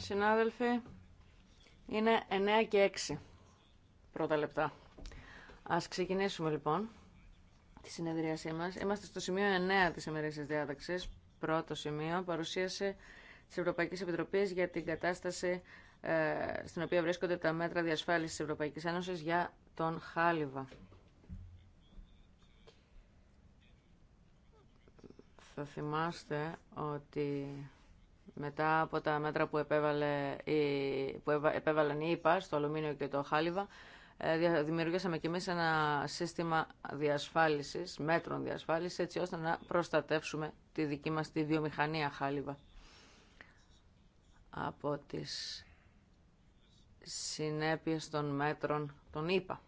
Συνάδελφοι, είναι 9 και 6 πρώτα λεπτά. Ας ξεκινήσουμε λοιπόν τη συνεδρίασή μας. Είμαστε στο σημείο 9 της ημερήσιας διάταξης, πρώτο σημείο, παρουσίασε της Ευρωπαϊκής Επιτροπής για την κατάσταση ε, στην οποία βρίσκονται τα μέτρα διασφάλισης της Ευρωπαϊκής Ένωσης για τον Χάλιβα. Θα θυμάστε ότι μετά από τα μέτρα που, επέβαλε η, που επέβαλαν οι ΙΠΑ στο αλουμίνιο και το χάλιβα, ε, δημιουργήσαμε κι εμείς ένα σύστημα διασφάλισης, μέτρων διασφάλισης, έτσι ώστε να προστατεύσουμε τη δική μας τη βιομηχανία χάλιβα. Από τις συνέπειες των μέτρων των ΙΠΑ.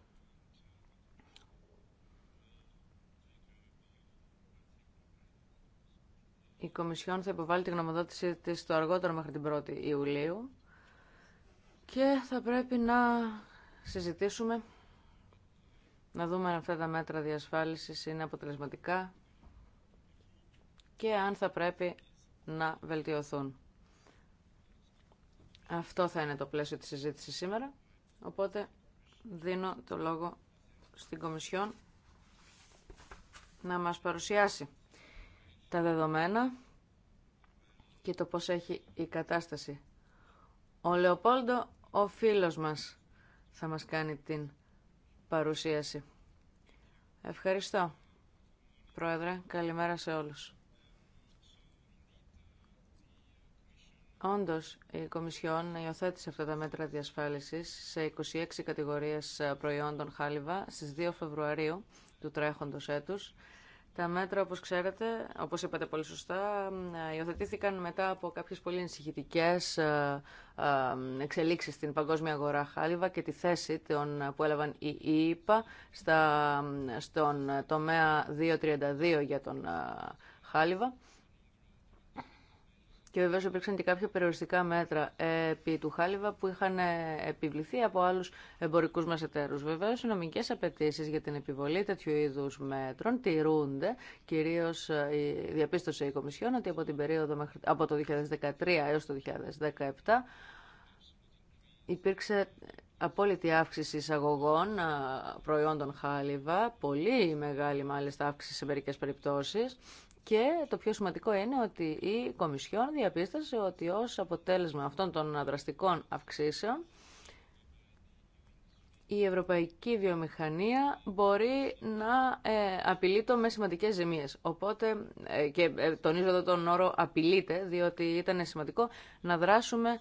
Η Κομισιόν θα υποβάλει τη γνωμοδότησή της το αργότερο μέχρι την 1η Ιουλίου και θα πρέπει να συζητήσουμε, να δούμε αν αυτά τα μέτρα διασφάλισης είναι αποτελεσματικά και αν θα πρέπει να βελτιωθούν. Αυτό θα είναι το πλαίσιο της συζήτησης σήμερα, οπότε δίνω το λόγο στην Κομισιόν να μας παρουσιάσει τα δεδομένα και το πώς έχει η κατάσταση. Ο Λεοπόλντο, ο φίλος μας, θα μας κάνει την παρουσίαση. Ευχαριστώ. Πρόεδρε, καλημέρα σε όλους. Όντως, η Κομισιόν υιοθέτησε αυτά τα μέτρα διασφάλισης σε 26 κατηγορίες προϊόντων χάλιβα στις 2 Φεβρουαρίου του τρέχοντος έτους τα μέτρα, όπως ξέρετε, όπως είπατε πολύ σωστά, υιοθετήθηκαν μετά από κάποιες πολύ ενσυχητικέ ε, ε, εξελίξεις στην παγκόσμια αγορά χάλιβα και τη θέση των, που έλαβαν οι ΙΠΑ στον τομέα 232 για τον ε, χάλιβα. Και βεβαίω υπήρξαν και κάποια περιοριστικά μέτρα επί του Χάλιβα που είχαν επιβληθεί από άλλου εμπορικού μα εταίρου. Βεβαίω, οι νομικέ απαιτήσει για την επιβολή τέτοιου είδου μέτρων τηρούνται. Κυρίω ε, διαπίστωσε η Κομισιόν ότι από, την περίοδο από το 2013 έω το 2017 υπήρξε απόλυτη αύξηση εισαγωγών ε, προϊόντων χάλιβα, πολύ μεγάλη μάλιστα αύξηση σε μερικές περιπτώσεις και το πιο σημαντικό είναι ότι η Κομισιόν διαπίστωσε ότι ως αποτέλεσμα αυτών των δραστικών αυξήσεων η ευρωπαϊκή βιομηχανία μπορεί να ε, απειλείται με σημαντικές ζημίες. Οπότε, ε, και ε, τονίζω εδώ τον όρο απειλείται, διότι ήταν σημαντικό να δράσουμε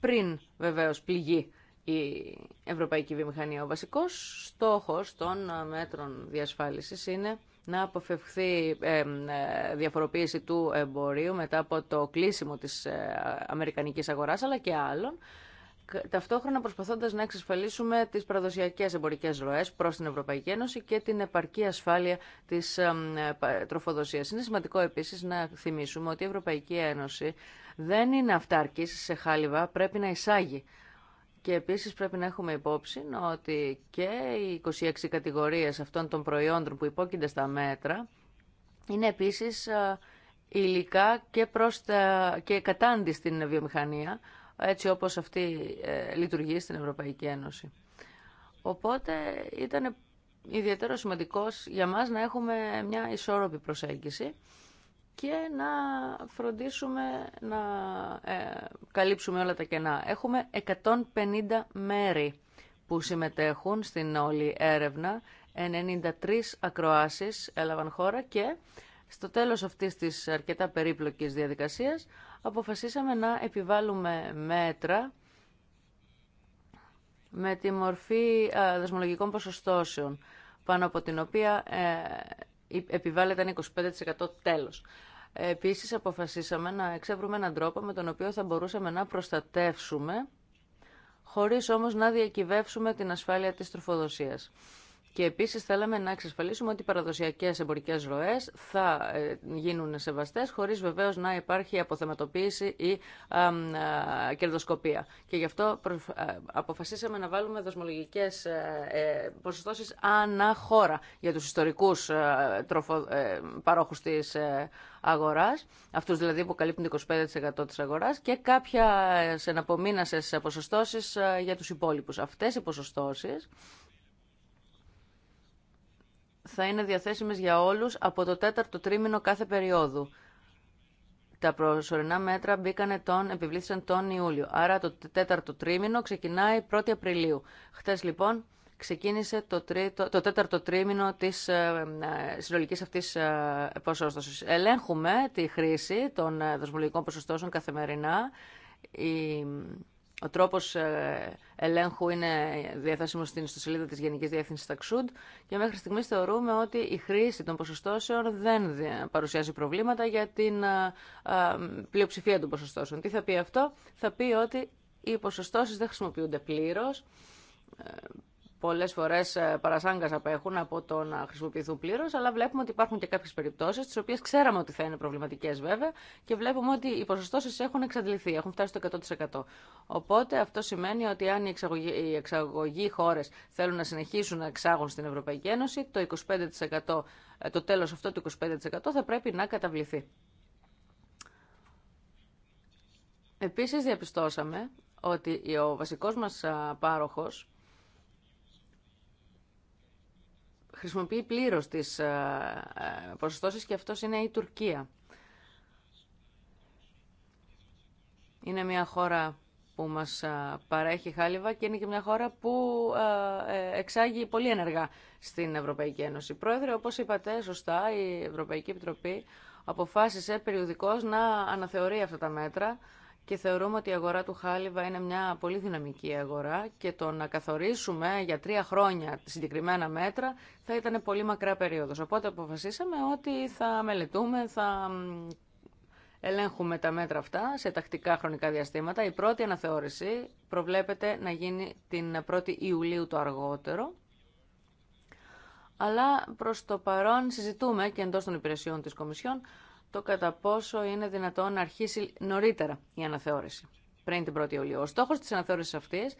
πριν βεβαίως πληγεί η ευρωπαϊκή βιομηχανία. Ο βασικός στόχος των μέτρων διασφάλισης είναι να αποφευχθεί ε, διαφοροποίηση του εμπορίου μετά από το κλείσιμο της ε, αμερικανικής αγοράς αλλά και άλλων ταυτόχρονα προσπαθώντας να εξασφαλίσουμε τις παραδοσιακές εμπορικές ροές προς την Ευρωπαϊκή Ένωση και την επαρκή ασφάλεια της τροφοδοσίας. Είναι σημαντικό επίσης να θυμίσουμε ότι η Ευρωπαϊκή Ένωση δεν είναι αυτάρκης σε χάλιβα, πρέπει να εισάγει και επίσης πρέπει να έχουμε υπόψη ότι και οι 26 κατηγορίες αυτών των προϊόντων που υπόκεινται στα μέτρα είναι επίσης ε, υλικά και, προς και κατάντι στην βιομηχανία, έτσι όπως αυτή ε, λειτουργεί στην Ευρωπαϊκή Ένωση. Οπότε ήταν ιδιαίτερο σημαντικός για μας να έχουμε μια ισόρροπη προσέγγιση και να φροντίσουμε να ε, καλύψουμε όλα τα κενά. Έχουμε 150 μέρη που συμμετέχουν στην όλη έρευνα, 93 ακροάσεις έλαβαν χώρα και στο τέλος αυτής της αρκετά περίπλοκης διαδικασίας αποφασίσαμε να επιβάλλουμε μέτρα με τη μορφή ε, δεσμολογικών ποσοστώσεων, πάνω από την οποία ε, επιβάλλεται ένα 25% τέλος. Επίσης αποφασίσαμε να εξεύρουμε έναν τρόπο με τον οποίο θα μπορούσαμε να προστατεύσουμε, χωρίς όμως να διακυβεύσουμε την ασφάλεια της τροφοδοσίας. Και επίσης θέλαμε να εξασφαλίσουμε ότι οι παραδοσιακές εμπορικές ροές θα ε, γίνουν σεβαστές χωρίς βεβαίως να υπάρχει αποθεματοποίηση ή ε, κερδοσκοπία. Και γι' αυτό ε, αποφασίσαμε να βάλουμε δοσμολογικές ποσοστώσει ανά χώρα για τους ιστορικούς παρόχου τη αγορά, αυτούς δηλαδή που καλύπτουν 25% της αγορά και κάποιε εναπομείνασε ποσοστώσει για του υπόλοιπου. Αυτέ οι ποσοστώσεις θα είναι διαθέσιμες για όλους από το τέταρτο τρίμηνο κάθε περίοδου. Τα προσωρινά μέτρα μπήκανε τον, επιβλήθησαν τον Ιούλιο. Άρα το τέταρτο τρίμηνο ξεκινάει 1η Απριλίου. Χτες λοιπόν ξεκίνησε το, το τέταρτο τρίμηνο της ε, ε, συνολικής αυτής ε, ποσόστοσης. Ελέγχουμε τη χρήση των ε, δοσμολογικών ποσοστώσεων καθημερινά. Η, ο τρόπος ε, ελέγχου είναι διαθέσιμο στην ιστοσελίδα της Γενικής Διεύθυνσης Ταξούντ και μέχρι στιγμής θεωρούμε ότι η χρήση των ποσοστώσεων δεν παρουσιάζει προβλήματα για την ε, ε, πλειοψηφία των ποσοστώσεων. Τι θα πει αυτό? Θα πει ότι οι ποσοστώσεις δεν χρησιμοποιούνται πλήρως πολλές φορές ε, παρασάγκας απέχουν από το να χρησιμοποιηθούν πλήρως, αλλά βλέπουμε ότι υπάρχουν και κάποιες περιπτώσεις, τις οποίες ξέραμε ότι θα είναι προβληματικές βέβαια, και βλέπουμε ότι οι ποσοστώσεις έχουν εξαντληθεί, έχουν φτάσει στο 100%. Οπότε αυτό σημαίνει ότι αν οι εξαγωγοί, οι εξαγωγοί χώρες θέλουν να συνεχίσουν να εξάγουν στην Ευρωπαϊκή Ένωση, το, 25%, ε, το τέλος αυτό του 25% θα πρέπει να καταβληθεί. Επίσης διαπιστώσαμε ότι ο βασικός μας πάροχος χρησιμοποιεί πλήρω τις ε, ε, προστάσεις και αυτό είναι η Τουρκία. Είναι μια χώρα που μας ε, παρέχει χάλιβα και είναι και μια χώρα που εξάγει πολύ ενεργά στην Ευρωπαϊκή Ένωση. Πρόεδρε, όπως είπατε σωστά, η Ευρωπαϊκή Επιτροπή αποφάσισε περιοδικώς να αναθεωρεί αυτά τα μέτρα και θεωρούμε ότι η αγορά του Χάλιβα είναι μια πολύ δυναμική αγορά και το να καθορίσουμε για τρία χρόνια συγκεκριμένα μέτρα θα ήταν πολύ μακρά περίοδος. Οπότε αποφασίσαμε ότι θα μελετούμε, θα ελέγχουμε τα μέτρα αυτά σε τακτικά χρονικά διαστήματα. Η πρώτη αναθεώρηση προβλέπεται να γίνει την 1η Ιουλίου το αργότερο. Αλλά προς το παρόν συζητούμε και εντός των υπηρεσιών της Κομισιόν το κατά πόσο είναι δυνατόν να αρχίσει νωρίτερα η αναθεώρηση, πριν την 1η Ο στόχος της αναθεώρησης αυτής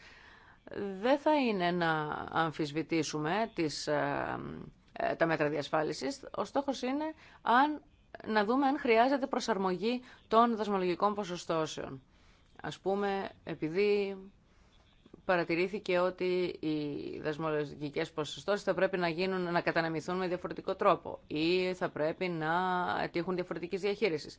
δεν θα είναι να αμφισβητήσουμε τις, ε, ε, τα μέτρα διασφάλισης. Ο στόχος είναι αν, να δούμε αν χρειάζεται προσαρμογή των δασμολογικών ποσοστώσεων. Ας πούμε, επειδή παρατηρήθηκε ότι οι δασμολογικές ποσοστώσει θα πρέπει να, γίνουν, να καταναμηθούν με διαφορετικό τρόπο ή θα πρέπει να τύχουν διαφορετική διαχείριση.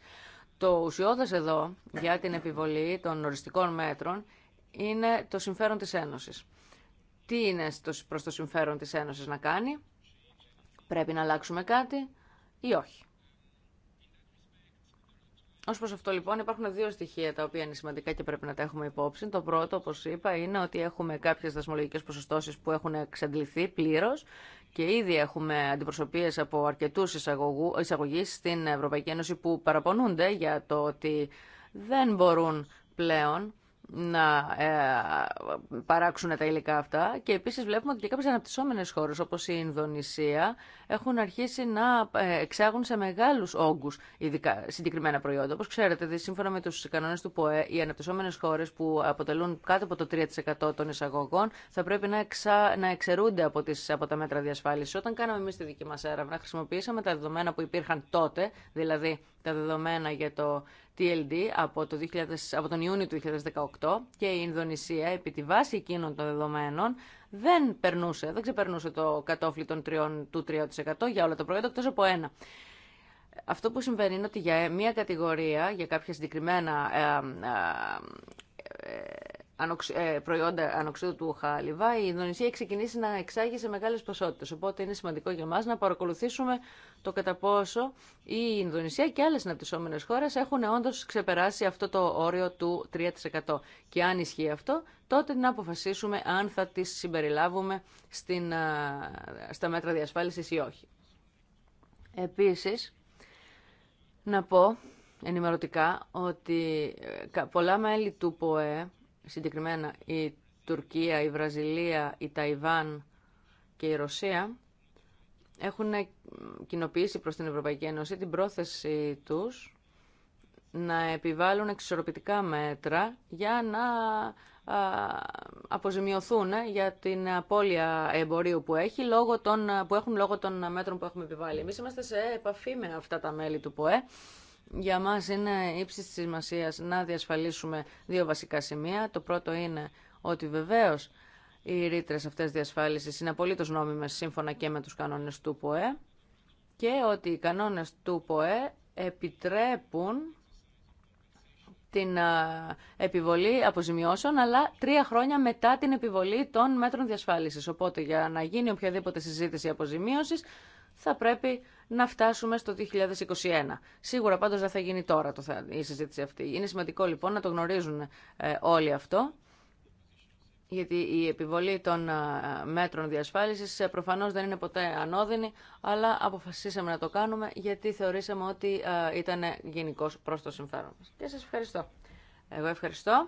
Το ουσιώδες εδώ για την επιβολή των οριστικών μέτρων είναι το συμφέρον της Ένωσης. Τι είναι προς το συμφέρον της Ένωσης να κάνει, πρέπει να αλλάξουμε κάτι ή όχι. Ω προ αυτό λοιπόν υπάρχουν δύο στοιχεία τα οποία είναι σημαντικά και πρέπει να τα έχουμε υπόψη. Το πρώτο, όπω είπα, είναι ότι έχουμε κάποιε δασμολογικέ ποσοστώσει που έχουν εξαντληθεί πλήρω και ήδη έχουμε αντιπροσωπείε από αρκετού εισαγωγεί στην Ευρωπαϊκή Ένωση που παραπονούνται για το ότι δεν μπορούν πλέον να ε, παράξουν τα υλικά αυτά και επίση βλέπουμε ότι και κάποιε αναπτυσσόμενε χώρε, όπω η Ινδονησία έχουν αρχίσει να ε, εξάγουν σε μεγάλους όγκους συγκεκριμένα προϊόντα. Όπως ξέρετε, σύμφωνα με τους κανόνες του ΠΟΕ, οι αναπτυσσόμενες χώρες που αποτελούν κάτω από το 3% των εισαγωγών θα πρέπει να, να εξαιρούνται από, τις... από τα μέτρα διασφάλισης. Όταν κάναμε εμείς τη δική μας έρευνα, χρησιμοποιήσαμε τα δεδομένα που υπήρχαν τότε, δηλαδή τα δεδομένα για το TLD από, το 2000, από τον Ιούνιο του 2018 και η Ινδονησία επί τη βάση εκείνων των δεδομένων δεν περνούσε, δεν ξεπερνούσε το κατόφλι των 3, του 3% για όλα τα προϊόντα, εκτό από ένα. Αυτό που συμβαίνει είναι ότι για μία κατηγορία, για κάποια συγκεκριμένα ε, ε, ε, ε, προϊόντα ανοξίδου του χάλιβα, η Ινδονησία έχει ξεκινήσει να εξάγει σε μεγάλες ποσότητες. Οπότε είναι σημαντικό για μας να παρακολουθήσουμε το κατά πόσο η Ινδονησία και άλλες αναπτυσσόμενες χώρες έχουν όντως ξεπεράσει αυτό το όριο του 3%. Και αν ισχύει αυτό, τότε να αποφασίσουμε αν θα τις συμπεριλάβουμε στην, στα μέτρα διασφάλισης ή όχι. Επίσης, να πω ενημερωτικά ότι ε, πολλά μέλη του ΠΟΕ συγκεκριμένα η Τουρκία, η Βραζιλία, η Ταϊβάν και η Ρωσία έχουν κοινοποιήσει προς την Ευρωπαϊκή Ένωση την πρόθεση τους να επιβάλλουν εξισορροπητικά μέτρα για να αποζημιωθούν ε, για την απώλεια εμπορίου που, έχει, λόγω των, που έχουν λόγω των μέτρων που έχουμε επιβάλει. Εμείς είμαστε σε επαφή με αυτά τα μέλη του ΠΟΕ για μας είναι ύψη τη σημασία να διασφαλίσουμε δύο βασικά σημεία. Το πρώτο είναι ότι βεβαίω οι ρήτρε αυτές διασφάλισης είναι απολύτω νόμιμες σύμφωνα και με τους κανόνες του ΠΟΕ και ότι οι κανόνες του ΠΟΕ επιτρέπουν την επιβολή αποζημιώσεων, αλλά τρία χρόνια μετά την επιβολή των μέτρων διασφάλισης. Οπότε για να γίνει οποιαδήποτε συζήτηση αποζημίωσης θα πρέπει να φτάσουμε στο 2021. Σίγουρα πάντως δεν θα γίνει τώρα το θα, η συζήτηση αυτή. Είναι σημαντικό λοιπόν να το γνωρίζουν ε, όλοι αυτό. Γιατί η επιβολή των ε, μέτρων διασφάλισης ε, προφανώς δεν είναι ποτέ ανώδυνη, αλλά αποφασίσαμε να το κάνουμε γιατί θεωρήσαμε ότι ήταν γενικός προς το συμφέρον μας. Και σας ευχαριστώ. Εγώ ευχαριστώ.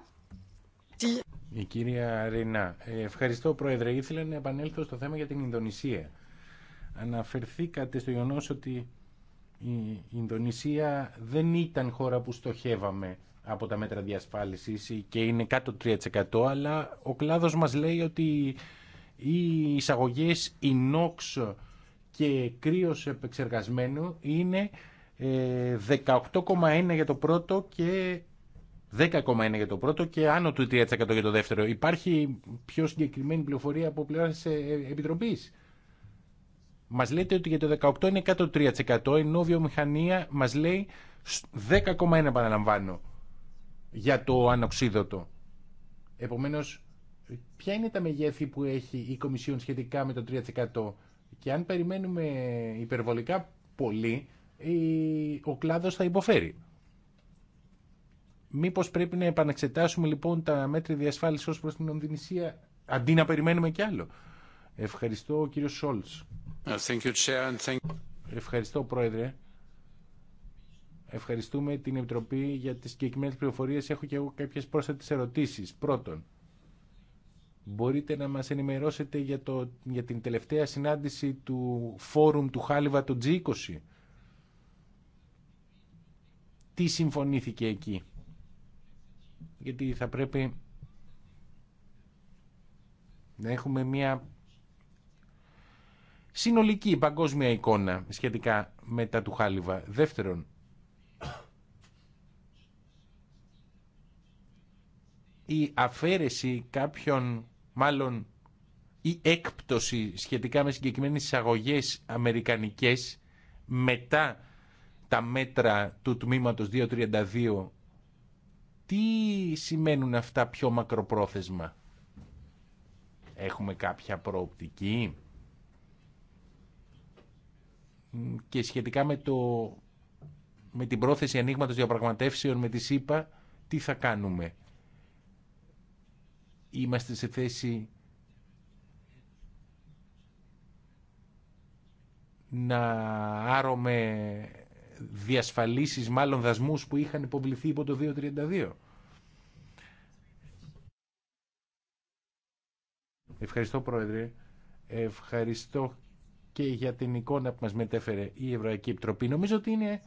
Η κυρία Ρινά, ευχαριστώ Πρόεδρε. Ήθελα να επανέλθω στο θέμα για την Ινδονησία αναφερθήκατε στο γεγονό ότι η Ινδονησία δεν ήταν χώρα που στοχεύαμε από τα μέτρα διασφάλισης και είναι κάτω 3% αλλά ο κλάδος μας λέει ότι οι εισαγωγές inox και κρύος επεξεργασμένου είναι 18,1 ε, για το πρώτο και 10,1 για το πρώτο και άνω του 3% για το δεύτερο. Υπάρχει πιο συγκεκριμένη πληροφορία από πλευρά ε, ε, επιτροπής Επιτροπή. Μα λέτε ότι για το 18 είναι κάτω 3% ενώ βιομηχανία μα λέει 10,1 παραλαμβάνω για το ανοξίδωτο. Επομένω, ποια είναι τα μεγέθη που έχει η Κομισιόν σχετικά με το 3% και αν περιμένουμε υπερβολικά πολύ, ο κλάδος θα υποφέρει. Μήπως πρέπει να επαναξετάσουμε λοιπόν τα μέτρη διασφάλισης ως προς την Ονδυνησία αντί να περιμένουμε κι άλλο. Ευχαριστώ κύριο Σόλτς. Uh, Ευχαριστώ, Πρόεδρε. Ευχαριστούμε την Επιτροπή για τις συγκεκριμένε πληροφορίε. Έχω και εγώ κάποιες πρόσθετες ερωτήσεις. Πρώτον, μπορείτε να μας ενημερώσετε για, το, για την τελευταία συνάντηση του φόρουμ του Χάλιβα του G20. Τι συμφωνήθηκε εκεί. Γιατί θα πρέπει να έχουμε μια συνολική παγκόσμια εικόνα σχετικά με τα του Χάλιβα. Δεύτερον, η αφαίρεση κάποιων, μάλλον η έκπτωση σχετικά με συγκεκριμένες εισαγωγές αμερικανικές μετά τα μέτρα του τμήματος 232, τι σημαίνουν αυτά πιο μακροπρόθεσμα. Έχουμε κάποια προοπτική και σχετικά με, το, με την πρόθεση ανοίγματο διαπραγματεύσεων με τη ΣΥΠΑ, τι θα κάνουμε. Είμαστε σε θέση να άρωμε διασφαλίσεις μάλλον δασμούς που είχαν υποβληθεί υπό το 232. Ευχαριστώ Πρόεδρε. Ευχαριστώ και για την εικόνα που μας μετέφερε η Ευρωπαϊκή Επιτροπή. Νομίζω ότι είναι...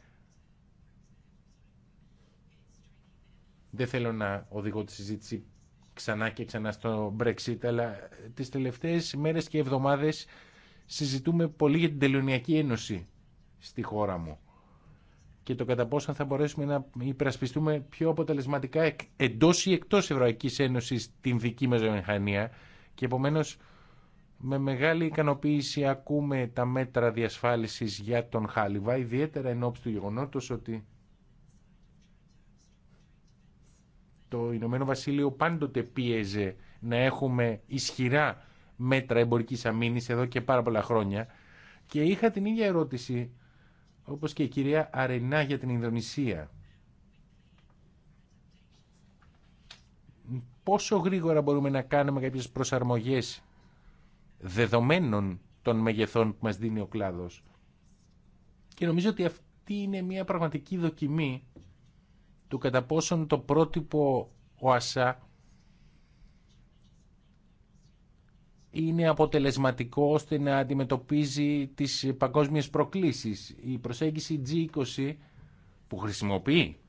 Δεν θέλω να οδηγώ τη συζήτηση ξανά και ξανά στο Brexit, αλλά τις τελευταίες μέρες και εβδομάδες συζητούμε πολύ για την Τελωνιακή Ένωση στη χώρα μου και το κατά πόσο θα μπορέσουμε να υπερασπιστούμε πιο αποτελεσματικά εντός ή εκτός Ευρωπαϊκής Ένωσης την δική μας βιομηχανία και επομένως με μεγάλη ικανοποίηση ακούμε τα μέτρα διασφάλισης για τον Χάλιβα, ιδιαίτερα εν του γεγονότος ότι το Ηνωμένο Βασίλειο πάντοτε πίεζε να έχουμε ισχυρά μέτρα εμπορικής αμήνης εδώ και πάρα πολλά χρόνια και είχα την ίδια ερώτηση όπως και η κυρία Αρενά για την Ινδονησία. Πόσο γρήγορα μπορούμε να κάνουμε κάποιες προσαρμογές δεδομένων των μεγεθών που μας δίνει ο κλάδος. Και νομίζω ότι αυτή είναι μια πραγματική δοκιμή του κατά πόσον το πρότυπο ΟΑΣΑ είναι αποτελεσματικό ώστε να αντιμετωπίζει τις παγκόσμιες προκλήσεις. Η προσέγγιση G20 που χρησιμοποιεί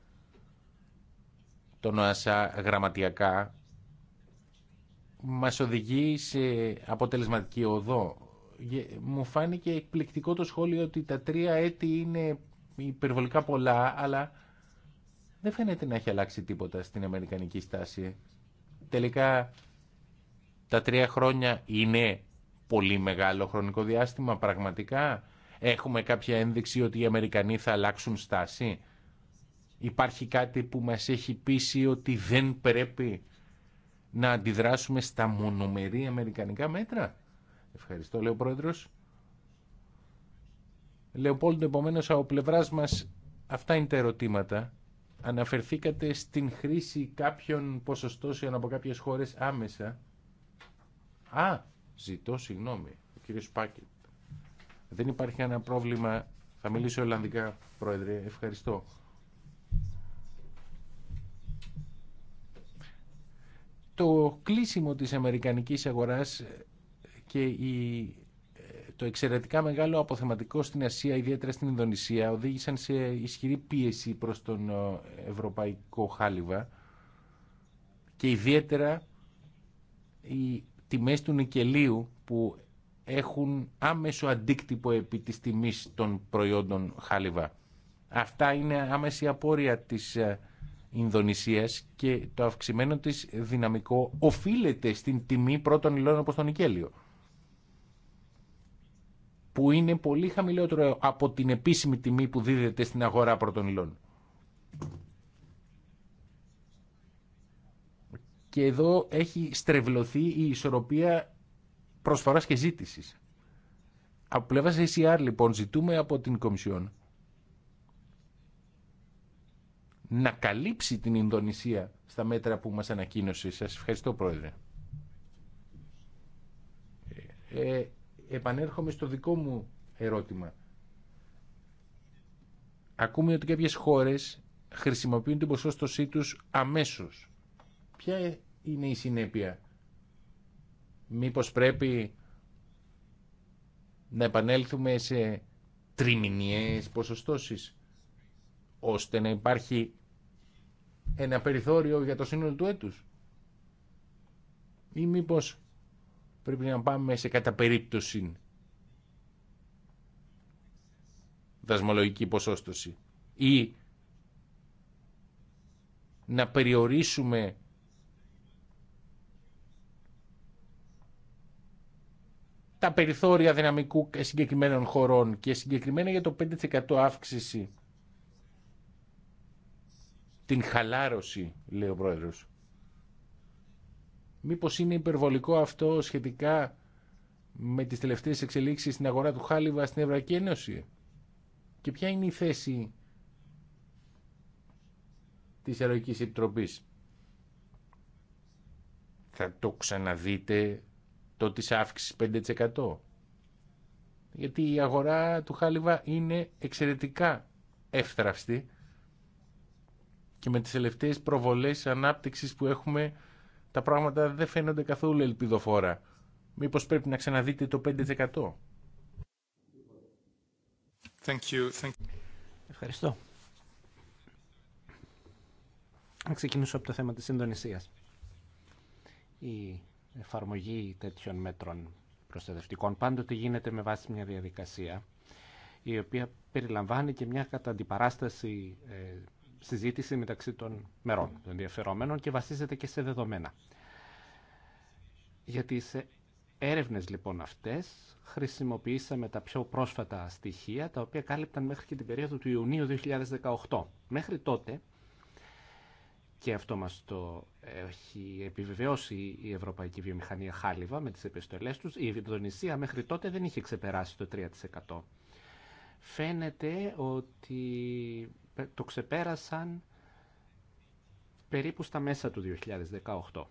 τον ΟΑΣΑ γραμματιακά μας οδηγεί σε αποτελεσματική οδό. Μου φάνηκε εκπληκτικό το σχόλιο ότι τα τρία έτη είναι υπερβολικά πολλά, αλλά δεν φαίνεται να έχει αλλάξει τίποτα στην αμερικανική στάση. Τελικά τα τρία χρόνια είναι πολύ μεγάλο χρονικό διάστημα πραγματικά. Έχουμε κάποια ένδειξη ότι οι Αμερικανοί θα αλλάξουν στάση. Υπάρχει κάτι που μας έχει πείσει ότι δεν πρέπει να αντιδράσουμε στα μονομερή αμερικανικά μέτρα. Ευχαριστώ, λέει ο Πρόεδρος. Λεοπόλντο, επομένω από πλευρά μα, αυτά είναι τα ερωτήματα. Αναφερθήκατε στην χρήση κάποιων ποσοστώσεων από κάποιες χώρες άμεσα. Α, ζητώ συγγνώμη, ο κύριος Πάκετ. Δεν υπάρχει ένα πρόβλημα. Θα μιλήσω Ολλανδικά, Πρόεδρε. Ευχαριστώ. το κλείσιμο της αμερικανικής αγοράς ε, και η, ε, το εξαιρετικά μεγάλο αποθεματικό στην Ασία, ιδιαίτερα στην Ινδονησία, οδήγησαν σε ισχυρή πίεση προς τον ε, ευρωπαϊκό χάλιβα και ιδιαίτερα οι τιμές του νικελίου που έχουν άμεσο αντίκτυπο επί της τιμής των προϊόντων χάλιβα. Αυτά είναι άμεση απόρρια της Ινδονησίας και το αυξημένο της δυναμικό οφείλεται στην τιμή πρώτων υλών όπως το νικέλιο που είναι πολύ χαμηλότερο από την επίσημη τιμή που δίδεται στην αγορά πρώτων υλών. Και εδώ έχει στρεβλωθεί η ισορροπία προσφοράς και ζήτησης. Από πλευρά ACR λοιπόν ζητούμε από την Κομισιόν να καλύψει την Ινδονησία στα μέτρα που μας ανακοίνωσε. Σας ευχαριστώ Πρόεδρε. Ε, ε, επανέρχομαι στο δικό μου ερώτημα. Ακούμε ότι κάποιες χώρες χρησιμοποιούν την ποσόστοσή τους αμέσως. Ποια είναι η συνέπεια. Μήπως πρέπει να επανέλθουμε σε τριμηνιές ποσοστώσεις ώστε να υπάρχει ένα περιθώριο για το σύνολο του έτους. Ή μήπω πρέπει να πάμε σε κατά δασμολογική ποσόστοση ή να περιορίσουμε τα περιθώρια δυναμικού συγκεκριμένων χωρών και συγκεκριμένα για το 5% αύξηση την χαλάρωση, λέει ο πρόεδρος. Μήπως είναι υπερβολικό αυτό σχετικά με τις τελευταίες εξελίξεις στην αγορά του Χάλιβα στην Ευρωπαϊκή Ένωση. Και ποια είναι η θέση της Ευρωπαϊκής Επιτροπής. Θα το ξαναδείτε το της αύξησης 5%. Γιατί η αγορά του Χάλιβα είναι εξαιρετικά εύθραυστη και με τις τελευταίες προβολές ανάπτυξης που έχουμε τα πράγματα δεν φαίνονται καθόλου ελπιδοφόρα. Μήπως πρέπει να ξαναδείτε το 5%. Thank Ευχαριστώ. Να ξεκινήσω από το θέμα της Ινδονησίας. Η εφαρμογή τέτοιων μέτρων προστατευτικών πάντοτε γίνεται με βάση μια διαδικασία η οποία περιλαμβάνει και μια κατά αντιπαράσταση ε, συζήτηση μεταξύ των μερών, των ενδιαφερόμενων και βασίζεται και σε δεδομένα. Γιατί σε έρευνες λοιπόν αυτές χρησιμοποιήσαμε τα πιο πρόσφατα στοιχεία τα οποία κάλυπταν μέχρι και την περίοδο του Ιουνίου 2018. Μέχρι τότε και αυτό μας το έχει επιβεβαιώσει η Ευρωπαϊκή Βιομηχανία Χάλιβα με τις επιστολές τους. Η Ινδονησία μέχρι τότε δεν είχε ξεπεράσει το 3%. Φαίνεται ότι το ξεπέρασαν περίπου στα μέσα του 2018.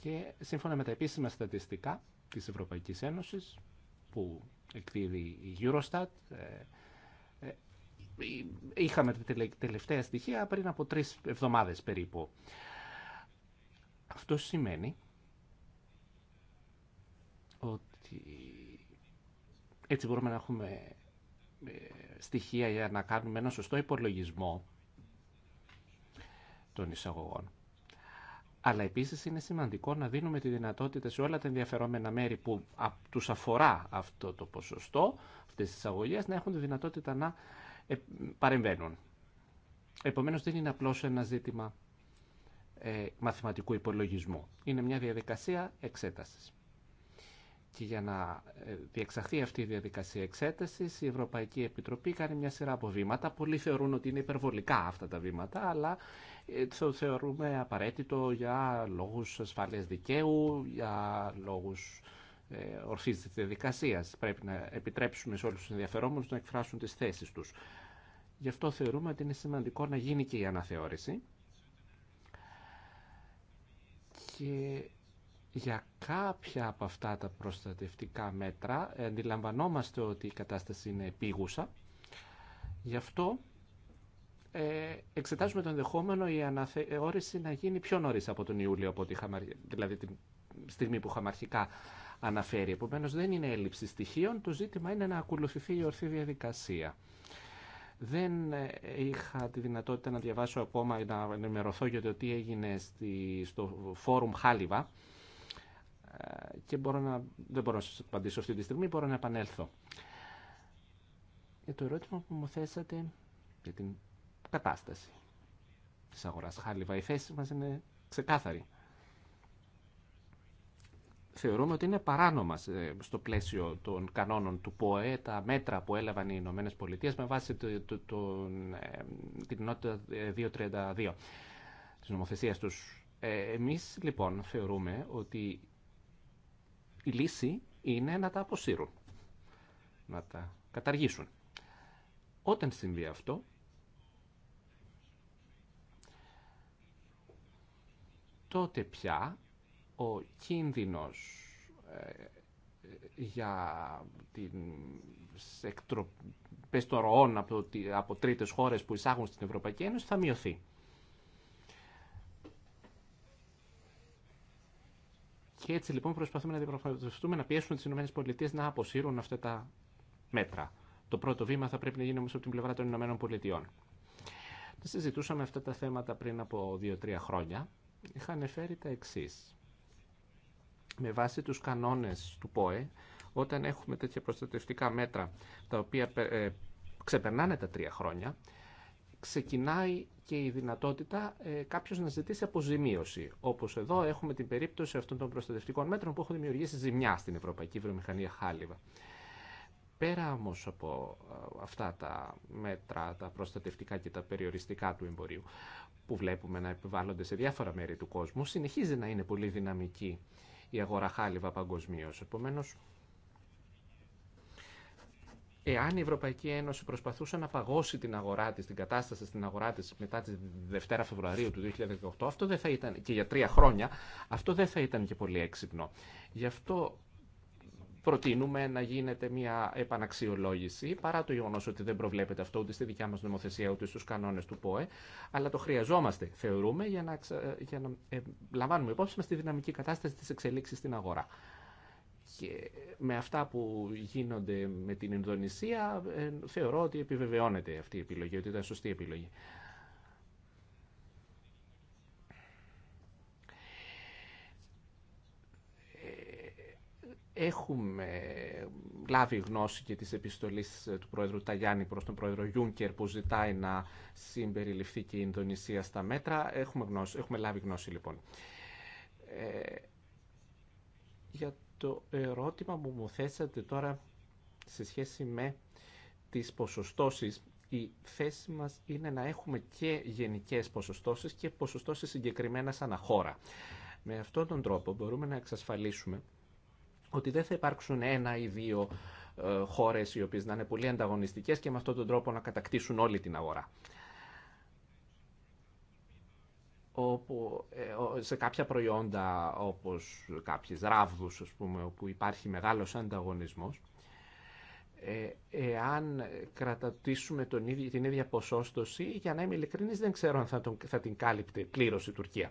Και σύμφωνα με τα επίσημα στατιστικά της Ευρωπαϊκής Ένωσης που εκδίδει η Eurostat, ε, ε, είχαμε τα τελευταία στοιχεία πριν από τρεις εβδομάδες περίπου. Αυτό σημαίνει ότι έτσι μπορούμε να έχουμε ε, στοιχεία για να κάνουμε ένα σωστό υπολογισμό των εισαγωγών. Αλλά επίσης είναι σημαντικό να δίνουμε τη δυνατότητα σε όλα τα ενδιαφερόμενα μέρη που τους αφορά αυτό το ποσοστό, αυτές τις εισαγωγές, να έχουν τη δυνατότητα να ε, παρεμβαίνουν. Επομένως δεν είναι απλώς ένα ζήτημα ε, μαθηματικού υπολογισμού. Είναι μια διαδικασία εξέτασης. Και για να ε, διεξαχθεί αυτή η διαδικασία εξέταση, η Ευρωπαϊκή Επιτροπή κάνει μια σειρά από βήματα. Πολλοί θεωρούν ότι είναι υπερβολικά αυτά τα βήματα, αλλά ε, το θεωρούμε απαραίτητο για λόγους ασφαλεία δικαίου, για λόγους ε, ορθή διαδικασία. Πρέπει να επιτρέψουμε σε όλου του ενδιαφερόμενου να εκφράσουν τι θέσει του. Γι' αυτό θεωρούμε ότι είναι σημαντικό να γίνει και η αναθεώρηση. Και για κάποια από αυτά τα προστατευτικά μέτρα ε, αντιλαμβανόμαστε ότι η κατάσταση είναι επίγουσα. Γι' αυτό ε, εξετάζουμε το ενδεχόμενο η αναθεώρηση να γίνει πιο νωρίς από τον Ιούλιο, από δηλαδή τη στιγμή που είχαμε αρχικά αναφέρει. Επομένως δεν είναι έλλειψη στοιχείων, το ζήτημα είναι να ακολουθηθεί η ορθή διαδικασία. Δεν ε, είχα τη δυνατότητα να διαβάσω ακόμα, ή να ενημερωθώ για το τι έγινε στο φόρουμ Χάλιβα, και μπορώ να, δεν μπορώ να σας απαντήσω αυτή τη στιγμή, μπορώ να επανέλθω. Για το ερώτημα που μου θέσατε για την κατάσταση της αγοράς χάλιβα, η θέση μας είναι ξεκάθαρη. Θεωρούμε ότι είναι παράνομα στο πλαίσιο των κανόνων του ΠΟΕ τα μέτρα που έλαβαν οι Ηνωμένε Πολιτείες με βάση το, το, το, ε, την νότητα 232 ε, της νομοθεσίας τους. Ε, εμείς λοιπόν θεωρούμε ότι η λύση είναι να τα αποσύρουν, να τα καταργήσουν. Όταν συμβεί αυτό, τότε πια ο κίνδυνος ε, για την εκτροπές των ροών από, από τρίτες χώρες που εισάγουν στην Ευρωπαϊκή Ένωση θα μειωθεί. Και έτσι λοιπόν προσπαθούμε να διαπραγματευτούμε να πιέσουμε τι ΗΠΑ να αποσύρουν αυτά τα μέτρα. Το πρώτο βήμα θα πρέπει να γίνει όμω από την πλευρά των ΗΠΑ. Πολιτείων. συζητούσαμε αυτά τα θέματα πριν από 2-3 χρόνια. Είχα φέρει τα εξή. Με βάση τους κανόνες του ΠΟΕ, όταν έχουμε τέτοια προστατευτικά μέτρα τα οποία ε, ξεπερνάνε τα τρία χρόνια, ξεκινάει και η δυνατότητα ε, κάποιο να ζητήσει αποζημίωση. Όπω εδώ έχουμε την περίπτωση αυτών των προστατευτικών μέτρων που έχουν δημιουργήσει ζημιά στην Ευρωπαϊκή Βιομηχανία Χάλιβα. Πέρα όμω από ε, αυτά τα μέτρα, τα προστατευτικά και τα περιοριστικά του εμπορίου που βλέπουμε να επιβάλλονται σε διάφορα μέρη του κόσμου, συνεχίζει να είναι πολύ δυναμική η αγορά χάλιβα παγκοσμίω. Επομένω, εάν η Ευρωπαϊκή Ένωση προσπαθούσε να παγώσει την αγορά τη, την κατάσταση στην αγορά τη μετά τη Δευτέρα Φεβρουαρίου του 2018, αυτό δεν θα ήταν, και για τρία χρόνια, αυτό δεν θα ήταν και πολύ έξυπνο. Γι' αυτό προτείνουμε να γίνεται μια επαναξιολόγηση, παρά το γεγονό ότι δεν προβλέπεται αυτό ούτε στη δικιά μα νομοθεσία ούτε στου κανόνε του ΠΟΕ, αλλά το χρειαζόμαστε, θεωρούμε, για να, ε, λαμβάνουμε υπόψη μα τη δυναμική κατάσταση τη εξελίξη στην αγορά. Και με αυτά που γίνονται με την Ινδονησία ε, θεωρώ ότι επιβεβαιώνεται αυτή η επιλογή, ότι ήταν σωστή επιλογή. Ε, έχουμε λάβει γνώση και της επιστολής του Πρόεδρου Ταγιάννη προς τον Πρόεδρο Γιούνκερ που ζητάει να συμπεριληφθεί και η Ινδονησία στα μέτρα. Έχουμε, γνώση, έχουμε λάβει γνώση λοιπόν. Ε, για το ερώτημα που μου θέσατε τώρα σε σχέση με τις ποσοστώσεις, η θέση μας είναι να έχουμε και γενικές ποσοστώσεις και ποσοστώσεις συγκεκριμένα σαν χώρα. Με αυτόν τον τρόπο μπορούμε να εξασφαλίσουμε ότι δεν θα υπάρξουν ένα ή δύο ε, χώρες οι οποίες να είναι πολύ ανταγωνιστικές και με αυτόν τον τρόπο να κατακτήσουν όλη την αγορά όπου ε, σε κάποια προϊόντα όπως κάποιες ράβδους ας πούμε όπου υπάρχει μεγάλος ανταγωνισμός ε, εάν κρατατήσουμε τον ίδιο, την ίδια ποσόστοση για να είμαι ειλικρινής δεν ξέρω αν θα, τον, θα την κάλυπτε πλήρως η Τουρκία.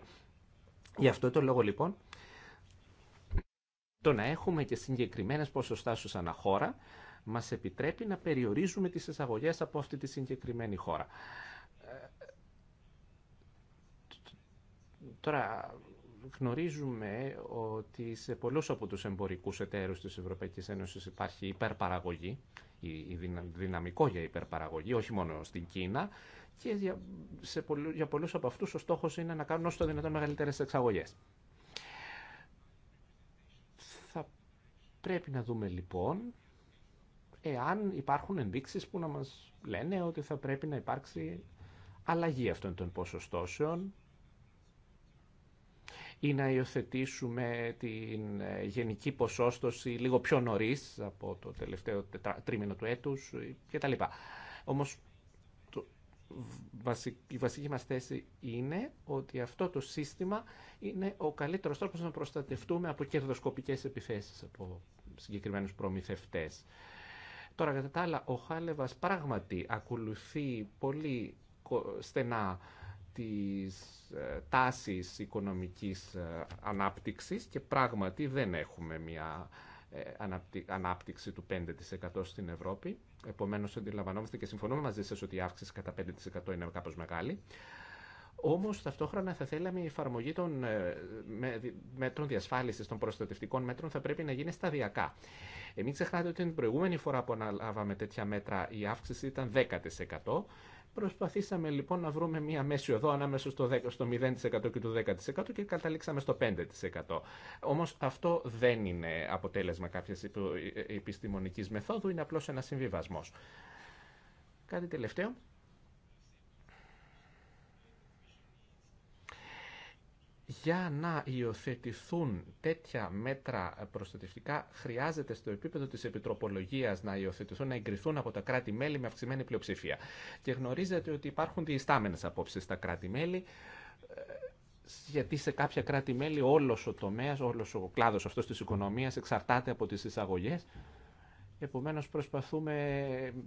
Γι' αυτό το λόγο λοιπόν το να έχουμε και συγκεκριμένες ποσοστάσεις ανά χώρα μας επιτρέπει να περιορίζουμε τις εισαγωγές από αυτή τη συγκεκριμένη χώρα. Τώρα γνωρίζουμε ότι σε πολλούς από τους εμπορικούς εταίρους της Ευρωπαϊκής Ένωσης υπάρχει υπερπαραγωγή, η δυναμικό για υπερπαραγωγή, όχι μόνο στην Κίνα, και για, σε πολλού, πολλούς από αυτούς ο στόχος είναι να κάνουν όσο το δυνατόν μεγαλύτερες εξαγωγές. Θα πρέπει να δούμε λοιπόν εάν υπάρχουν ενδείξεις που να μας λένε ότι θα πρέπει να υπάρξει αλλαγή αυτών των ποσοστώσεων ή να υιοθετήσουμε την ε, γενική ποσόστοση λίγο πιο νωρίς από το τελευταίο τρίμηνο του έτους ε, κτλ. Όμως η βασική μας θέση είναι ότι αυτό το σύστημα είναι ο καλύτερος τρόπος να προστατευτούμε από κερδοσκοπικές επιθέσεις από συγκεκριμένους προμηθευτές. Τώρα, κατά τα άλλα, ο Χάλεβας πράγματι ακολουθεί πολύ στενά της ε, τάσης οικονομικής ε, ανάπτυξης και πράγματι δεν έχουμε μια ε, ανάπτυξη του 5% στην Ευρώπη. Επομένως αντιλαμβανόμαστε και συμφωνούμε μαζί σας ότι η αύξηση κατά 5% είναι κάπως μεγάλη. Όμως ταυτόχρονα θα θέλαμε η εφαρμογή των μέτρων διασφάλισης, των προστατευτικών μέτρων θα πρέπει να γίνει σταδιακά. μην ξεχνάτε ότι την προηγούμενη φορά που αναλάβαμε τέτοια μέτρα η αύξηση ήταν 10%. Προσπαθήσαμε λοιπόν να βρούμε μία μέση οδό ανάμεσα στο, 10, στο 0% και το 10% και καταλήξαμε στο 5%. Όμως αυτό δεν είναι αποτέλεσμα κάποιας ε, ε, επιστημονικής μεθόδου, είναι απλώς ένα συμβιβασμός. Κάτι τελευταίο. για να υιοθετηθούν τέτοια μέτρα προστατευτικά χρειάζεται στο επίπεδο της επιτροπολογίας να υιοθετηθούν, να εγκριθούν από τα κράτη-μέλη με αυξημένη πλειοψηφία. Και γνωρίζετε ότι υπάρχουν διεστάμενες απόψεις στα κράτη-μέλη, ε, γιατί σε κάποια κράτη-μέλη όλος ο τομέας, όλος ο κλάδος αυτός της οικονομίας εξαρτάται από τις εισαγωγές Επομένως προσπαθούμε,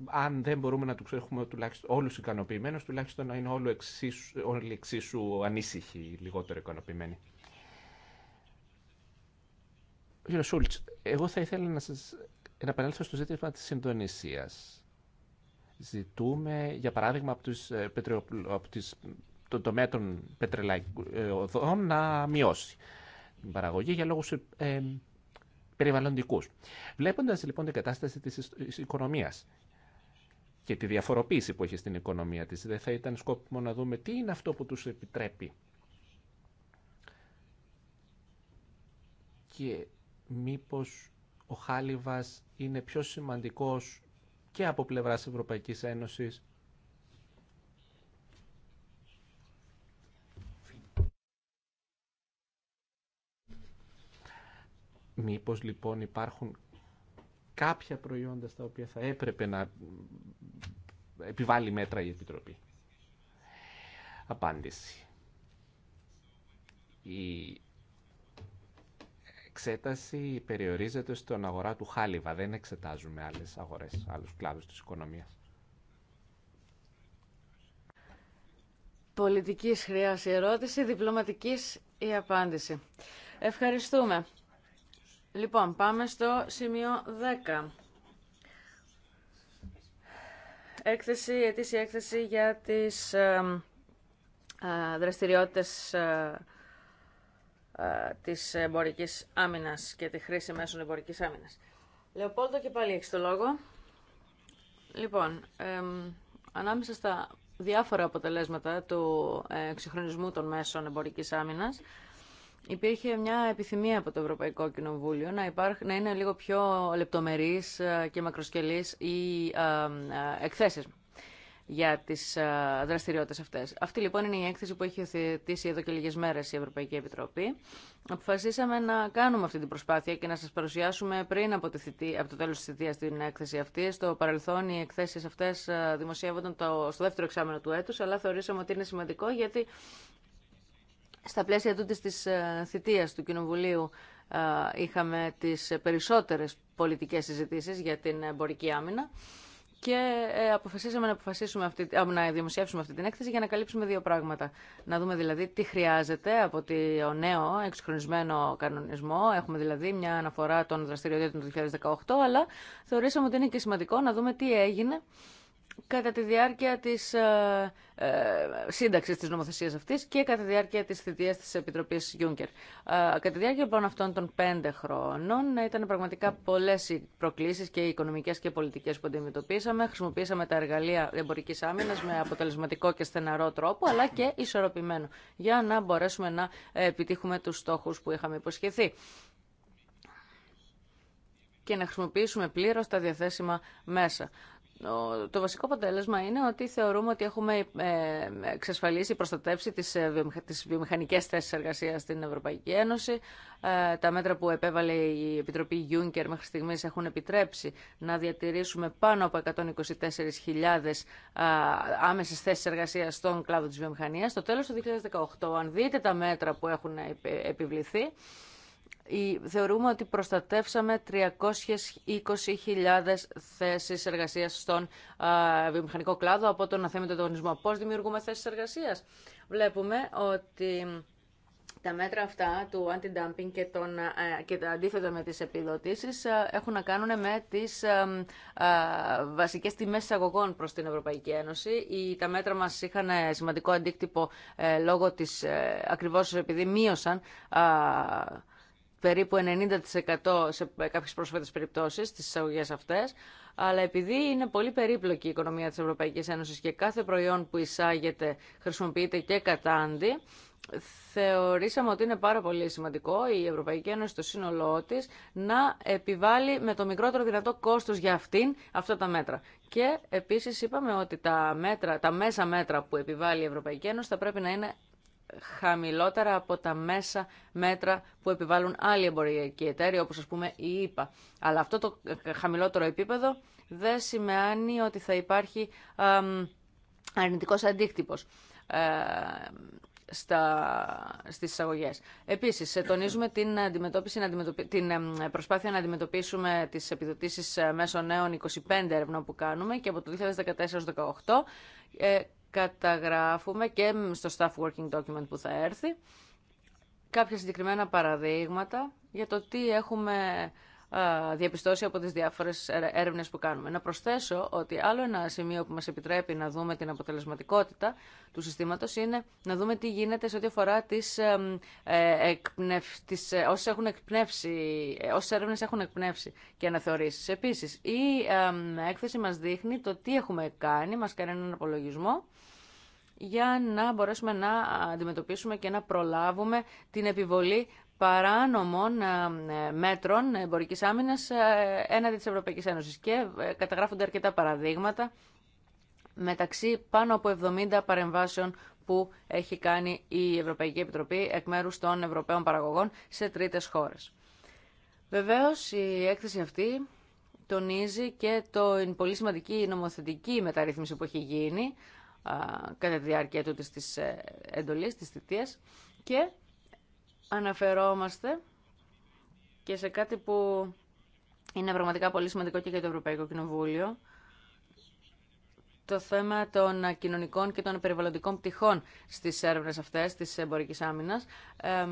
αν δεν μπορούμε να του έχουμε τουλάχιστον όλους ικανοποιημένους, τουλάχιστον να είναι όλοι εξίσου, όλοι εξίσου ανήσυχοι, λιγότερο ικανοποιημένοι. Κύριε Σούλτς, εγώ θα ήθελα να σας να επανέλθω στο ζήτημα της συντονισίας. Ζητούμε, για παράδειγμα, από, τους, ε, από το τομέα των πετρελαϊκών ε, να μειώσει την παραγωγή για λόγους ε, περιβαλλοντικούς. Βλέποντας λοιπόν την κατάσταση της οικονομίας και τη διαφοροποίηση που έχει στην οικονομία της, δεν θα ήταν σκόπιμο να δούμε τι είναι αυτό που τους επιτρέπει. Και μήπως ο Χάλιβας είναι πιο σημαντικός και από πλευράς Ευρωπαϊκής Ένωσης Μήπως λοιπόν υπάρχουν κάποια προϊόντα στα οποία θα έπρεπε να επιβάλλει μέτρα η Επιτροπή. Απάντηση. Η εξέταση περιορίζεται στον αγορά του χάλιβα. Δεν εξετάζουμε άλλες αγορές, άλλους κλάδους της οικονομίας. Πολιτικής χρειάζεται η ερώτηση, διπλωματικής η απάντηση. Ευχαριστούμε. Λοιπόν, πάμε στο σημείο 10. Έκθεση, ετήσια έκθεση για τις ε, ε, δραστηριότητες ε, της εμπορικής άμυνας και τη χρήση μέσων εμπορικής άμυνας. Λεοπόλτο και πάλι έχεις το λόγο. Λοιπόν, ανάμεσα στα διάφορα αποτελέσματα του ε, εξυγχρονισμού των μέσων εμπορικής άμυνας, Υπήρχε μια επιθυμία από το Ευρωπαϊκό Κοινοβούλιο να, υπάρχ, να είναι λίγο πιο λεπτομερείς ε, και μακροσκελής οι ε, ε, εκθέσεις για τις δραστηριότητες αυτές. Αυτή λοιπόν είναι η έκθεση που έχει οθετήσει εδώ και λίγες μέρες η Ευρωπαϊκή Επιτροπή. Αποφασίσαμε να κάνουμε αυτή την προσπάθεια και να σας παρουσιάσουμε πριν από, τη το τέλος της θητείας την έκθεση αυτή. Στο παρελθόν οι εκθέσεις αυτές δημοσιεύονταν το, στο δεύτερο εξάμενο του έτους, αλλά θεωρήσαμε ότι είναι σημαντικό γιατί στα πλαίσια τούτης της ε, θητείας του Κοινοβουλίου ε, είχαμε τις περισσότερες πολιτικές συζητήσεις για την εμπορική άμυνα και ε, αποφασίσαμε να, αποφασίσουμε αυτή, να δημοσιεύσουμε αυτή την έκθεση για να καλύψουμε δύο πράγματα. Να δούμε δηλαδή τι χρειάζεται από το νέο εξυγχρονισμένο κανονισμό. Έχουμε δηλαδή μια αναφορά των δραστηριοτήτων του 2018, αλλά θεωρήσαμε ότι είναι και σημαντικό να δούμε τι έγινε κατά τη διάρκεια της ε, ε, σύνταξης της νομοθεσίας αυτής και κατά τη διάρκεια της θητείας της Επιτροπής Γιούγκερ. Ε, κατά τη διάρκεια λοιπόν αυτών των πέντε χρόνων ε, ήταν πραγματικά πολλές οι προκλήσεις και οι οικονομικές και πολιτικές που αντιμετωπίσαμε. Χρησιμοποίησαμε τα εργαλεία εμπορική άμυνα με αποτελεσματικό και στεναρό τρόπο αλλά και ισορροπημένο για να μπορέσουμε να ε, επιτύχουμε τους στόχους που είχαμε υποσχεθεί και να χρησιμοποιήσουμε πλήρως τα διαθέσιμα μέσα. Το βασικό αποτέλεσμα είναι ότι θεωρούμε ότι έχουμε ε, εξασφαλίσει, προστατεύσει τις, ε, βιομηχα... τις βιομηχανικές θέσεις εργασίας στην Ευρωπαϊκή Ένωση. Ε, τα μέτρα που επέβαλε η Επιτροπή Juncker μέχρι στιγμής έχουν επιτρέψει να διατηρήσουμε πάνω από 124.000 άμεσες θέσεις εργασίας στον κλάδο της βιομηχανίας. Στο τέλος του 2018, αν δείτε τα μέτρα που έχουν επιβληθεί, θεωρούμε ότι προστατεύσαμε 320.000 θέσεις εργασίας στον βιομηχανικό κλάδο από τον αθέμητο ανταγωνισμό. Πώ δημιουργούμε θέσει εργασία. Βλέπουμε ότι τα μέτρα αυτά του anti-dumping και, και τα αντίθετα με τις επιδοτήσεις έχουν να κάνουν με τις βασικές τιμές εισαγωγών προς την Ευρωπαϊκή Ένωση. Τα μέτρα μας είχαν ε, σημαντικό αντίκτυπο ε, λόγω της, ε, ακριβώς επειδή μείωσαν περίπου 90% σε κάποιες πρόσφατες περιπτώσεις, στις εισαγωγές αυτές, αλλά επειδή είναι πολύ περίπλοκη η οικονομία της Ευρωπαϊκής Ένωσης και κάθε προϊόν που εισάγεται χρησιμοποιείται και άντι, θεωρήσαμε ότι είναι πάρα πολύ σημαντικό η Ευρωπαϊκή Ένωση στο σύνολό τη να επιβάλλει με το μικρότερο δυνατό κόστος για αυτήν αυτά τα μέτρα. Και επίσης είπαμε ότι τα, μέτρα, τα μέσα μέτρα που επιβάλλει η Ευρωπαϊκή Ένωση θα πρέπει να είναι χαμηλότερα από τα μέσα μέτρα που επιβάλλουν άλλοι εμποριακοί εταίροι, όπως ας πούμε η ΕΠΑ. Αλλά αυτό το χαμηλότερο επίπεδο δεν σημαίνει ότι θα υπάρχει αρνητικός αντίκτυπος ε, στα, στις εισαγωγές. Επίσης, τονίζουμε την, αντιμετώπιση, την προσπάθεια να αντιμετωπίσουμε τις επιδοτήσεις ε, μέσω νέων 25 ερευνών που κάνουμε και από το 2014-2018 καταγράφουμε και στο staff working document που θα έρθει κάποια συγκεκριμένα παραδείγματα για το τι έχουμε διαπιστώσει από τις διάφορες έρευνες που κάνουμε. Να προσθέσω ότι άλλο ένα σημείο που μας επιτρέπει να δούμε την αποτελεσματικότητα του συστήματος είναι να δούμε τι γίνεται σε ό,τι αφορά τις, ε, τις, ε, έχουν εκπνεύσει, ε, όσες έρευνες έχουν εκπνεύσει και αναθεωρήσεις. Επίσης, η έκθεση μας δείχνει το τι έχουμε κάνει, μας κάνει έναν απολογισμό για να μπορέσουμε να αντιμετωπίσουμε και να προλάβουμε την επιβολή παράνομων ε, μέτρων εμπορική άμυνα ε, έναντι τη Ευρωπαϊκή Ένωση. Και ε, καταγράφονται αρκετά παραδείγματα μεταξύ πάνω από 70 παρεμβάσεων που έχει κάνει η Ευρωπαϊκή Επιτροπή εκ μέρους των Ευρωπαίων παραγωγών σε τρίτες χώρες. Βεβαίως η έκθεση αυτή τονίζει και την πολύ σημαντική νομοθετική μεταρρύθμιση που έχει γίνει κατά τη διάρκεια του της ε, εντολής, της θητείας και αναφερόμαστε και σε κάτι που είναι πραγματικά πολύ σημαντικό και για το Ευρωπαϊκό Κοινοβούλιο, το θέμα των κοινωνικών και των περιβαλλοντικών πτυχών στις έρευνες αυτές της εμπορικής άμυνας. Ε,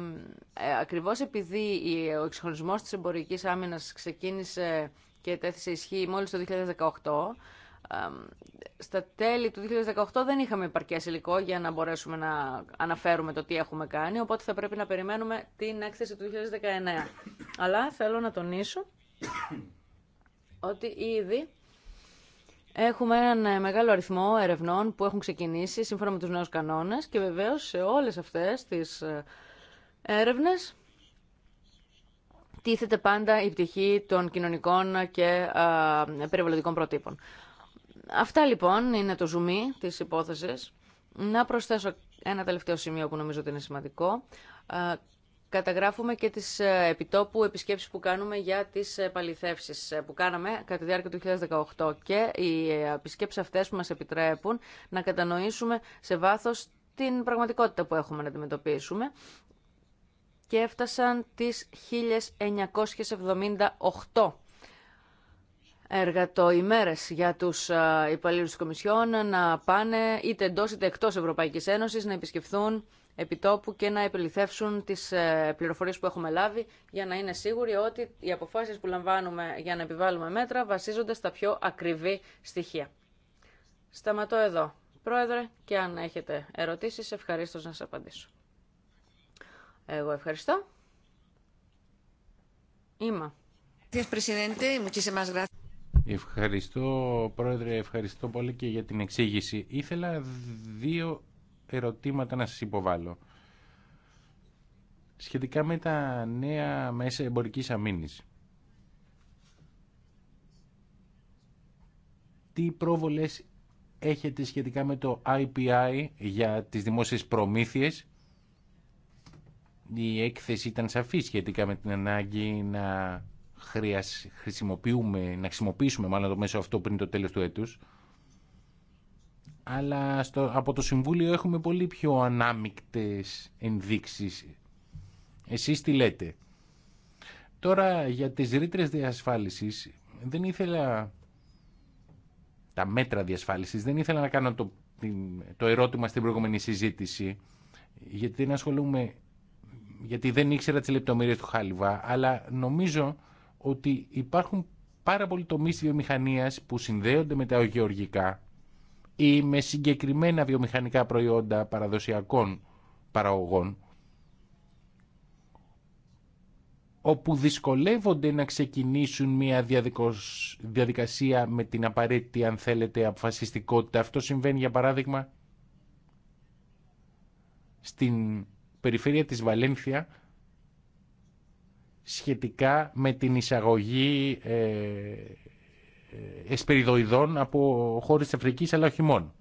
ακριβώς επειδή ο εξοχωρισμός της εμπορικής άμυνας ξεκίνησε και τέθησε ισχύ μόλις το 2018, στα τέλη του 2018 δεν είχαμε επαρκέ υλικό για να μπορέσουμε να αναφέρουμε το τι έχουμε κάνει, οπότε θα πρέπει να περιμένουμε την έκθεση του 2019. Αλλά θέλω να τονίσω ότι ήδη έχουμε έναν μεγάλο αριθμό ερευνών που έχουν ξεκινήσει σύμφωνα με τους νέους κανόνες και βεβαίως σε όλες αυτές τις ε, έρευνες τίθεται πάντα η πτυχή των κοινωνικών και ε, περιβαλλοντικών προτύπων. Αυτά λοιπόν είναι το ζουμί της υπόθεσης. Να προσθέσω ένα τελευταίο σημείο που νομίζω ότι είναι σημαντικό. Καταγράφουμε και τις ε, επιτόπου επισκέψεις που κάνουμε για τις παληθεύσεις ε, που κάναμε κατά τη διάρκεια του 2018 και οι ε, επισκέψεις αυτές που μας επιτρέπουν να κατανοήσουμε σε βάθος την πραγματικότητα που έχουμε να αντιμετωπίσουμε και έφτασαν τις 1978 εργατοημέρες για τους υπαλλήλους της Κομισιόν να πάνε είτε εντό είτε εκτός Ευρωπαϊκής Ένωσης να επισκεφθούν επιτόπου και να επιληθεύσουν τις ε, πληροφορίες που έχουμε λάβει για να είναι σίγουροι ότι οι αποφάσεις που λαμβάνουμε για να επιβάλλουμε μέτρα βασίζονται στα πιο ακριβή στοιχεία. Σταματώ εδώ, Πρόεδρε, και αν έχετε ερωτήσεις, ευχαρίστως να σας απαντήσω. Εγώ ευχαριστώ. Είμαι. Ευχαριστώ πρόεδρε, ευχαριστώ πολύ και για την εξήγηση. Ήθελα δύο ερωτήματα να σας υποβάλω. Σχετικά με τα νέα μέσα εμπορικής αμήνης. Τι πρόβολες έχετε σχετικά με το IPI για τις δημόσιες προμήθειες. Η έκθεση ήταν σαφή σχετικά με την ανάγκη να χρησιμοποιούμε, να χρησιμοποιήσουμε μάλλον το μέσο αυτό πριν το τέλος του έτους. Αλλά στο, από το Συμβούλιο έχουμε πολύ πιο ανάμεικτες ενδείξεις. Εσείς τι λέτε. Τώρα για τις ρήτρε διασφάλισης δεν ήθελα τα μέτρα διασφάλισης δεν ήθελα να κάνω το, το ερώτημα στην προηγούμενη συζήτηση γιατί δεν ασχολούμαι γιατί δεν ήξερα τις λεπτομέρειες του Χάλιβα αλλά νομίζω ότι υπάρχουν πάρα πολλοί τομείς βιομηχανίας που συνδέονται με τα γεωργικά ή με συγκεκριμένα βιομηχανικά προϊόντα παραδοσιακών παραγωγών όπου δυσκολεύονται να ξεκινήσουν μια διαδικασία με την απαραίτητη αν θέλετε αποφασιστικότητα. Αυτό συμβαίνει για παράδειγμα στην περιφέρεια της Βαλένθια σχετικά με την εισαγωγή ε, ε, εσπεριδοειδών από χώρες της Αφρικής αλλά όχι μόνο.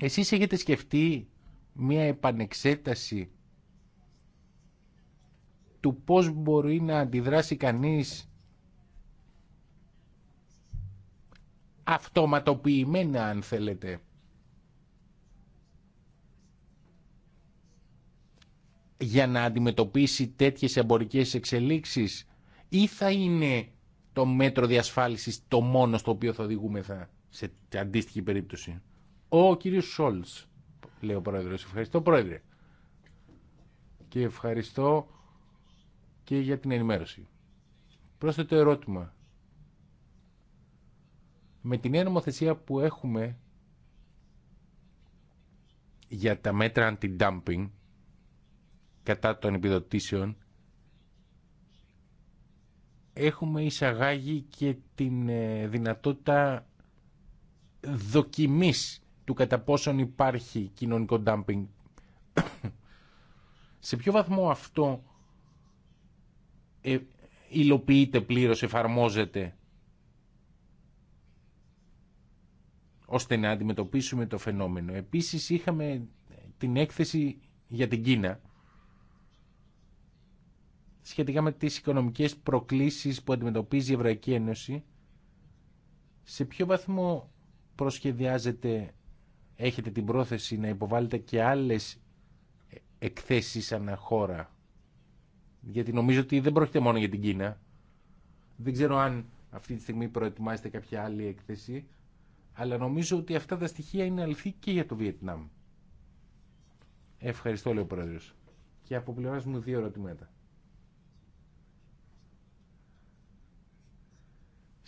Εσείς έχετε σκεφτεί μια επανεξέταση του πώς μπορεί να αντιδράσει κανείς αυτοματοποιημένα αν θέλετε για να αντιμετωπίσει τέτοιες εμπορικές εξελίξεις ή θα είναι το μέτρο διασφάλισης το μόνο στο οποίο θα θα σε αντίστοιχη περίπτωση. Ο κύριος Σόλτς, λέει ο πρόεδρος. Ευχαριστώ πρόεδρε. Και ευχαριστώ και για την ενημέρωση. Πρόσθετο ερώτημα. Με την νέα νομοθεσία που έχουμε για τα μέτρα αντι-dumping κατά των επιδοτήσεων έχουμε εισαγάγει και την ε, δυνατότητα δοκιμής του κατά πόσον υπάρχει κοινωνικό ντάμπινγκ. Σε ποιο βαθμό αυτό ε, υλοποιείται πλήρως, εφαρμόζεται ώστε να αντιμετωπίσουμε το φαινόμενο. Επίσης είχαμε την έκθεση για την Κίνα σχετικά με τις οικονομικές προκλήσεις που αντιμετωπίζει η Ευρωπαϊκή Ένωση. Σε ποιο βαθμό προσχεδιάζετε, έχετε την πρόθεση να υποβάλλετε και άλλες εκθέσεις ανά χώρα. Γιατί νομίζω ότι δεν πρόκειται μόνο για την Κίνα. Δεν ξέρω αν αυτή τη στιγμή προετοιμάζετε κάποια άλλη έκθεση, αλλά νομίζω ότι αυτά τα στοιχεία είναι αληθή και για το Βιετνάμ. Ευχαριστώ, λέει ο Πρόεδρος. Και από πλευράς μου δύο ερωτήματα.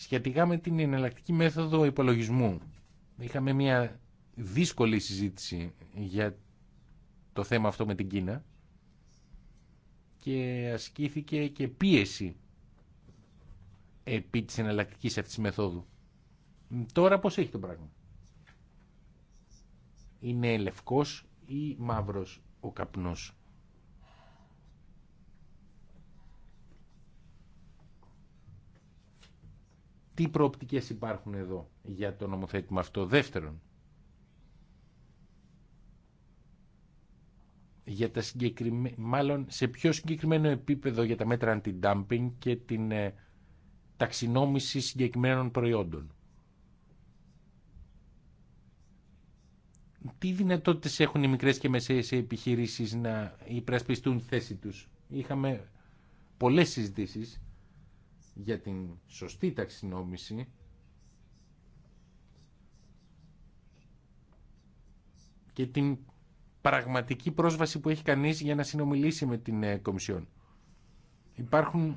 σχετικά με την εναλλακτική μέθοδο υπολογισμού. Είχαμε μια δύσκολη συζήτηση για το θέμα αυτό με την Κίνα και ασκήθηκε και πίεση επί της εναλλακτικής αυτής μεθόδου. Τώρα πώς έχει το πράγμα. Είναι λευκός ή μαύρος ο καπνός. τι προοπτικές υπάρχουν εδώ για το νομοθέτημα αυτό. Δεύτερον, για τα συγκεκριμέ... μάλλον σε πιο συγκεκριμένο επίπεδο για τα μέτρα αντι-dumping και την ε, ταξινόμηση συγκεκριμένων προϊόντων. Τι δυνατότητες έχουν οι μικρές και μεσαίες επιχειρήσεις να υπρασπιστούν θέση τους. Είχαμε πολλές συζητήσεις για την σωστή ταξινόμηση και την πραγματική πρόσβαση που έχει κανείς για να συνομιλήσει με την ε, Κομισιόν. Υπάρχουν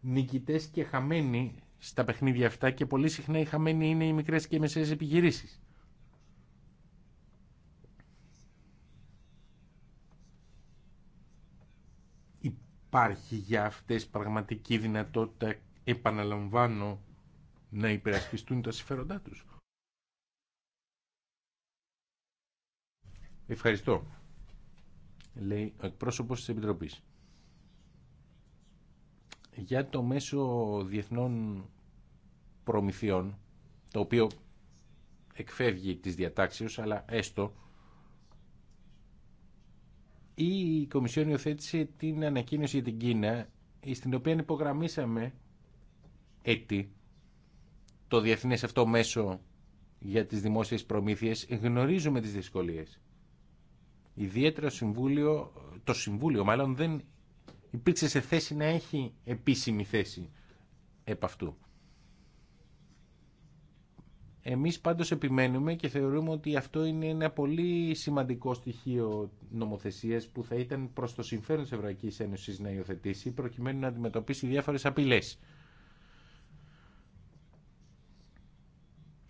νικητές και χαμένοι στα παιχνίδια αυτά και πολύ συχνά οι χαμένοι είναι οι μικρές και οι μεσαίες επιχειρήσεις. υπάρχει για αυτές πραγματική δυνατότητα, επαναλαμβάνω, να υπερασπιστούν τα συμφέροντά τους. Ευχαριστώ, λέει ο εκπρόσωπος της Επιτροπής. Για το μέσο διεθνών προμηθειών, το οποίο εκφεύγει τις διατάξεις, αλλά έστω η Κομισιόν υιοθέτησε την ανακοίνωση για την Κίνα, στην οποία υπογραμμίσαμε έτη το διεθνές αυτό μέσο για τις δημόσιες προμήθειες. Γνωρίζουμε τις δυσκολίες. Ιδιαίτερα συμβούλιο, το Συμβούλιο μάλλον δεν υπήρξε σε θέση να έχει επίσημη θέση επ' αυτού. Εμείς πάντως επιμένουμε και θεωρούμε ότι αυτό είναι ένα πολύ σημαντικό στοιχείο νομοθεσίας που θα ήταν προς το συμφέρον της Ευρωπαϊκής Ένωσης να υιοθετήσει προκειμένου να αντιμετωπίσει διάφορες απειλές.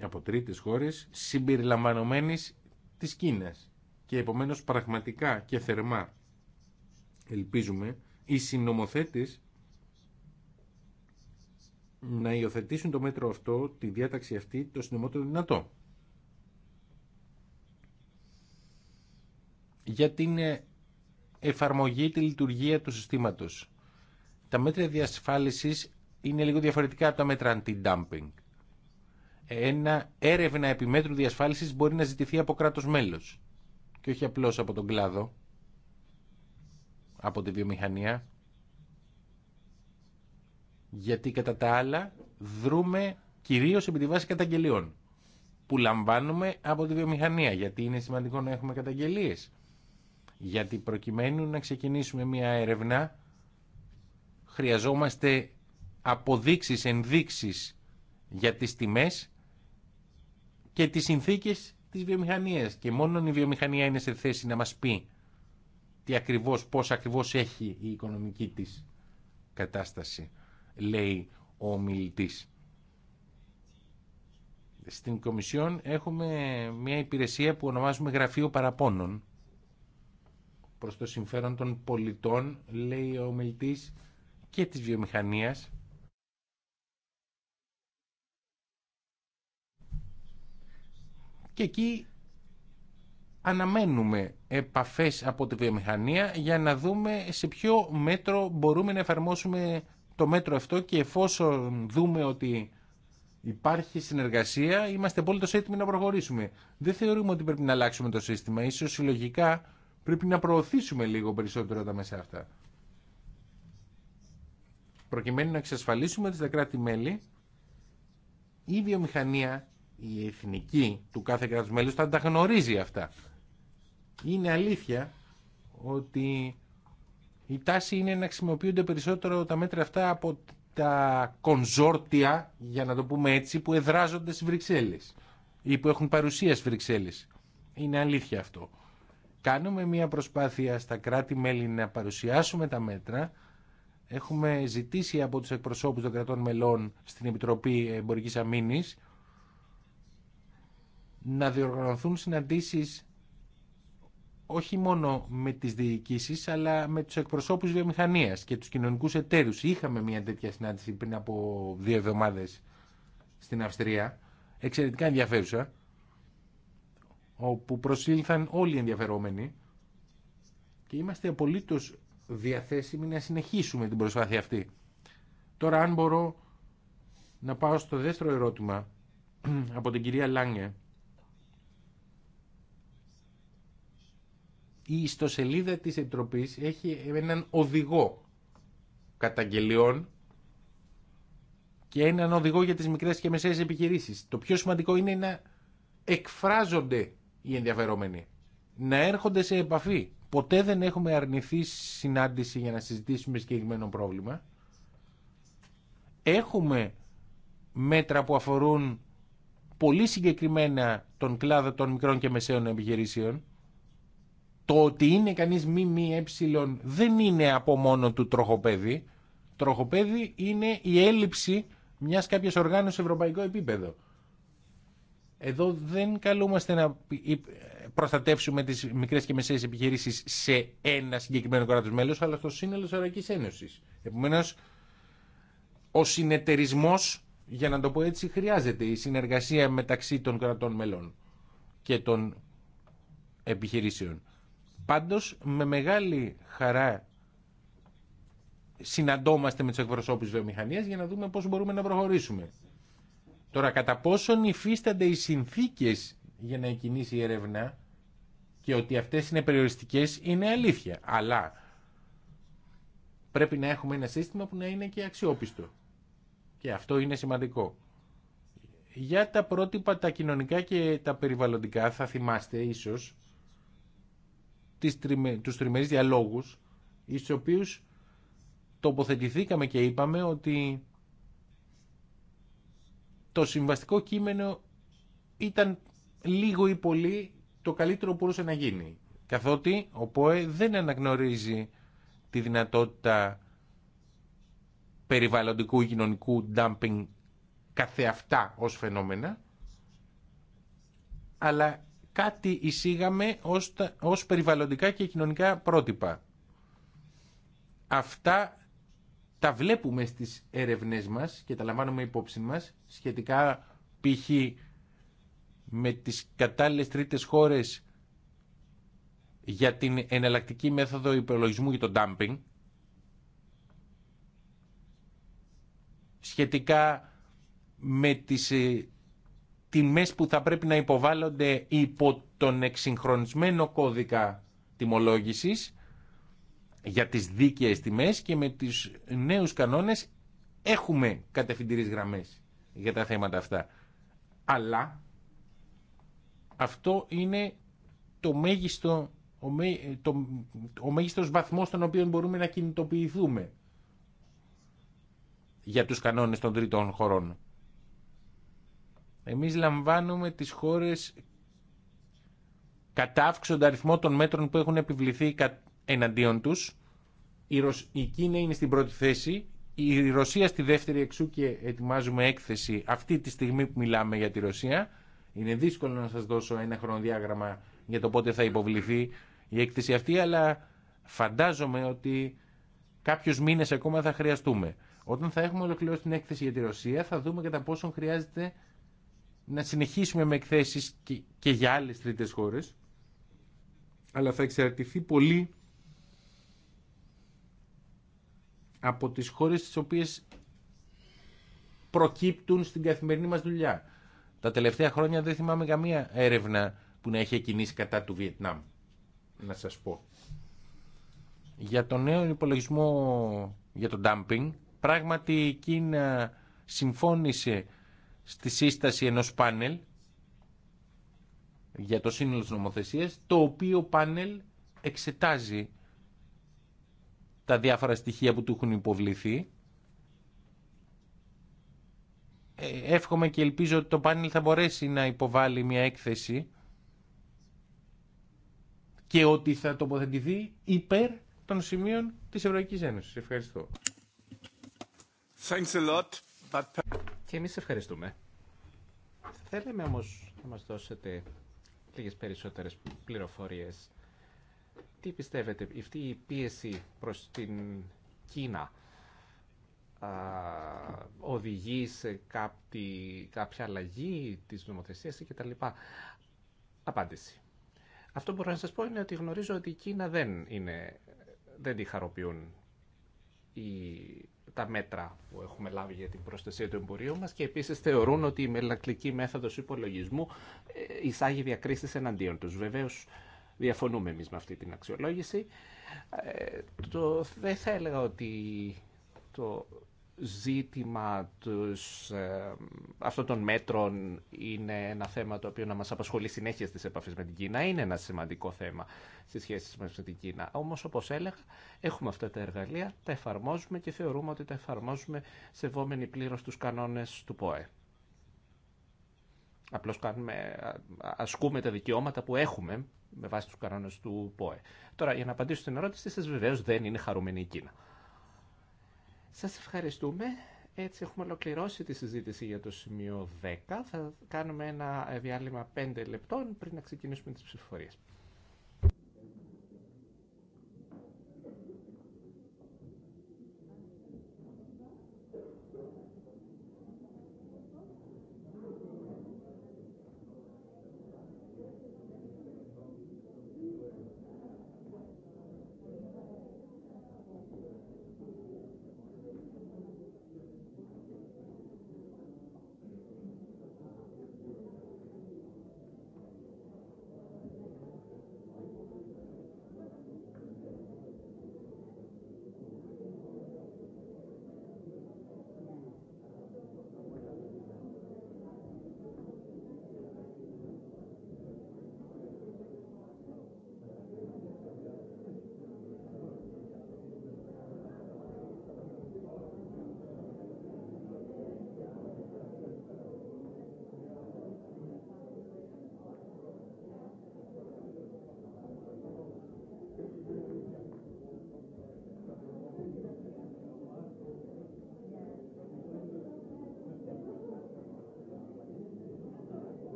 από τρίτες χώρες συμπεριλαμβανομένης της Κίνας. Και επομένως πραγματικά και θερμά ελπίζουμε οι συνομοθέτες να υιοθετήσουν το μέτρο αυτό, τη διάταξη αυτή, το συντομότερο δυνατό. Για την ε, εφαρμογή τη λειτουργία του συστήματος. Τα μέτρα διασφάλισης είναι λίγο διαφορετικά από τα μέτρα anti-dumping. Ένα έρευνα επιμέτρου διασφάλισης μπορεί να ζητηθεί από κράτος μέλος και όχι απλώς από τον κλάδο, από τη βιομηχανία γιατί κατά τα άλλα δρούμε κυρίως επί τη βάση καταγγελιών που λαμβάνουμε από τη βιομηχανία γιατί είναι σημαντικό να έχουμε καταγγελίες γιατί προκειμένου να ξεκινήσουμε μια έρευνα χρειαζόμαστε αποδείξεις, ενδείξεις για τις τιμές και τις συνθήκες της βιομηχανίας και μόνο η βιομηχανία είναι σε θέση να μας πει τι ακριβώς, πώς ακριβώς έχει η οικονομική της κατάσταση λέει ο ομιλητής. Στην Κομισιόν έχουμε μια υπηρεσία που ονομάζουμε Γραφείο Παραπώνων. Προς το συμφέρον των πολιτών, λέει ο ομιλητής, και της βιομηχανίας. Και εκεί αναμένουμε επαφές από τη βιομηχανία για να δούμε σε ποιο μέτρο μπορούμε να εφαρμόσουμε το μέτρο αυτό και εφόσον δούμε ότι υπάρχει συνεργασία, είμαστε απόλυτο έτοιμοι να προχωρήσουμε. Δεν θεωρούμε ότι πρέπει να αλλάξουμε το σύστημα. Ίσως συλλογικά πρέπει να προωθήσουμε λίγο περισσότερο τα μέσα αυτά. Προκειμένου να εξασφαλίσουμε τις κράτη-μέλη, η βιομηχανία, η εθνική του κάθε κράτους μέλους, θα τα γνωρίζει αυτά. Είναι αλήθεια ότι η τάση είναι να χρησιμοποιούνται περισσότερο τα μέτρα αυτά από τα κονζόρτια, για να το πούμε έτσι, που εδράζονται στις Βρυξέλλες ή που έχουν παρουσία στις Βρυξέλλες. Είναι αλήθεια αυτό. Κάνουμε μια προσπάθεια στα κράτη-μέλη να παρουσιάσουμε τα μέτρα. Έχουμε ζητήσει από τους εκπροσώπους των κρατών μελών στην Επιτροπή Εμπορικής Αμήνης να διοργανωθούν συναντήσεις όχι μόνο με τις διοικήσεις αλλά με τους εκπροσώπους βιομηχανία και τους κοινωνικούς εταίρους. Είχαμε μια τέτοια συνάντηση πριν από δύο εβδομάδες στην Αυστρία, εξαιρετικά ενδιαφέρουσα, όπου προσήλθαν όλοι οι ενδιαφερόμενοι και είμαστε απολύτως διαθέσιμοι να συνεχίσουμε την προσπάθεια αυτή. Τώρα αν μπορώ να πάω στο δεύτερο ερώτημα από την κυρία Λάνγκε η ιστοσελίδα της Επιτροπής έχει έναν οδηγό καταγγελιών και έναν οδηγό για τις μικρές και μεσαίες επιχειρήσεις. Το πιο σημαντικό είναι να εκφράζονται οι ενδιαφερόμενοι, να έρχονται σε επαφή. Ποτέ δεν έχουμε αρνηθεί συνάντηση για να συζητήσουμε συγκεκριμένο πρόβλημα. Έχουμε μέτρα που αφορούν πολύ συγκεκριμένα τον κλάδο των μικρών και μεσαίων επιχειρήσεων το ότι είναι κανείς μη μη ε δεν είναι από μόνο του τροχοπέδι. Τροχοπέδι είναι η έλλειψη μιας κάποιας οργάνωσης σε ευρωπαϊκό επίπεδο. Εδώ δεν καλούμαστε να προστατεύσουμε τις μικρές και μεσαίες επιχειρήσεις σε ένα συγκεκριμένο κράτος μέλος, αλλά στο σύνολο της Ευρωπαϊκής Ένωσης. Επομένως, ο συνεταιρισμός, για να το πω έτσι, χρειάζεται η συνεργασία μεταξύ των κρατών μελών και των επιχειρήσεων. Πάντως με μεγάλη χαρά συναντόμαστε με τους εκπροσώπους βιομηχανίας για να δούμε πώς μπορούμε να προχωρήσουμε. Τώρα κατά πόσον υφίστανται οι συνθήκες για να εκκινήσει η έρευνα και ότι αυτές είναι περιοριστικές είναι αλήθεια. Αλλά πρέπει να έχουμε ένα σύστημα που να είναι και αξιόπιστο. Και αυτό είναι σημαντικό. Για τα πρότυπα τα κοινωνικά και τα περιβαλλοντικά θα θυμάστε ίσως του τριμε, τους τριμερείς διαλόγους, οποίους τοποθετηθήκαμε και είπαμε ότι το συμβαστικό κείμενο ήταν λίγο ή πολύ το καλύτερο που μπορούσε να γίνει. Καθότι ο ΠΟΕ δεν αναγνωρίζει τη δυνατότητα περιβαλλοντικού ή κοινωνικού dumping καθεαυτά ως φαινόμενα, αλλά κάτι εισήγαμε ως, ως περιβαλλοντικά και κοινωνικά πρότυπα. Αυτά τα βλέπουμε στις έρευνές μας και τα λαμβάνουμε υπόψη μας σχετικά π.χ. με τις κατάλληλες τρίτες χώρες για την εναλλακτική μέθοδο υπολογισμού για το dumping σχετικά με τις ε, τιμές που θα πρέπει να υποβάλλονται υπό τον εξυγχρονισμένο κώδικα τιμολόγησης για τις δίκαιες τιμές και με τις νέους κανόνες έχουμε κατευθυντηρές γραμμές για τα θέματα αυτά. Αλλά αυτό είναι το μέγιστο, ο, το, ο μέγιστος βαθμός στον οποίο μπορούμε να κινητοποιηθούμε για τους κανόνες των τρίτων χωρών. Εμείς λαμβάνουμε τις χώρες κατά αύξοντα αριθμό των μέτρων που έχουν επιβληθεί εναντίον τους. Η, Ρωσ... Κίνα είναι στην πρώτη θέση, η Ρωσία στη δεύτερη εξού και ετοιμάζουμε έκθεση αυτή τη στιγμή που μιλάμε για τη Ρωσία. Είναι δύσκολο να σας δώσω ένα χρονοδιάγραμμα για το πότε θα υποβληθεί η έκθεση αυτή, αλλά φαντάζομαι ότι κάποιους μήνες ακόμα θα χρειαστούμε. Όταν θα έχουμε ολοκληρώσει την έκθεση για τη Ρωσία θα δούμε κατά πόσο χρειάζεται να συνεχίσουμε με εκθέσεις και για άλλες τρίτες χώρες, αλλά θα εξαρτηθεί πολύ από τις χώρες τις οποίες προκύπτουν στην καθημερινή μας δουλειά. Τα τελευταία χρόνια δεν θυμάμαι καμία έρευνα που να έχει κινήσει κατά του Βιετνάμ, να σας πω. Για τον νέο υπολογισμό για το ντάμπινγκ, πράγματι η Κίνα συμφώνησε στη σύσταση ενός πάνελ για το σύνολο της νομοθεσίας, το οποίο πάνελ εξετάζει τα διάφορα στοιχεία που του έχουν υποβληθεί. Ε, εύχομαι και ελπίζω ότι το πάνελ θα μπορέσει να υποβάλει μια έκθεση και ότι θα τοποθετηθεί υπέρ των σημείων της Ευρωπαϊκής Ένωσης. Ευχαριστώ. Thanks και εμείς ευχαριστούμε. Θέλεμε θέλαμε όμως να μας δώσετε λίγες περισσότερες πληροφορίες. Τι πιστεύετε, αυτή η πίεση προς την Κίνα α, οδηγεί σε κάποια, αλλαγή της νομοθεσίας και τα λοιπά. Απάντηση. Αυτό που μπορώ να σας πω είναι ότι γνωρίζω ότι η Κίνα δεν, είναι, δεν τη χαροποιούν οι τα μέτρα που έχουμε λάβει για την προστασία του εμπορίου μας και επίσης θεωρούν ότι η μελακλική μέθοδος υπολογισμού ε, εισάγει διακρίσεις εναντίον τους. Βεβαίως διαφωνούμε εμείς με αυτή την αξιολόγηση. Ε, το, δεν θα έλεγα ότι το ζήτημα τους, ε, αυτών των μέτρων είναι ένα θέμα το οποίο να μας απασχολεί συνέχεια στις επαφές με την Κίνα. Είναι ένα σημαντικό θέμα στις σχέσεις μας με την Κίνα. Όμως, όπως έλεγα, έχουμε αυτά τα εργαλεία, τα εφαρμόζουμε και θεωρούμε ότι τα εφαρμόζουμε σεβόμενοι πλήρως τους κανόνες του ΠΟΕ. Απλώς κάνουμε, ασκούμε τα δικαιώματα που έχουμε με βάση τους κανόνες του ΠΟΕ. Τώρα, για να απαντήσω στην ερώτηση σας, βεβαίως δεν είναι χαρούμενη η Κίνα. Σας ευχαριστούμε. Έτσι έχουμε ολοκληρώσει τη συζήτηση για το σημείο 10. Θα κάνουμε ένα διάλειμμα 5 λεπτών πριν να ξεκινήσουμε τις ψηφοφορίες.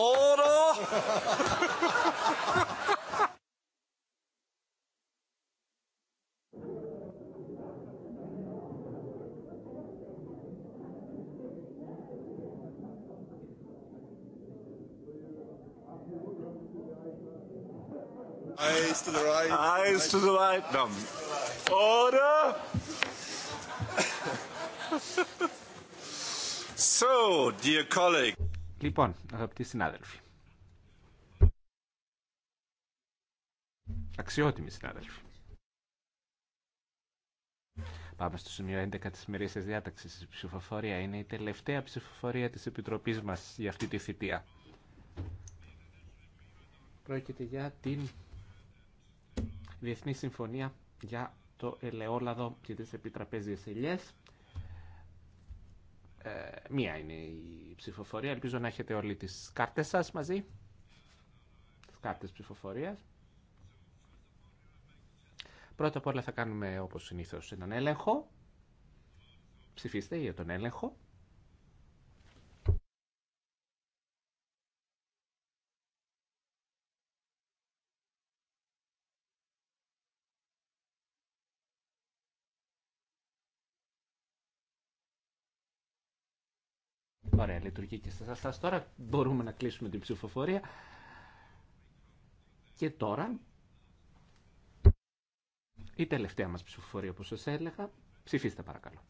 Eyes to the right. Eyes to the right. No. Order. so, dear colleague. Λοιπόν, αγαπητοί συνάδελφοι. Αξιότιμοι συνάδελφοι. Πάμε στο σημείο 11 της μερίσιας διάταξης. Η ψηφοφορία είναι η τελευταία ψηφοφορία της Επιτροπής μας για αυτή τη θητεία. Πρόκειται για την Διεθνή Συμφωνία για το ελαιόλαδο και τις επιτραπέζιες ελιές. Ε, μία είναι η ψηφοφορία. Ελπίζω να έχετε όλοι τις κάρτες σας μαζί. Τις κάρτες ψηφοφορίας. Πρώτα απ' όλα θα κάνουμε όπως συνήθως έναν έλεγχο. Ψηφίστε για τον έλεγχο. Ωραία, λειτουργεί και στα σας. Τώρα μπορούμε να κλείσουμε την ψηφοφορία. Και τώρα, η τελευταία μας ψηφοφορία, όπως σας έλεγα, ψηφίστε παρακαλώ.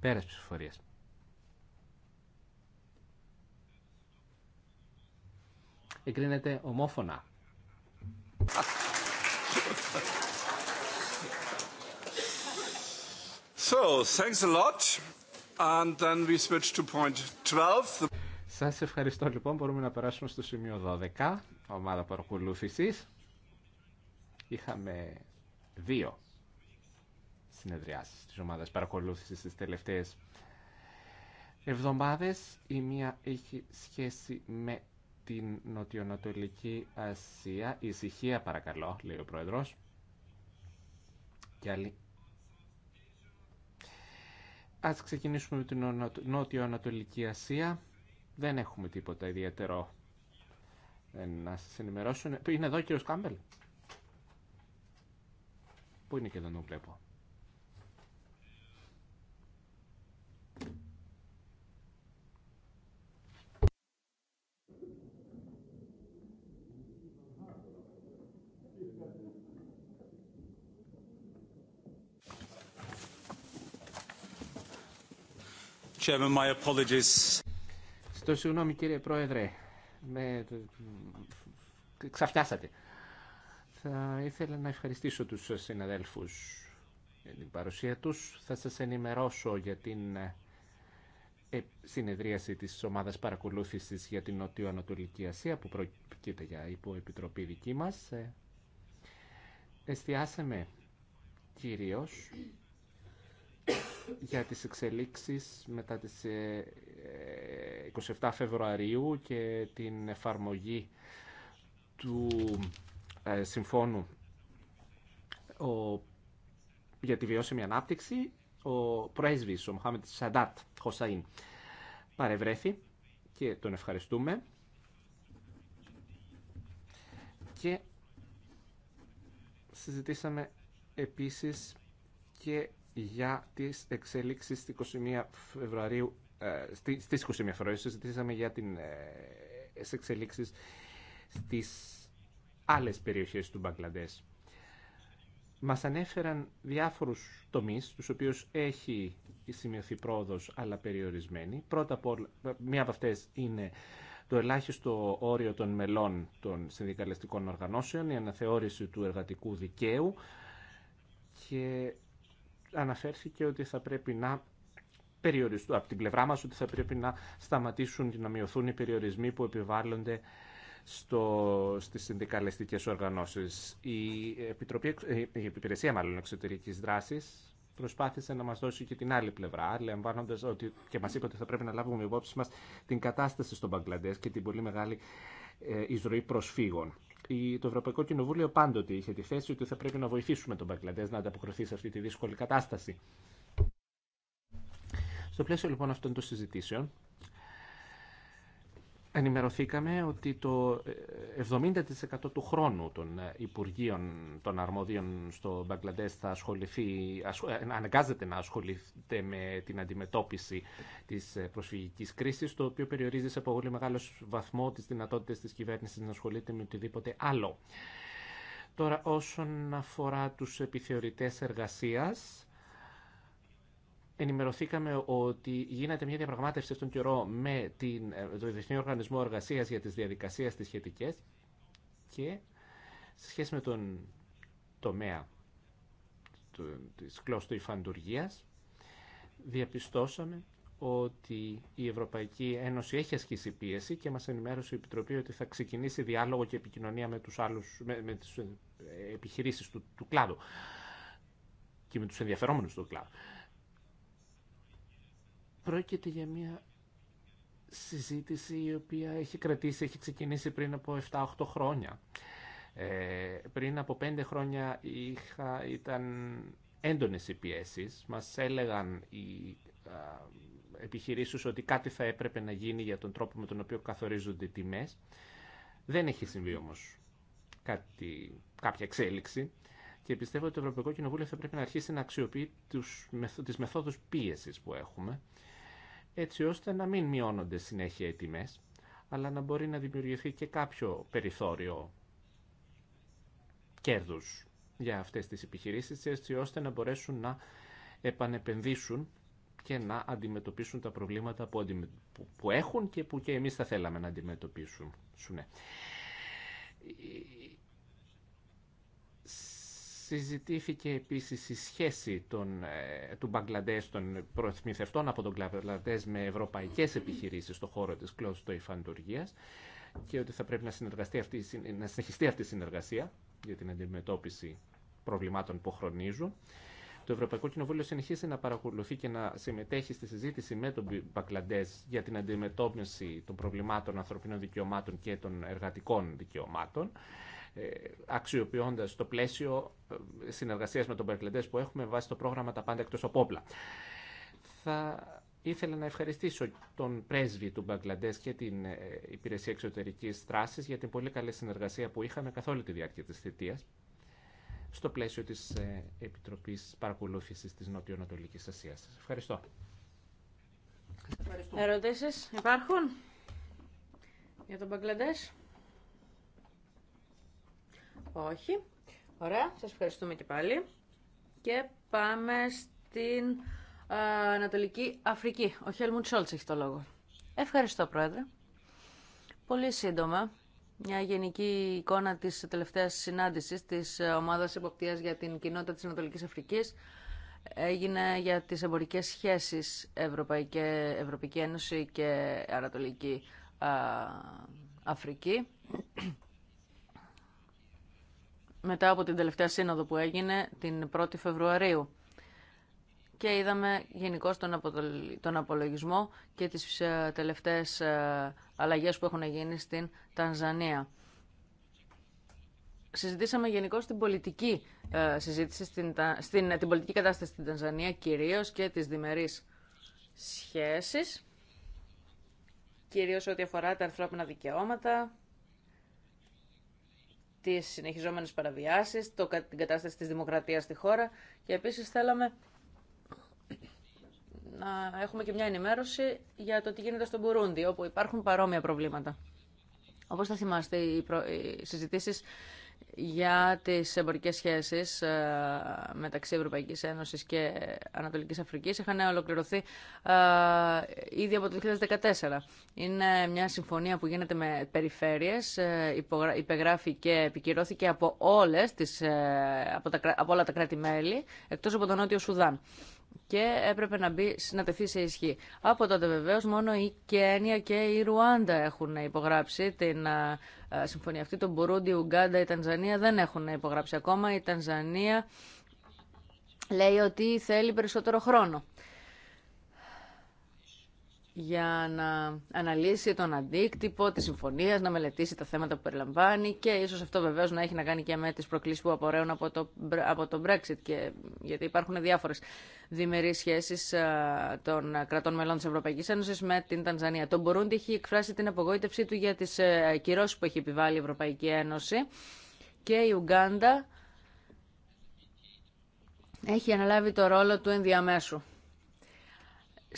Πέρας ψηφοφορίας. Εγκρίνεται ομόφωνα So, Σας ευχαριστώ λοιπόν. Μπορούμε να περάσουμε στο σημείο 12, ομάδα παρακολούθησης. Είχαμε δύο συνεδριάσεις της ομάδας παρακολούθησης τις τελευταίες εβδομάδες. Η μία έχει σχέση με την Νοτιοανατολική Ασία. Ησυχία παρακαλώ, λέει ο Πρόεδρος. Και άλλοι. Ας ξεκινήσουμε με την Νότιο-Ανατολική Ασία. Δεν έχουμε τίποτα ιδιαίτερο ε, να σας ενημερώσουν Είναι εδώ ο κύριος Κάμπελ. Πού είναι και δεν τον βλέπω. Στο συγγνώμη κύριε Πρόεδρε, με... ξαφτιάσατε. Θα ήθελα να ευχαριστήσω τους συναδέλφους για την παρουσία τους. Θα σας ενημερώσω για την ε, συνεδρίαση της ομάδας παρακολούθησης για την Νοτιοανατολική Ασία που προκείται για υποεπιτροπή δική μας. Ε, εστιάσαμε κυρίως για τις εξελίξεις μετά τις 27 ε, Φεβρουαρίου και την εφαρμογή του ε, συμφώνου για τη βιώσιμη ανάπτυξη, ο πρέσβης, ο Μοχάμετ Σαντάτ Χωσαΐν, παρευρέθη και τον ευχαριστούμε. Και συζητήσαμε επίσης και για τις εξελίξεις στις 21 Φεβρουαρίου, ε, στις 21 Φεβρουαρίου συζητήσαμε για την ε, τις εξελίξεις στις άλλες περιοχές του Μπαγκλαντές. Μας ανέφεραν διάφορους τομείς, τους οποίους έχει σημειωθεί πρόοδος, αλλά περιορισμένη. Πρώτα απ' όλα, μία από αυτές είναι το ελάχιστο όριο των μελών των συνδικαλιστικών οργανώσεων, η αναθεώρηση του εργατικού δικαίου και αναφέρθηκε ότι θα πρέπει να περιοριστούν, από την πλευρά μας ότι θα πρέπει να σταματήσουν και να μειωθούν οι περιορισμοί που επιβάλλονται στο, στις συνδικαλιστικές οργανώσεις. Η, Επιτροπή, η Υπηρεσία μάλλον Εξωτερικής Δράσης προσπάθησε να μας δώσει και την άλλη πλευρά, λαμβάνοντας ότι και μας είπε ότι θα πρέπει να λάβουμε υπόψη μας την κατάσταση στον Μπαγκλαντές και την πολύ μεγάλη ε, εισρωή προσφύγων το Ευρωπαϊκό Κοινοβούλιο πάντοτε είχε τη θέση ότι θα πρέπει να βοηθήσουμε τον Μπαγκλαντέ να ανταποκριθεί σε αυτή τη δύσκολη κατάσταση. Στο πλαίσιο λοιπόν αυτών των συζητήσεων, ενημερωθήκαμε ότι το 70% ε, του χρόνου των ε, Υπουργείων των Αρμόδιων στο Μπαγκλαντές θα ασχοληθεί, ε, αναγκάζεται να ασχολείται με την αντιμετώπιση της προσφυγικής κρίσης, το οποίο περιορίζει σε πολύ μεγάλο βαθμό τις δυνατότητες της κυβέρνησης να ασχολείται με οτιδήποτε άλλο. Τώρα όσον αφορά τους επιθεωρητές εργασίας, ενημερωθήκαμε ότι γίνεται μια διαπραγμάτευση αυτόν τον καιρό με την, ε, το Διεθνή Οργανισμό Εργασία για τι διαδικασίε τι σχετικέ και σε σχέση με τον τομέα της κλώστου υφαντουργίας διαπιστώσαμε ότι η Ευρωπαϊκή Ένωση έχει ασκήσει πίεση και μας ενημέρωσε η Επιτροπή ότι θα ξεκινήσει διάλογο και επικοινωνία με, τους άλλους, με, με τις ε, επιχειρήσεις του, του κλάδου και με τους ενδιαφερόμενους του κλάδου. Πρόκειται για μια συζήτηση η οποία έχει κρατήσει, έχει ξεκινήσει πριν από 7-8 χρόνια. Ε, πριν από 5 χρόνια είχα, ήταν έντονες οι πιέσεις. Μας έλεγαν οι α, επιχειρήσεις ότι κάτι θα έπρεπε να γίνει για τον τρόπο με τον οποίο καθορίζονται οι τιμές. Δεν έχει συμβεί όμως κάποια εξέλιξη και πιστεύω ότι το Ευρωπαϊκό Κοινοβούλιο θα πρέπει να αρχίσει να αξιοποιεί τους, τις μεθόδους πίεσης που έχουμε έτσι ώστε να μην μειώνονται συνέχεια οι τιμές, αλλά να μπορεί να δημιουργηθεί και κάποιο περιθώριο κέρδους για αυτές τις επιχειρήσεις, έτσι ώστε να μπορέσουν να επανεπενδύσουν και να αντιμετωπίσουν τα προβλήματα που έχουν και που και εμείς θα θέλαμε να αντιμετωπίσουν. Ναι. Συζητήθηκε επίσης η σχέση των, ε, του Μπαγκλαντές των προεθμιθευτών από τον Μπαγκλαντές με ευρωπαϊκές επιχειρήσεις στον χώρο της κλωστοϊφαντουργίας και ότι θα πρέπει να, συνεργαστεί αυτή, να συνεχιστεί αυτή η συνεργασία για την αντιμετώπιση προβλημάτων που χρονίζουν. Το Ευρωπαϊκό Κοινοβούλιο συνεχίζει να παρακολουθεί και να συμμετέχει στη συζήτηση με τον Μπαγκλαντέ για την αντιμετώπιση των προβλημάτων ανθρωπίνων δικαιωμάτων και των εργατικών δικαιωμάτων. Ε, Αξιοποιώντα το πλαίσιο ε, συνεργασία με τον Περκλεντέ που έχουμε βάσει το πρόγραμμα «Τα πάντα εκτός από όπλα». Θα ήθελα να ευχαριστήσω τον πρέσβη του Μπαγκλαντές και την ε, Υπηρεσία Εξωτερικής τράση για την πολύ καλή συνεργασία που είχαμε καθ' όλη τη διάρκεια της θητεία στο πλαίσιο της Επιτροπής παρακολούθηση τη Νοτιοανατολική Ασίας. ευχαριστώ. Ερωτήσεις υπάρχουν για τον Μπαγκλαντές. Όχι. Ωραία, σας ευχαριστούμε και πάλι. Και πάμε στην Ανατολική Αφρική. Ο Χέλμουντ Σόλτς έχει το λόγο. Ευχαριστώ, Πρόεδρε. Πολύ σύντομα, μια γενική εικόνα της τελευταίας συνάντησης της ε, Ομάδας Εποπτείας για την Κοινότητα της Ανατολικής Αφρικής έγινε για τις εμπορικές σχέσεις Ευρωπαϊκή, Ευρωπαϊκή Ένωση και Ανατολική Αφρική μετά από την τελευταία σύνοδο που έγινε την 1η Φεβρουαρίου. Και είδαμε γενικώ τον απολογισμό και τις ε, τελευταίες ε, αλλαγές που έχουν γίνει στην Τανζανία. Συζητήσαμε γενικώ την πολιτική ε, συζήτηση, στην, στην, την πολιτική κατάσταση στην Τανζανία κυρίως και τις διμερείς σχέσεις, κυρίως ό,τι αφορά τα ανθρώπινα δικαιώματα, τις συνεχιζόμενες παραβιάσεις, την κατάσταση της δημοκρατίας στη χώρα και επίσης θέλαμε να έχουμε και μια ενημέρωση για το τι γίνεται στο Μπουρούντι, όπου υπάρχουν παρόμοια προβλήματα. Όπω θα θυμάστε, οι συζητήσει, για τις εμπορικές σχέσεις ε, μεταξύ Ευρωπαϊκής Ένωσης και Ανατολικής Αφρικής είχαν ολοκληρωθεί ε, ήδη από το 2014. Είναι μια συμφωνία που γίνεται με περιφέρειες, ε, υπεγράφηκε, και επικυρώθηκε από, όλες τις, από, τα, από όλα τα κράτη-μέλη, εκτός από τον Νότιο Σουδάν και έπρεπε να, μπει, να τεθεί σε ισχύ. Από τότε βεβαίως μόνο η Κένια και η Ρουάντα έχουν υπογράψει την συμφωνία αυτή. Το Μπουρούντι, η Ουγγάντα, η Τανζανία δεν έχουν υπογράψει ακόμα. Η Τανζανία λέει ότι θέλει περισσότερο χρόνο για να αναλύσει τον αντίκτυπο της συμφωνίας, να μελετήσει τα θέματα που περιλαμβάνει και ίσως αυτό βεβαίω να έχει να κάνει και με τις προκλήσεις που απορρέουν από το, από το Brexit και, γιατί υπάρχουν διάφορες διμερείς σχέσεις των κρατών μελών της Ευρωπαϊκής Ένωσης με την Τανζανία. Το Μπορούντι έχει εκφράσει την απογοήτευσή του για τι ε, κυρώσει που έχει επιβάλει η Ευρωπαϊκή Ένωση και η Ουγγάντα έχει αναλάβει το ρόλο του ενδιαμέσου.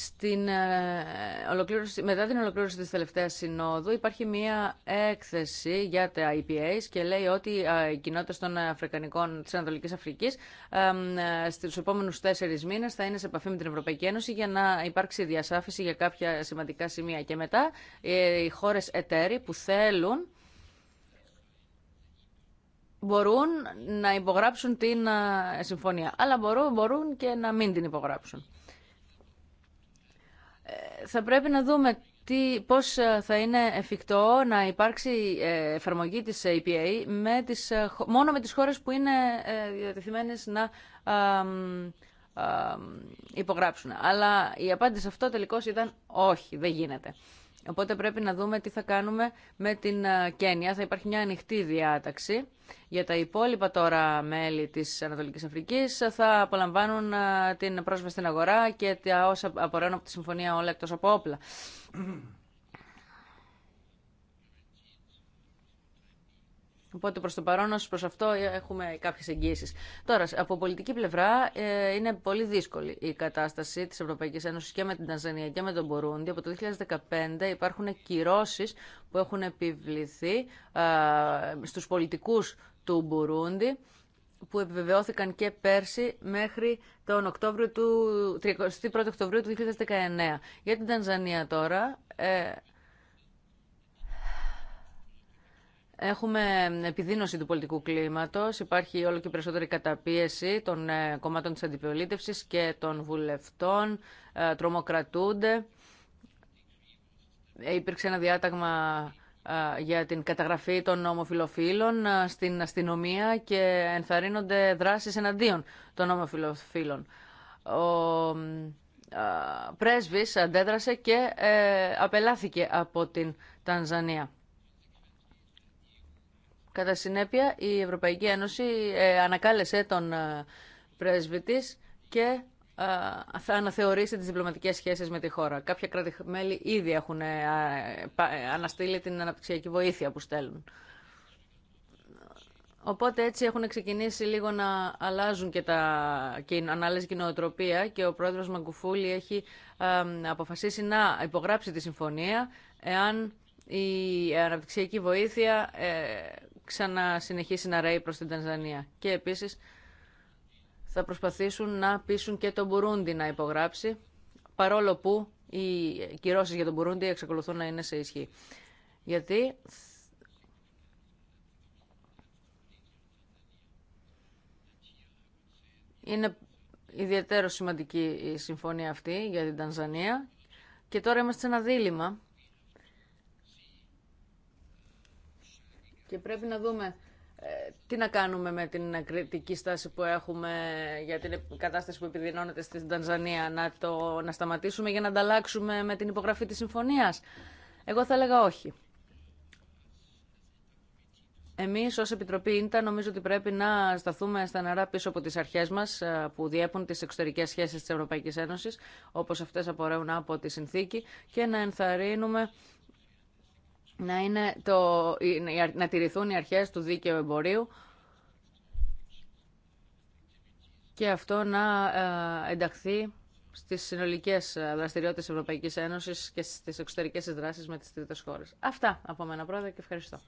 Στην, ε, ολοκλήρωση, μετά την ολοκλήρωση της τελευταίας συνόδου υπάρχει μία έκθεση για τα IPAs και λέει ότι ε, οι κοινότητε των Αφρικανικών της Ανατολικής Αφρικής ε, στους επόμενους τέσσερις μήνες θα είναι σε επαφή με την Ευρωπαϊκή Ένωση για να υπάρξει διασάφηση για κάποια σημαντικά σημεία. Και μετά οι χώρες εταίροι που θέλουν μπορούν να υπογράψουν την συμφωνία. Αλλά μπορούν και να μην την υπογράψουν θα πρέπει να δούμε τι, πώς ε, θα είναι εφικτό να υπάρξει ε, εφαρμογή της EPA ε με τις, μόνο με τις χώρες που είναι διατεθειμένες να υπογράψουν. Αλλά η απάντηση αυτό τελικώς ήταν όχι, δεν γίνεται. Οπότε πρέπει να δούμε τι θα κάνουμε με την ε, Κένια. Θα υπάρχει μια ανοιχτή διάταξη. Για τα υπόλοιπα τώρα μέλη της Ανατολικής Αφρικής θα απολαμβάνουν ε, την πρόσβαση στην αγορά και τα όσα απορρέουν από τη συμφωνία όλα εκτός από όπλα. Οπότε προ το παρόν, ω προ αυτό, ε, έχουμε κάποιε εγγύσει. Τώρα, από πολιτική πλευρά, ε, είναι πολύ δύσκολη η κατάσταση τη Ευρωπαϊκή Ένωση και με την Τανζανία και με τον Μπορούντι. Από το 2015 υπάρχουν κυρώσει που έχουν επιβληθεί στου πολιτικού του Μπορούντι που επιβεβαιώθηκαν και πέρσι μέχρι τον Οκτώβριο του, 31 Οκτωβρίου του 2019. Για την Τανζανία τώρα, ε, Έχουμε επιδείνωση του πολιτικού κλίματος, υπάρχει όλο και περισσότερη καταπίεση των ε, κομμάτων της αντιπολίτευση και των βουλευτών, ε, τρομοκρατούνται. Ε, υπήρξε ένα διάταγμα για την καταγραφή των ομοφιλοφίλων στην αστυνομία και ενθαρρύνονται δράσεις εναντίον των ομοφιλοφίλων. Ο πρέσβης αντέδρασε και απελάθηκε από την Τανζανία. Κατά συνέπεια, η Ευρωπαϊκή Ένωση ε, ανακάλεσε τον ε, πρέσβη τη και ε, θα αναθεωρήσει τις διπλωματικές σχέσεις με τη χώρα. Κάποια κράτη-μέλη ήδη έχουν αναστείλει την αναπτυξιακή βοήθεια που στέλνουν. Οπότε έτσι έχουν ξεκινήσει λίγο να αλλάζουν και τα ανάλυση και νοοτροπία και ο πρόεδρος Μαγκουφούλη έχει αποφασίσει να υπογράψει τη συμφωνία εάν η αναπτυξιακή βοήθεια Ξανασυνεχίσει να ρέει προς την Τανζανία. Και επίσης θα προσπαθήσουν να πείσουν και τον Μπουρούντι να υπογράψει, παρόλο που οι κυρώσεις για τον Μπουρούντι εξακολουθούν να είναι σε ισχύ. Γιατί είναι ιδιαίτερο σημαντική η συμφωνία αυτή για την Τανζανία και τώρα είμαστε σε ένα δίλημα Και πρέπει να δούμε ε, τι να κάνουμε με την κριτική στάση που έχουμε για την κατάσταση που επιδεινώνεται στην Τανζανία, να, το, να σταματήσουμε για να ανταλλάξουμε με την υπογραφή της συμφωνίας. Εγώ θα έλεγα όχι. Εμείς ως Επιτροπή ΙΝΤΑ νομίζω ότι πρέπει να σταθούμε στα νερά πίσω από τις αρχές μας ε, που διέπουν τις εξωτερικές σχέσεις της Ευρωπαϊκής Ένωσης, όπως αυτές απορρέουν από τη συνθήκη, και να ενθαρρύνουμε να, είναι το, να τηρηθούν οι αρχές του δίκαιου εμπορίου και αυτό να ε, ενταχθεί στις συνολικές δραστηριότητες της Ευρωπαϊκής Ένωσης και στις εξωτερικές δράσεις με τις τρίτες χώρες. Αυτά από μένα, Πρόεδρε, και ευχαριστώ.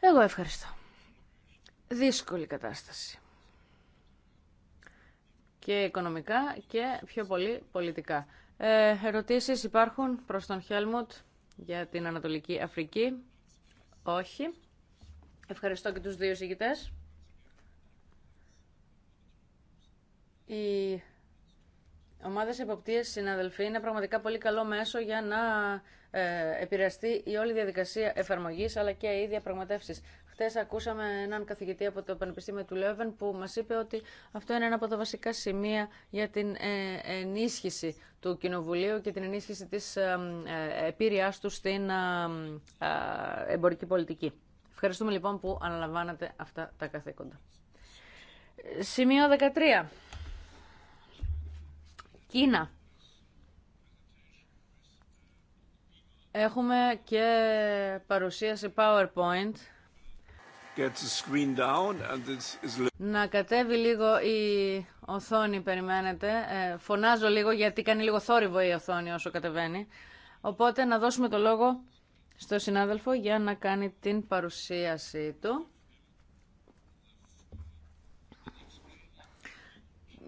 Εγώ ευχαριστώ. Δύσκολη κατάσταση. Και οικονομικά και πιο πολύ πολιτικά. Ε, ερωτήσεις υπάρχουν προς τον Χέλμουτ για την Ανατολική Αφρική. Όχι. Ευχαριστώ και τους δύο Η Οι ομάδες εποπτείας, συναδελφοί, είναι πραγματικά πολύ καλό μέσο για να ε, επηρεαστεί η όλη διαδικασία εφαρμογη αλλά και ίδια πραγματεύσεις. Χθε ακούσαμε έναν καθηγητή από το Πανεπιστήμιο του Λέβεν που μα είπε ότι αυτό είναι ένα από τα βασικά σημεία για την ε, ενίσχυση του Κοινοβουλίου και την ενίσχυση τη ε, επίρριά του στην εμπορική πολιτική. Ευχαριστούμε λοιπόν που αναλαμβάνατε αυτά τα καθήκοντα. Σημείο 13. Κίνα. Έχουμε και παρουσίαση PowerPoint. Να κατέβει λίγο η οθόνη, περιμένετε. Ε, φωνάζω λίγο γιατί κάνει λίγο θόρυβο η οθόνη όσο κατεβαίνει. Οπότε να δώσουμε το λόγο στο συνάδελφο για να κάνει την παρουσίαση του.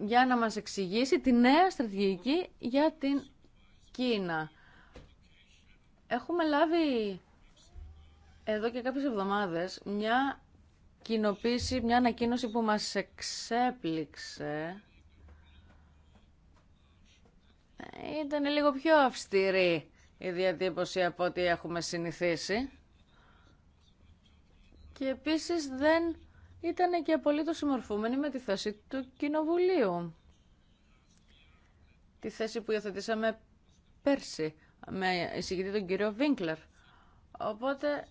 Για να μας εξηγήσει τη νέα στρατηγική για την Κίνα Έχουμε λάβει εδώ και κάποιες εβδομάδες μια κοινοποίηση, μια ανακοίνωση που μας εξέπληξε. Ήταν λίγο πιο αυστηρή η διατύπωση από ό,τι έχουμε συνηθίσει. Και επίσης δεν ήταν και απολύτως συμμορφούμενη με τη θέση του Κοινοβουλίου. Τη θέση που υιοθετήσαμε πέρσι με εισηγητή τον κύριο Βίνκλερ. Οπότε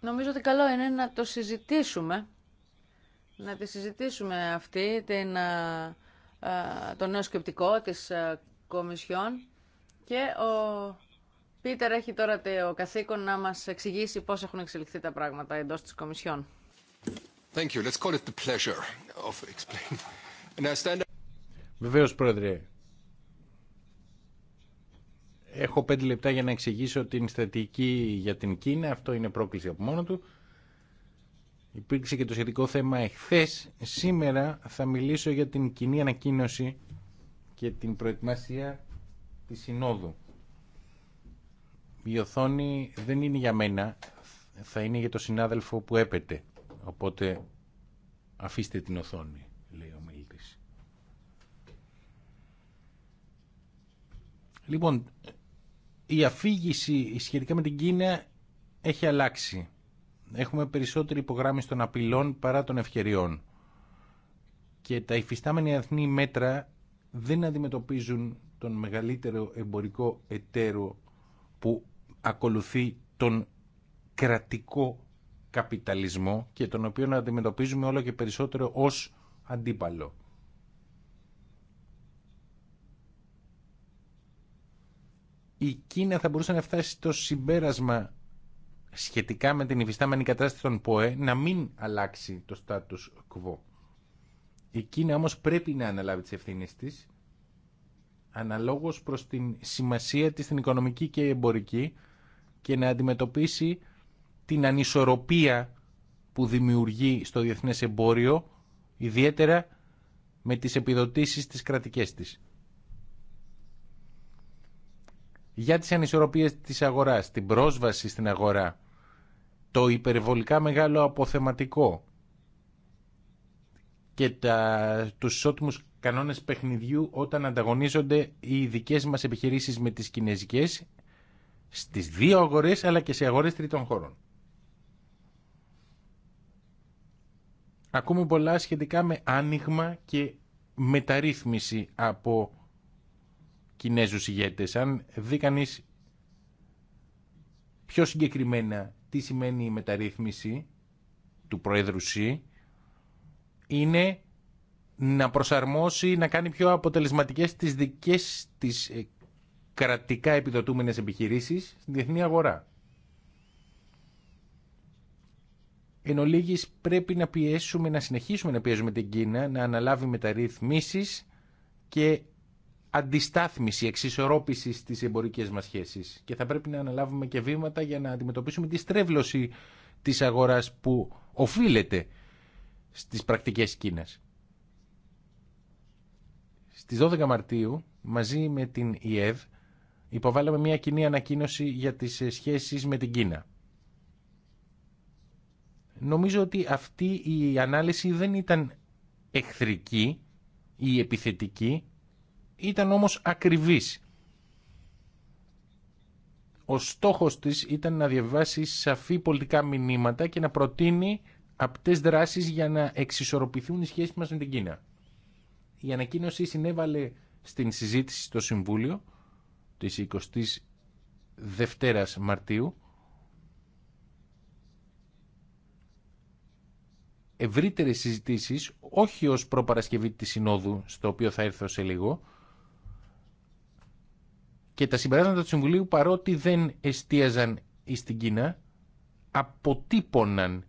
νομίζω ότι καλό είναι να το συζητήσουμε, να τη συζητήσουμε αυτή την, το νέο σκεπτικό της Κομισιόν και ο Πίτερ έχει τώρα το καθήκον να μας εξηγήσει πώς έχουν εξελιχθεί τα πράγματα εντός της Κομισιόν. Thank Πρόεδρε, Έχω πέντε λεπτά για να εξηγήσω την στρατηγική για την Κίνα. Αυτό είναι πρόκληση από μόνο του. Υπήρξε και το σχετικό θέμα εχθές. Σήμερα θα μιλήσω για την κοινή ανακοίνωση και την προετοιμασία τη Συνόδου. Η οθόνη δεν είναι για μένα, θα είναι για το συνάδελφο που έπεται. Οπότε αφήστε την οθόνη, λέει ο Μίλτης. Λοιπόν, η αφήγηση σχετικά με την Κίνα έχει αλλάξει. Έχουμε περισσότερη υπογράμμιση των απειλών παρά των ευκαιριών. Και τα υφιστάμενα εθνή μέτρα δεν αντιμετωπίζουν τον μεγαλύτερο εμπορικό εταίρο που ακολουθεί τον κρατικό καπιταλισμό και τον οποίο αντιμετωπίζουμε όλο και περισσότερο ως αντίπαλο. η Κίνα θα μπορούσε να φτάσει στο συμπέρασμα σχετικά με την υφιστάμενη κατάσταση των ΠΟΕ να μην αλλάξει το status quo. Η Κίνα όμως πρέπει να αναλάβει τις ευθύνες της αναλόγως προς την σημασία της στην οικονομική και εμπορική και να αντιμετωπίσει την ανισορροπία που δημιουργεί στο διεθνές εμπόριο ιδιαίτερα με τις επιδοτήσεις της κρατικές της. για τις ανισορροπίες της αγοράς, την πρόσβαση στην αγορά, το υπερβολικά μεγάλο αποθεματικό και τα, τους ισότιμους κανόνες παιχνιδιού όταν ανταγωνίζονται οι δικές μας επιχειρήσεις με τις κινέζικες στις δύο αγορές αλλά και σε αγορές τρίτων χώρων. Ακούμε πολλά σχετικά με άνοιγμα και μεταρρύθμιση από Κινέζους ηγέτες. Αν δει κανεί πιο συγκεκριμένα τι σημαίνει η μεταρρύθμιση του Προέδρου είναι να προσαρμόσει, να κάνει πιο αποτελεσματικές τις δικές της ε, κρατικά επιδοτούμενες επιχειρήσεις στην διεθνή αγορά. Εν ολίγης πρέπει να πιέσουμε, να συνεχίσουμε να πιέζουμε την Κίνα, να αναλάβει μεταρρυθμίσεις και αντιστάθμιση, εξισορρόπηση στι εμπορικέ μας σχέσει. και θα πρέπει να αναλάβουμε και βήματα για να αντιμετωπίσουμε τη στρέβλωση της αγοράς που οφείλεται στις πρακτικές Κίνας. Στις 12 Μαρτίου, μαζί με την ΙΕΔ, υποβάλαμε μια κοινή ανακοίνωση για τις σχέσεις με την Κίνα. Νομίζω ότι αυτή η ανάλυση δεν ήταν εχθρική ή επιθετική, ήταν όμως ακριβής. Ο στόχος της ήταν να διαβάσει σαφή πολιτικά μηνύματα και να προτείνει απτές δράσεις για να εξισορροπηθούν οι σχέσεις μας με την Κίνα. Η ανακοίνωση συνέβαλε στην συζήτηση στο Συμβούλιο της 20ης Δευτέρας Μαρτίου ευρύτερες συζητήσεις όχι ως προπαρασκευή της Συνόδου στο οποίο θα έρθω σε λίγο και τα συμπεράσματα του Συμβουλίου παρότι δεν εστίαζαν στην Κίνα αποτύπωναν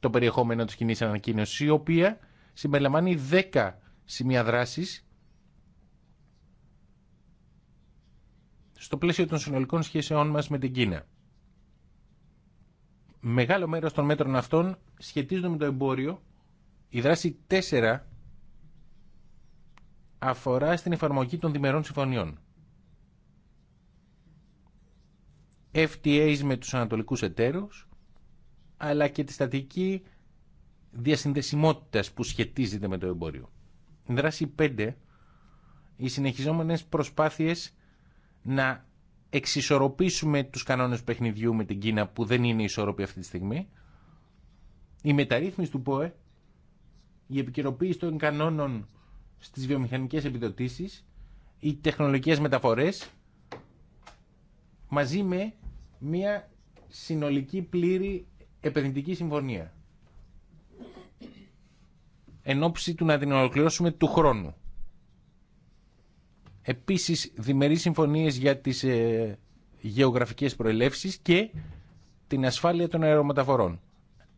το περιεχόμενο της κοινή ανακοίνωση η οποία συμπεριλαμβάνει 10 σημεία δράσης στο πλαίσιο των συνολικών σχέσεών μας με την Κίνα. Μεγάλο μέρος των μέτρων αυτών σχετίζονται με το εμπόριο. Η δράση 4 αφορά στην εφαρμογή των διμερών συμφωνιών. FTAs με τους ανατολικούς εταίρους, αλλά και τη στατική διασυνδεσιμότητας που σχετίζεται με το εμπόριο. Δράση 5. Οι συνεχιζόμενες προσπάθειες να εξισορροπήσουμε τους κανόνες παιχνιδιού με την Κίνα που δεν είναι ισορροπή αυτή τη στιγμή. Η μεταρρύθμιση του ΠΟΕ, η επικαιροποίηση των κανόνων στις βιομηχανικές επιδοτήσεις, οι τεχνολογικές μεταφορές, μαζί με μια συνολική πλήρη επενδυτική συμφωνία. Εν ώψη του να την ολοκληρώσουμε του χρόνου. Επίσης, διμερείς συμφωνίες για τις ε, γεωγραφικές προελεύσεις και την ασφάλεια των αερομεταφορών.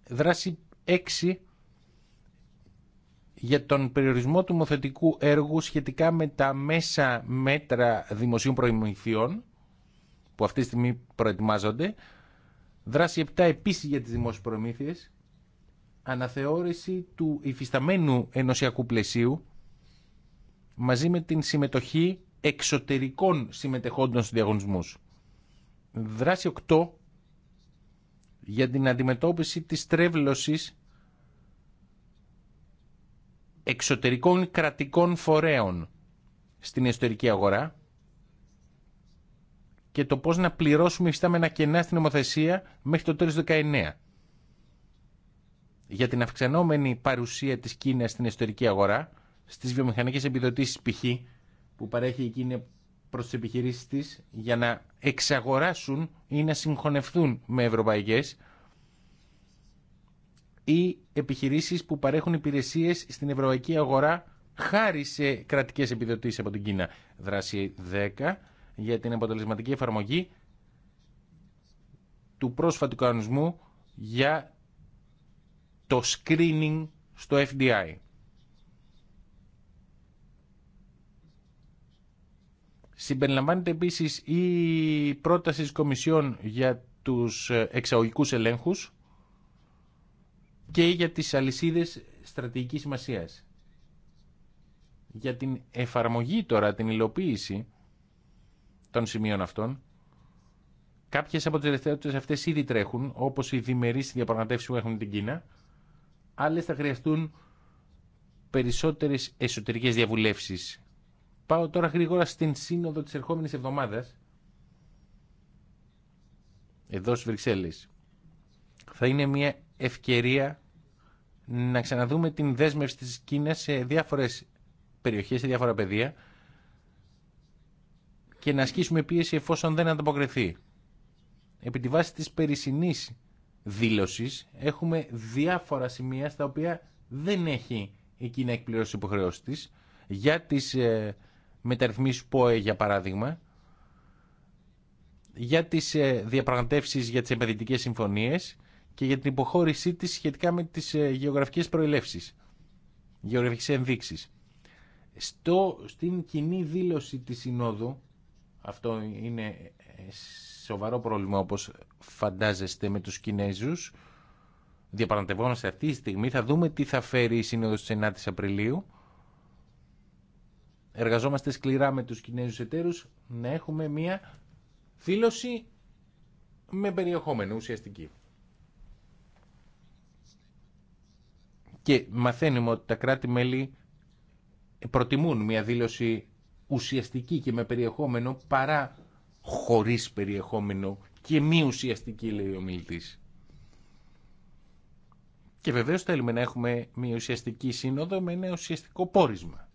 Δράση 6 για τον περιορισμό του μοθετικού έργου σχετικά με τα μέσα μέτρα δημοσίων προμηθειών που αυτή τη στιγμή προετοιμάζονται. Δράση 7 επίσης για τις δημόσιες Αναθεώρηση του υφισταμένου ενωσιακού πλαισίου μαζί με την συμμετοχή εξωτερικών συμμετεχόντων στους διαγωνισμούς. Δράση 8 για την αντιμετώπιση της τρέβλωσης εξωτερικών κρατικών φορέων στην εσωτερική αγορά και το πώς να πληρώσουμε υφιστάμενα κενά στην νομοθεσία μέχρι το τέλος 19 για την αυξανόμενη παρουσία της Κίνας στην εσωτερική αγορά, στις βιομηχανικές επιδοτήσεις π.χ. που παρέχει η Κίνα προς τις επιχειρήσεις της για να εξαγοράσουν ή να συγχωνευτούν με ευρωπαϊκές ή επιχειρήσεις που παρέχουν υπηρεσίες στην ευρωπαϊκή αγορά χάρη σε κρατικές επιδοτήσεις από την Κίνα. Δράση 10 για την αποτελεσματική εφαρμογή του πρόσφατου κανονισμού για το screening στο FDI. Συμπεριλαμβάνεται επίσης η πρόταση της Κομισιόν για τους εξαγωγικούς ελέγχους και για τις αλυσίδες στρατηγικής σημασίας. Για την εφαρμογή τώρα, την υλοποίηση των σημείων αυτών. Κάποιες από τις δραστηριότητες αυτές ήδη τρέχουν, όπως οι διμερείς διαπραγματεύσει που έχουν την Κίνα. Άλλες θα χρειαστούν περισσότερες εσωτερικές διαβουλεύσεις. Πάω τώρα γρήγορα στην σύνοδο της ερχόμενης εβδομάδας, εδώ στι Βρυξέλλες. Θα είναι μια ευκαιρία να ξαναδούμε την δέσμευση της Κίνας σε διάφορες περιοχές, σε διάφορα πεδία και να ασκήσουμε πίεση εφόσον δεν ανταποκριθεί. Επί τη βάση της περισσυνής δήλωσης έχουμε διάφορα σημεία στα οποία δεν έχει Κίνα εκπληρώσει υποχρεώσει της για τις ε, μεταρρυθμίσεις ΠΟΕ για παράδειγμα για τις ε, διαπραγματεύσεις για τις επενδυτικές συμφωνίες και για την υποχώρησή της σχετικά με τις ε, γεωγραφικές προελεύσεις γεωγραφικές ενδείξεις στην κοινή δήλωση της Συνόδου αυτό είναι σοβαρό πρόβλημα όπως φαντάζεστε με τους Κινέζους. Διαπραγματευόμαστε αυτή τη στιγμή. Θα δούμε τι θα φέρει η Σύνοδος της 9 η Απριλίου. Εργαζόμαστε σκληρά με τους Κινέζους εταίρους να έχουμε μία δήλωση με περιεχόμενο ουσιαστική. Και μαθαίνουμε ότι τα κράτη-μέλη προτιμούν μια δήλωση ουσιαστική και με περιεχόμενο παρά χωρίς περιεχόμενο και μη ουσιαστική λέει ο μιλητής. Και βεβαίως θέλουμε να έχουμε μια ουσιαστική σύνοδο με ένα ουσιαστικό πόρισμα.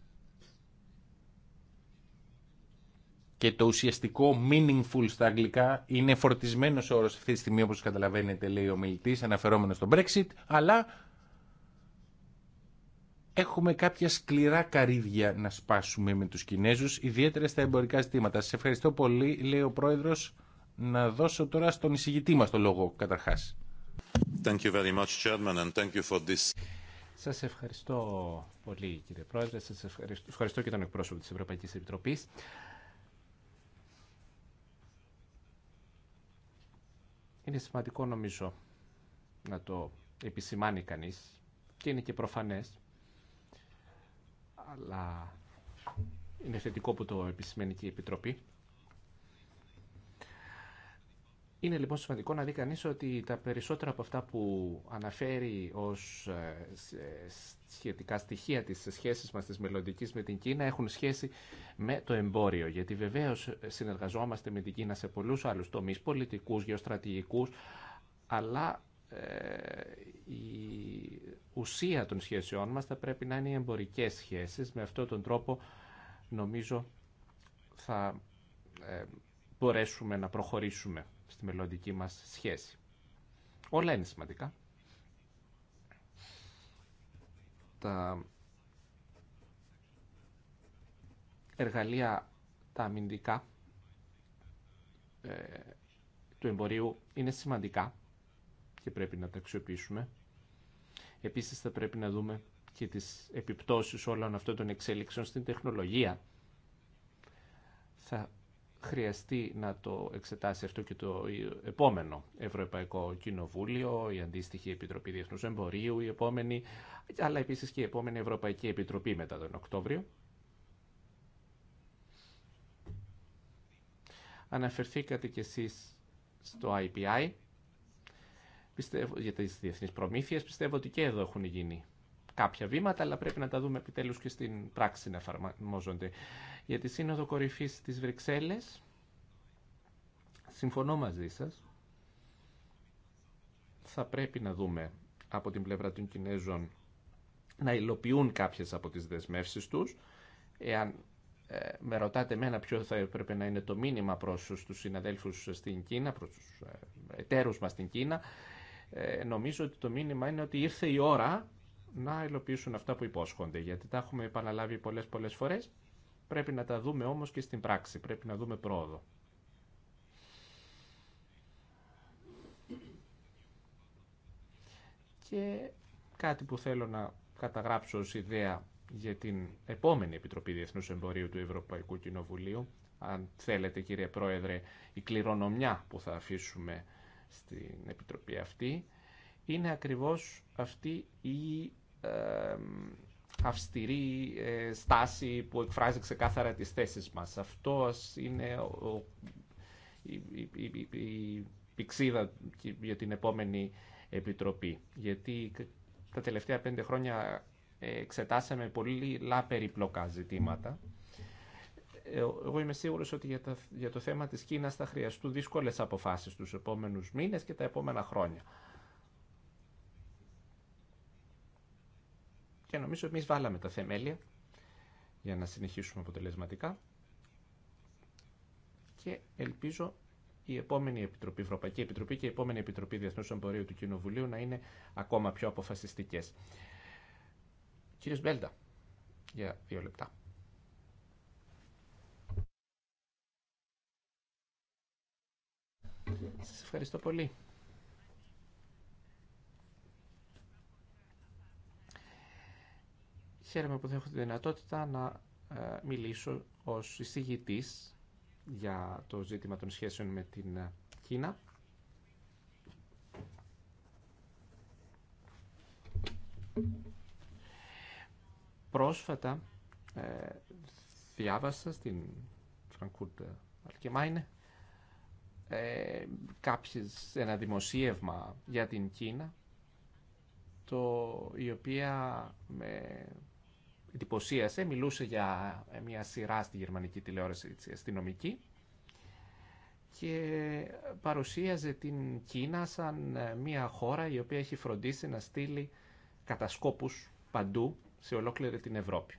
Και το ουσιαστικό meaningful στα αγγλικά είναι φορτισμένος όρος αυτή τη στιγμή όπως καταλαβαίνετε λέει ο μιλητής αναφερόμενος στο Brexit αλλά έχουμε κάποια σκληρά καρύδια να σπάσουμε με τους Κινέζους, ιδιαίτερα στα εμπορικά ζητήματα. Σας ευχαριστώ πολύ, λέει ο Πρόεδρος, να δώσω τώρα στον εισηγητή μας το λόγο, καταρχάς. Thank you very much, Chairman, and thank you for this. Σας ευχαριστώ πολύ, κύριε Πρόεδρε. Σας ευχαριστώ, ευχαριστώ και τον εκπρόσωπο της Ευρωπαϊκής Επιτροπής. Είναι σημαντικό, νομίζω, να το επισημάνει κανείς και είναι και προφανές αλλά είναι θετικό που το επισημαίνει και η Επιτροπή. Είναι λοιπόν σημαντικό να δει κανεί ότι τα περισσότερα από αυτά που αναφέρει ως ε, σχετικά στοιχεία της σχέση μας της μελλοντική με την Κίνα έχουν σχέση με το εμπόριο. Γιατί βεβαίως συνεργαζόμαστε με την Κίνα σε πολλούς άλλους τομείς, πολιτικούς, γεωστρατηγικούς, αλλά ε, η ουσία των σχέσεών μας θα πρέπει να είναι οι εμπορικές σχέσεις. Με αυτόν τον τρόπο νομίζω θα ε, μπορέσουμε να προχωρήσουμε στη μελλοντική μας σχέση. Όλα είναι σημαντικά. Τα εργαλεία τα αμυντικά ε, του εμπορίου είναι σημαντικά και πρέπει να τα αξιοποιήσουμε. Επίσης θα πρέπει να δούμε και τις επιπτώσεις όλων αυτών των εξέλιξεων στην τεχνολογία. Θα χρειαστεί να το εξετάσει αυτό και το επόμενο Ευρωπαϊκό Κοινοβούλιο, η αντίστοιχη Επιτροπή Διεθνούς Εμπορίου, η επόμενη, αλλά επίσης και η επόμενη Ευρωπαϊκή Επιτροπή μετά τον Οκτώβριο. Αναφερθήκατε κι εσείς στο IPI πιστεύω, για τις διεθνείς προμήθειες, πιστεύω ότι και εδώ έχουν γίνει κάποια βήματα, αλλά πρέπει να τα δούμε επιτέλους και στην πράξη να εφαρμόζονται. Για τη Σύνοδο Κορυφής της Βρυξέλλες, συμφωνώ μαζί σας, θα πρέπει να δούμε από την πλευρά των Κινέζων να υλοποιούν κάποιες από τις δεσμεύσεις τους. Εάν ε, με ρωτάτε εμένα ποιο θα έπρεπε να είναι το μήνυμα προς τους συναδέλφους στην Κίνα, προς τους ε, εταίρους μας στην Κίνα, ε, νομίζω ότι το μήνυμα είναι ότι ήρθε η ώρα να υλοποιήσουν αυτά που υπόσχονται, γιατί τα έχουμε επαναλάβει πολλές πολλές φορές. Πρέπει να τα δούμε όμως και στην πράξη, πρέπει να δούμε πρόοδο. Και κάτι που θέλω να καταγράψω ως ιδέα για την επόμενη Επιτροπή Διεθνούς Εμπορίου του Ευρωπαϊκού Κοινοβουλίου, αν θέλετε κύριε Πρόεδρε, η κληρονομιά που θα αφήσουμε στην Επιτροπή αυτή είναι ακριβώς αυτή η αυστηρή ε, στάση που εκφράζει ξεκάθαρα τις θέσεις μας. Αυτό είναι ο, η, η, πηξίδα για την επόμενη Επιτροπή. Γιατί τα τελευταία πέντε χρόνια ε, εξετάσαμε πολύ λάπερη πλοκά ζητήματα. Ε, εγώ είμαι σίγουρος ότι για, το θέμα της Κίνας θα χρειαστούν δύσκολες αποφάσεις τους επόμενους μήνες και τα επόμενα χρόνια. Και νομίζω εμείς βάλαμε τα θεμέλια για να συνεχίσουμε αποτελεσματικά και ελπίζω η επόμενη Επιτροπή, Ευρωπαϊκή Επιτροπή και η επόμενη Επιτροπή Διεθνούς Εμπορίου του Κοινοβουλίου να είναι ακόμα πιο αποφασιστικές. Κύριος Μπέλντα, για δύο λεπτά. Σας ευχαριστώ πολύ. Χαίρομαι που θα έχω τη δυνατότητα να ε, μιλήσω ως εισηγητής για το ζήτημα των σχέσεων με την ε, Κίνα. Πρόσφατα ε, διάβασα στην Frankfurt Allgemeine ε, κάποιες, ένα δημοσίευμα για την Κίνα, το, η οποία με εντυπωσίασε, μιλούσε για μια σειρά στη γερμανική τηλεόραση τη αστυνομική και παρουσίαζε την Κίνα σαν ε, μια χώρα η οποία έχει φροντίσει να στείλει κατασκόπους παντού σε ολόκληρη την Ευρώπη.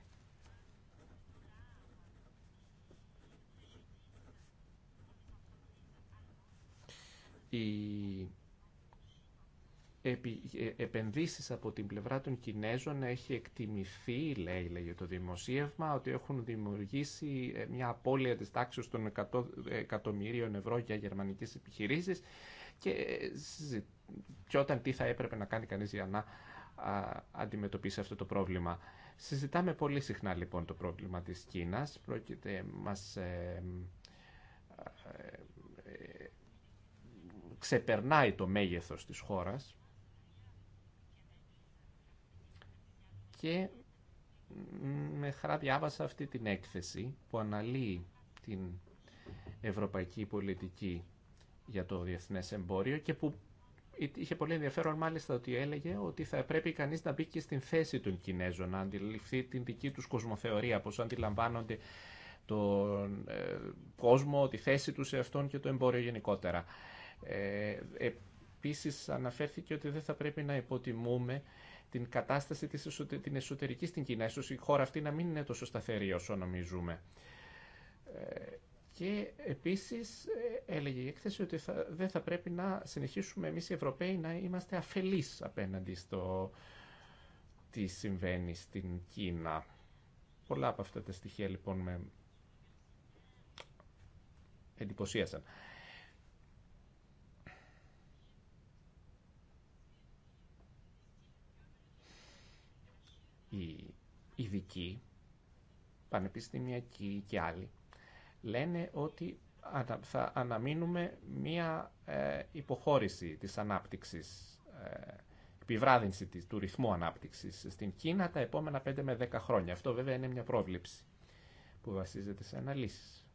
οι ε, επενδύσεις από την πλευρά των Κινέζων έχει εκτιμηθεί, λέει, λέει το δημοσίευμα, ότι έχουν δημιουργήσει ε, μια απώλεια της τάξης των 100 εκατομμυρίων ευρώ για γερμανικές επιχειρήσεις ε, και, όταν τι θα έπρεπε να κάνει κανείς για να αντιμετωπίσει αυτό το πρόβλημα. Συζητάμε πολύ συχνά λοιπόν το πρόβλημα της Κίνας. Πρόκειται, μας ξεπερνάει το μέγεθος της χώρας και με χαρά διάβασα αυτή την έκθεση που αναλύει την ευρωπαϊκή πολιτική για το διεθνές εμπόριο και που είχε πολύ ενδιαφέρον μάλιστα ότι έλεγε ότι θα πρέπει κανείς να μπει και στην θέση των Κινέζων, να αντιληφθεί την δική τους κοσμοθεωρία, πώς αντιλαμβάνονται τον ε, κόσμο, τη θέση τους σε αυτόν και το εμπόριο γενικότερα. Ε, επίσης αναφέρθηκε ότι δεν θα πρέπει να υποτιμούμε την κατάσταση της την εσωτερική στην Κίνα. Ίσως η χώρα αυτή να μην είναι τόσο σταθερή όσο νομίζουμε. Ε, και επίσης ε, έλεγε η έκθεση ότι θα, δεν θα πρέπει να συνεχίσουμε εμείς οι Ευρωπαίοι να είμαστε αφελείς απέναντι στο τι συμβαίνει στην Κίνα. Πολλά από αυτά τα στοιχεία λοιπόν με εντυπωσίασαν. οι ειδικοί, πανεπιστημιακοί και άλλοι, λένε ότι θα αναμείνουμε μία ε, υποχώρηση της ανάπτυξης, ε, επιβράδυνση του ρυθμού ανάπτυξης στην Κίνα τα επόμενα 5 με 10 χρόνια. Αυτό βέβαια είναι μια πρόβληψη που βασίζεται σε αναλύσεις.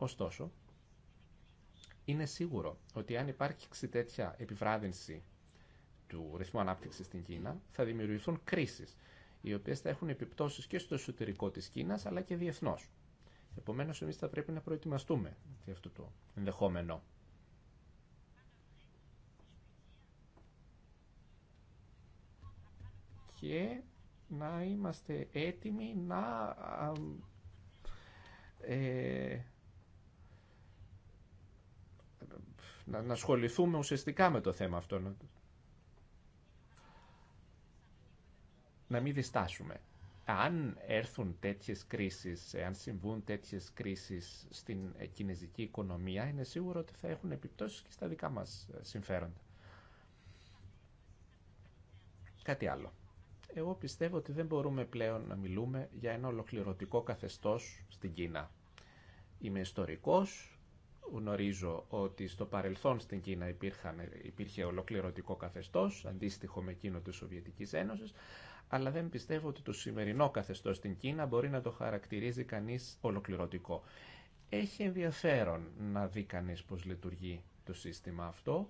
Ωστόσο, είναι σίγουρο ότι αν υπάρχει τέτοια επιβράδυνση του ρυθμού ανάπτυξη στην Κίνα, θα δημιουργηθούν κρίσει, οι οποίε θα έχουν επιπτώσει και στο εσωτερικό τη Κίνα αλλά και διεθνώ. Επομένω, εμεί θα πρέπει να προετοιμαστούμε για αυτό το ενδεχόμενο. Και να είμαστε έτοιμοι να ε, να, να ασχοληθούμε ουσιαστικά με το θέμα αυτό. Να, να μην διστάσουμε. Αν έρθουν τέτοιες κρίσεις, αν συμβούν τέτοιες κρίσεις στην κινέζικη οικονομία, είναι σίγουρο ότι θα έχουν επιπτώσεις και στα δικά μας συμφέροντα. Κάτι άλλο. Εγώ πιστεύω ότι δεν μπορούμε πλέον να μιλούμε για ένα ολοκληρωτικό καθεστώς στην Κίνα. Είμαι ιστορικός, γνωρίζω ότι στο παρελθόν στην Κίνα υπήρχαν, υπήρχε ολοκληρωτικό καθεστώς, αντίστοιχο με εκείνο της Σοβιετικής Ένωσης, αλλά δεν πιστεύω ότι το σημερινό καθεστώς στην Κίνα μπορεί να το χαρακτηρίζει κανείς ολοκληρωτικό. Έχει ενδιαφέρον να δει κανείς πώς λειτουργεί το σύστημα αυτό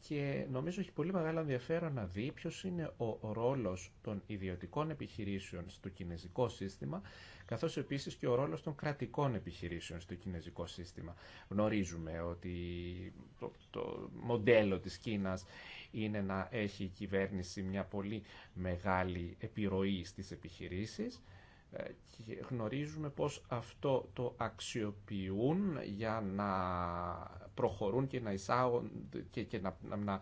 και νομίζω έχει πολύ μεγάλο ενδιαφέρον να δει ποιος είναι ο ρόλος των ιδιωτικών επιχειρήσεων στο κινέζικο σύστημα, καθώς επίσης και ο ρόλος των κρατικών επιχειρήσεων στο κινέζικο σύστημα. Γνωρίζουμε ότι το, μοντέλο της Κίνας είναι να έχει η κυβέρνηση μια πολύ μεγάλη επιρροή στις επιχειρήσεις, ε, και γνωρίζουμε πως αυτό το αξιοποιούν για να προχωρούν και να εισάγουν και, να, να, να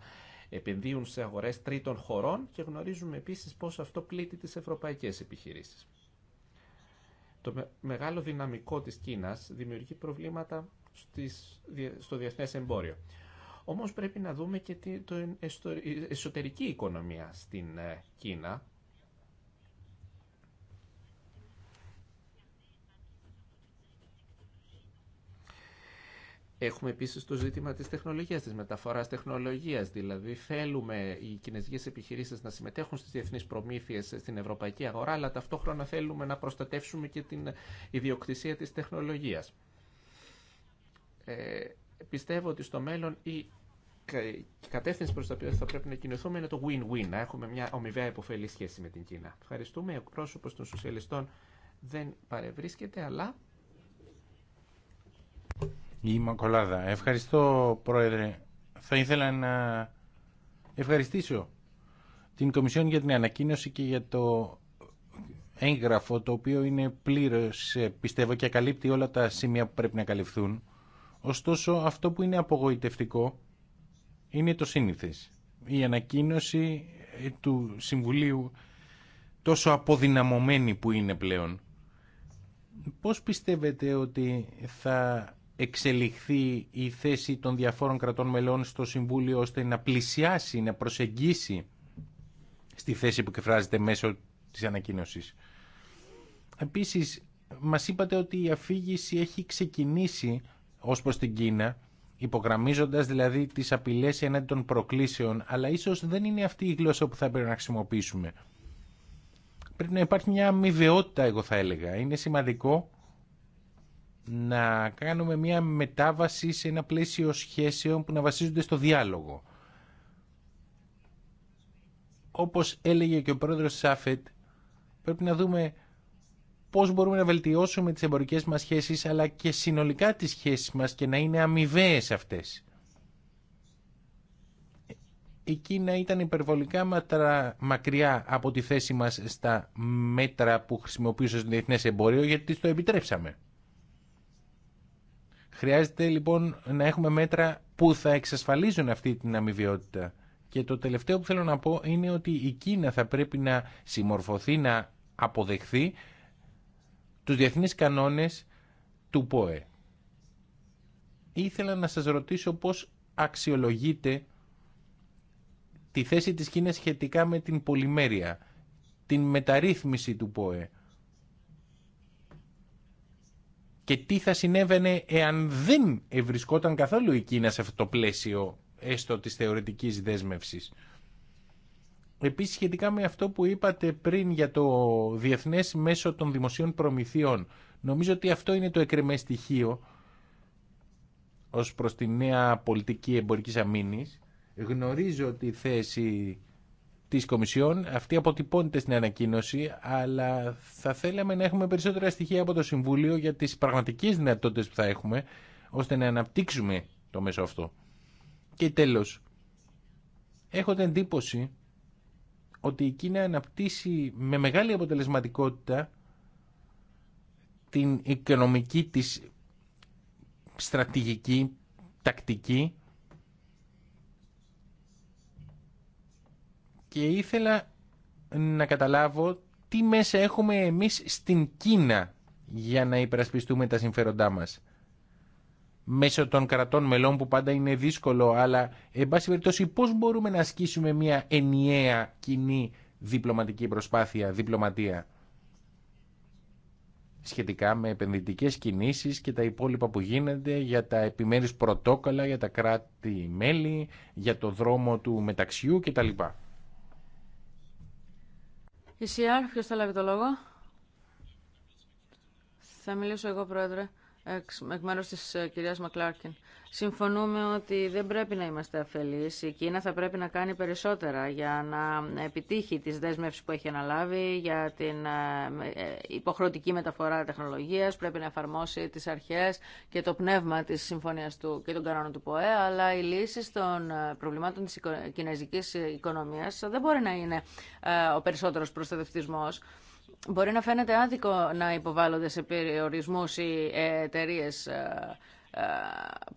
επενδύουν σε αγορές τρίτων χωρών και γνωρίζουμε επίσης πώς αυτό πλήττει τις ευρωπαϊκές επιχειρήσεις. Το μεγάλο δυναμικό της Κίνας δημιουργεί προβλήματα στις, στο διεθνές εμπόριο. Όμως πρέπει να δούμε και την εσωτερική οικονομία στην ε, Κίνα Έχουμε επίσης το ζήτημα της τεχνολογίας, της μεταφοράς τεχνολογίας, δηλαδή θέλουμε οι κινέζικες επιχειρήσεις να συμμετέχουν στις διεθνείς προμήθειες στην ευρωπαϊκή αγορά, αλλά ταυτόχρονα θέλουμε να προστατεύσουμε και την ιδιοκτησία της τεχνολογίας. Ε, πιστεύω ότι στο μέλλον η κατεύθυνση προς τα οποία θα πρέπει να κινηθούμε είναι το win-win, να έχουμε μια ομοιβαία υποφελή σχέση με την Κίνα. Ευχαριστούμε, ο εκπρόσωπος των σοσιαλιστών δεν παρευρίσκεται, αλλά η Μακολάδα. Ευχαριστώ, Πρόεδρε. Θα ήθελα να ευχαριστήσω την Κομισιόν για την ανακοίνωση και για το έγγραφο το οποίο είναι πλήρως ε, πιστεύω και καλύπτει όλα τα σημεία που πρέπει να καλυφθούν. Ωστόσο αυτό που είναι απογοητευτικό είναι το σύνηθες. Η ανακοίνωση ε, του Συμβουλίου τόσο αποδυναμωμένη που είναι πλέον. Πώς πιστεύετε ότι θα εξελιχθεί η θέση των διαφόρων κρατών μελών στο Συμβούλιο ώστε να πλησιάσει, να προσεγγίσει στη θέση που κεφράζεται μέσω της ανακοίνωσης. Επίσης, μας είπατε ότι η αφήγηση έχει ξεκινήσει ως προς την Κίνα, υπογραμμίζοντας δηλαδή τις απειλές ενάντια των προκλήσεων, αλλά ίσως δεν είναι αυτή η γλώσσα που θα πρέπει να χρησιμοποιήσουμε. Πρέπει να υπάρχει μια αμοιβαιότητα, εγώ θα έλεγα. Είναι σημαντικό να κάνουμε μια μετάβαση σε ένα πλαίσιο σχέσεων που να βασίζονται στο διάλογο. Όπως έλεγε και ο πρόεδρος Σάφετ, πρέπει να δούμε πώς μπορούμε να βελτιώσουμε τις εμπορικές μας σχέσεις, αλλά και συνολικά τις σχέσεις μας και να είναι αμοιβαίε αυτές. Η Κίνα ήταν υπερβολικά μακριά από τη θέση μας στα μέτρα που χρησιμοποιούσε στο διεθνές εμπόριο, γιατί το επιτρέψαμε. Χρειάζεται λοιπόν να έχουμε μέτρα που θα εξασφαλίζουν αυτή την αμοιβιότητα. Και το τελευταίο που θέλω να πω είναι ότι η Κίνα θα πρέπει να συμμορφωθεί, να αποδεχθεί τους διεθνείς κανόνες του ΠΟΕ. Ήθελα να σας ρωτήσω πώς αξιολογείται τη θέση της Κίνας σχετικά με την πολυμέρεια, την μεταρρύθμιση του ΠΟΕ. και τι θα συνέβαινε εάν δεν ευρισκόταν καθόλου η Κίνα σε αυτό το πλαίσιο έστω της θεωρητικής δέσμευσης. Επίσης σχετικά με αυτό που είπατε πριν για το διεθνές μέσο των δημοσίων προμηθειών, νομίζω ότι αυτό είναι το εκρεμές στοιχείο ως προς τη νέα πολιτική εμπορικής αμήνης. Γνωρίζω τη θέση της Κομισιόν. Αυτή αποτυπώνεται στην ανακοίνωση, αλλά θα θέλαμε να έχουμε περισσότερα στοιχεία από το Συμβούλιο για τις πραγματικές δυνατότητες που θα έχουμε, ώστε να αναπτύξουμε το μέσο αυτό. Και τέλος, έχω την εντύπωση ότι η Κίνα αναπτύσσει με μεγάλη αποτελεσματικότητα την οικονομική της στρατηγική, τακτική και ήθελα να καταλάβω τι μέσα έχουμε εμείς στην Κίνα για να υπερασπιστούμε τα συμφέροντά μας. Μέσω των κρατών μελών που πάντα είναι δύσκολο, αλλά εν πάση περιπτώσει πώς μπορούμε να ασκήσουμε μια ενιαία κοινή διπλωματική προσπάθεια, διπλωματία σχετικά με επενδυτικές κινήσεις και τα υπόλοιπα που γίνονται για τα επιμέρους πρωτόκολλα, για τα κράτη-μέλη, για το δρόμο του μεταξιού κτλ. Η ΣΥΑΡ, ποιος θα λάβει το λόγο. Θα μιλήσω εγώ, Πρόεδρε εκ μέρου τη ε, κυρία Μακλάρκιν. Συμφωνούμε ότι δεν πρέπει να είμαστε αφελεί. Η Κίνα θα πρέπει να κάνει περισσότερα για να επιτύχει τι δέσμευσει που έχει αναλάβει για την ε, ε, υποχρεωτική μεταφορά τεχνολογία. Πρέπει να εφαρμόσει τι αρχέ και το πνεύμα τη συμφωνία του και των κανόνων του ΠΟΕ. Αλλά οι λύσει των προβλημάτων τη κινέζικη οικονομία δεν μπορεί να είναι ο περισσότερο προστατευτισμό. Μπορεί να φαίνεται άδικο να υποβάλλονται σε περιορισμούς οι εταιρείε ε,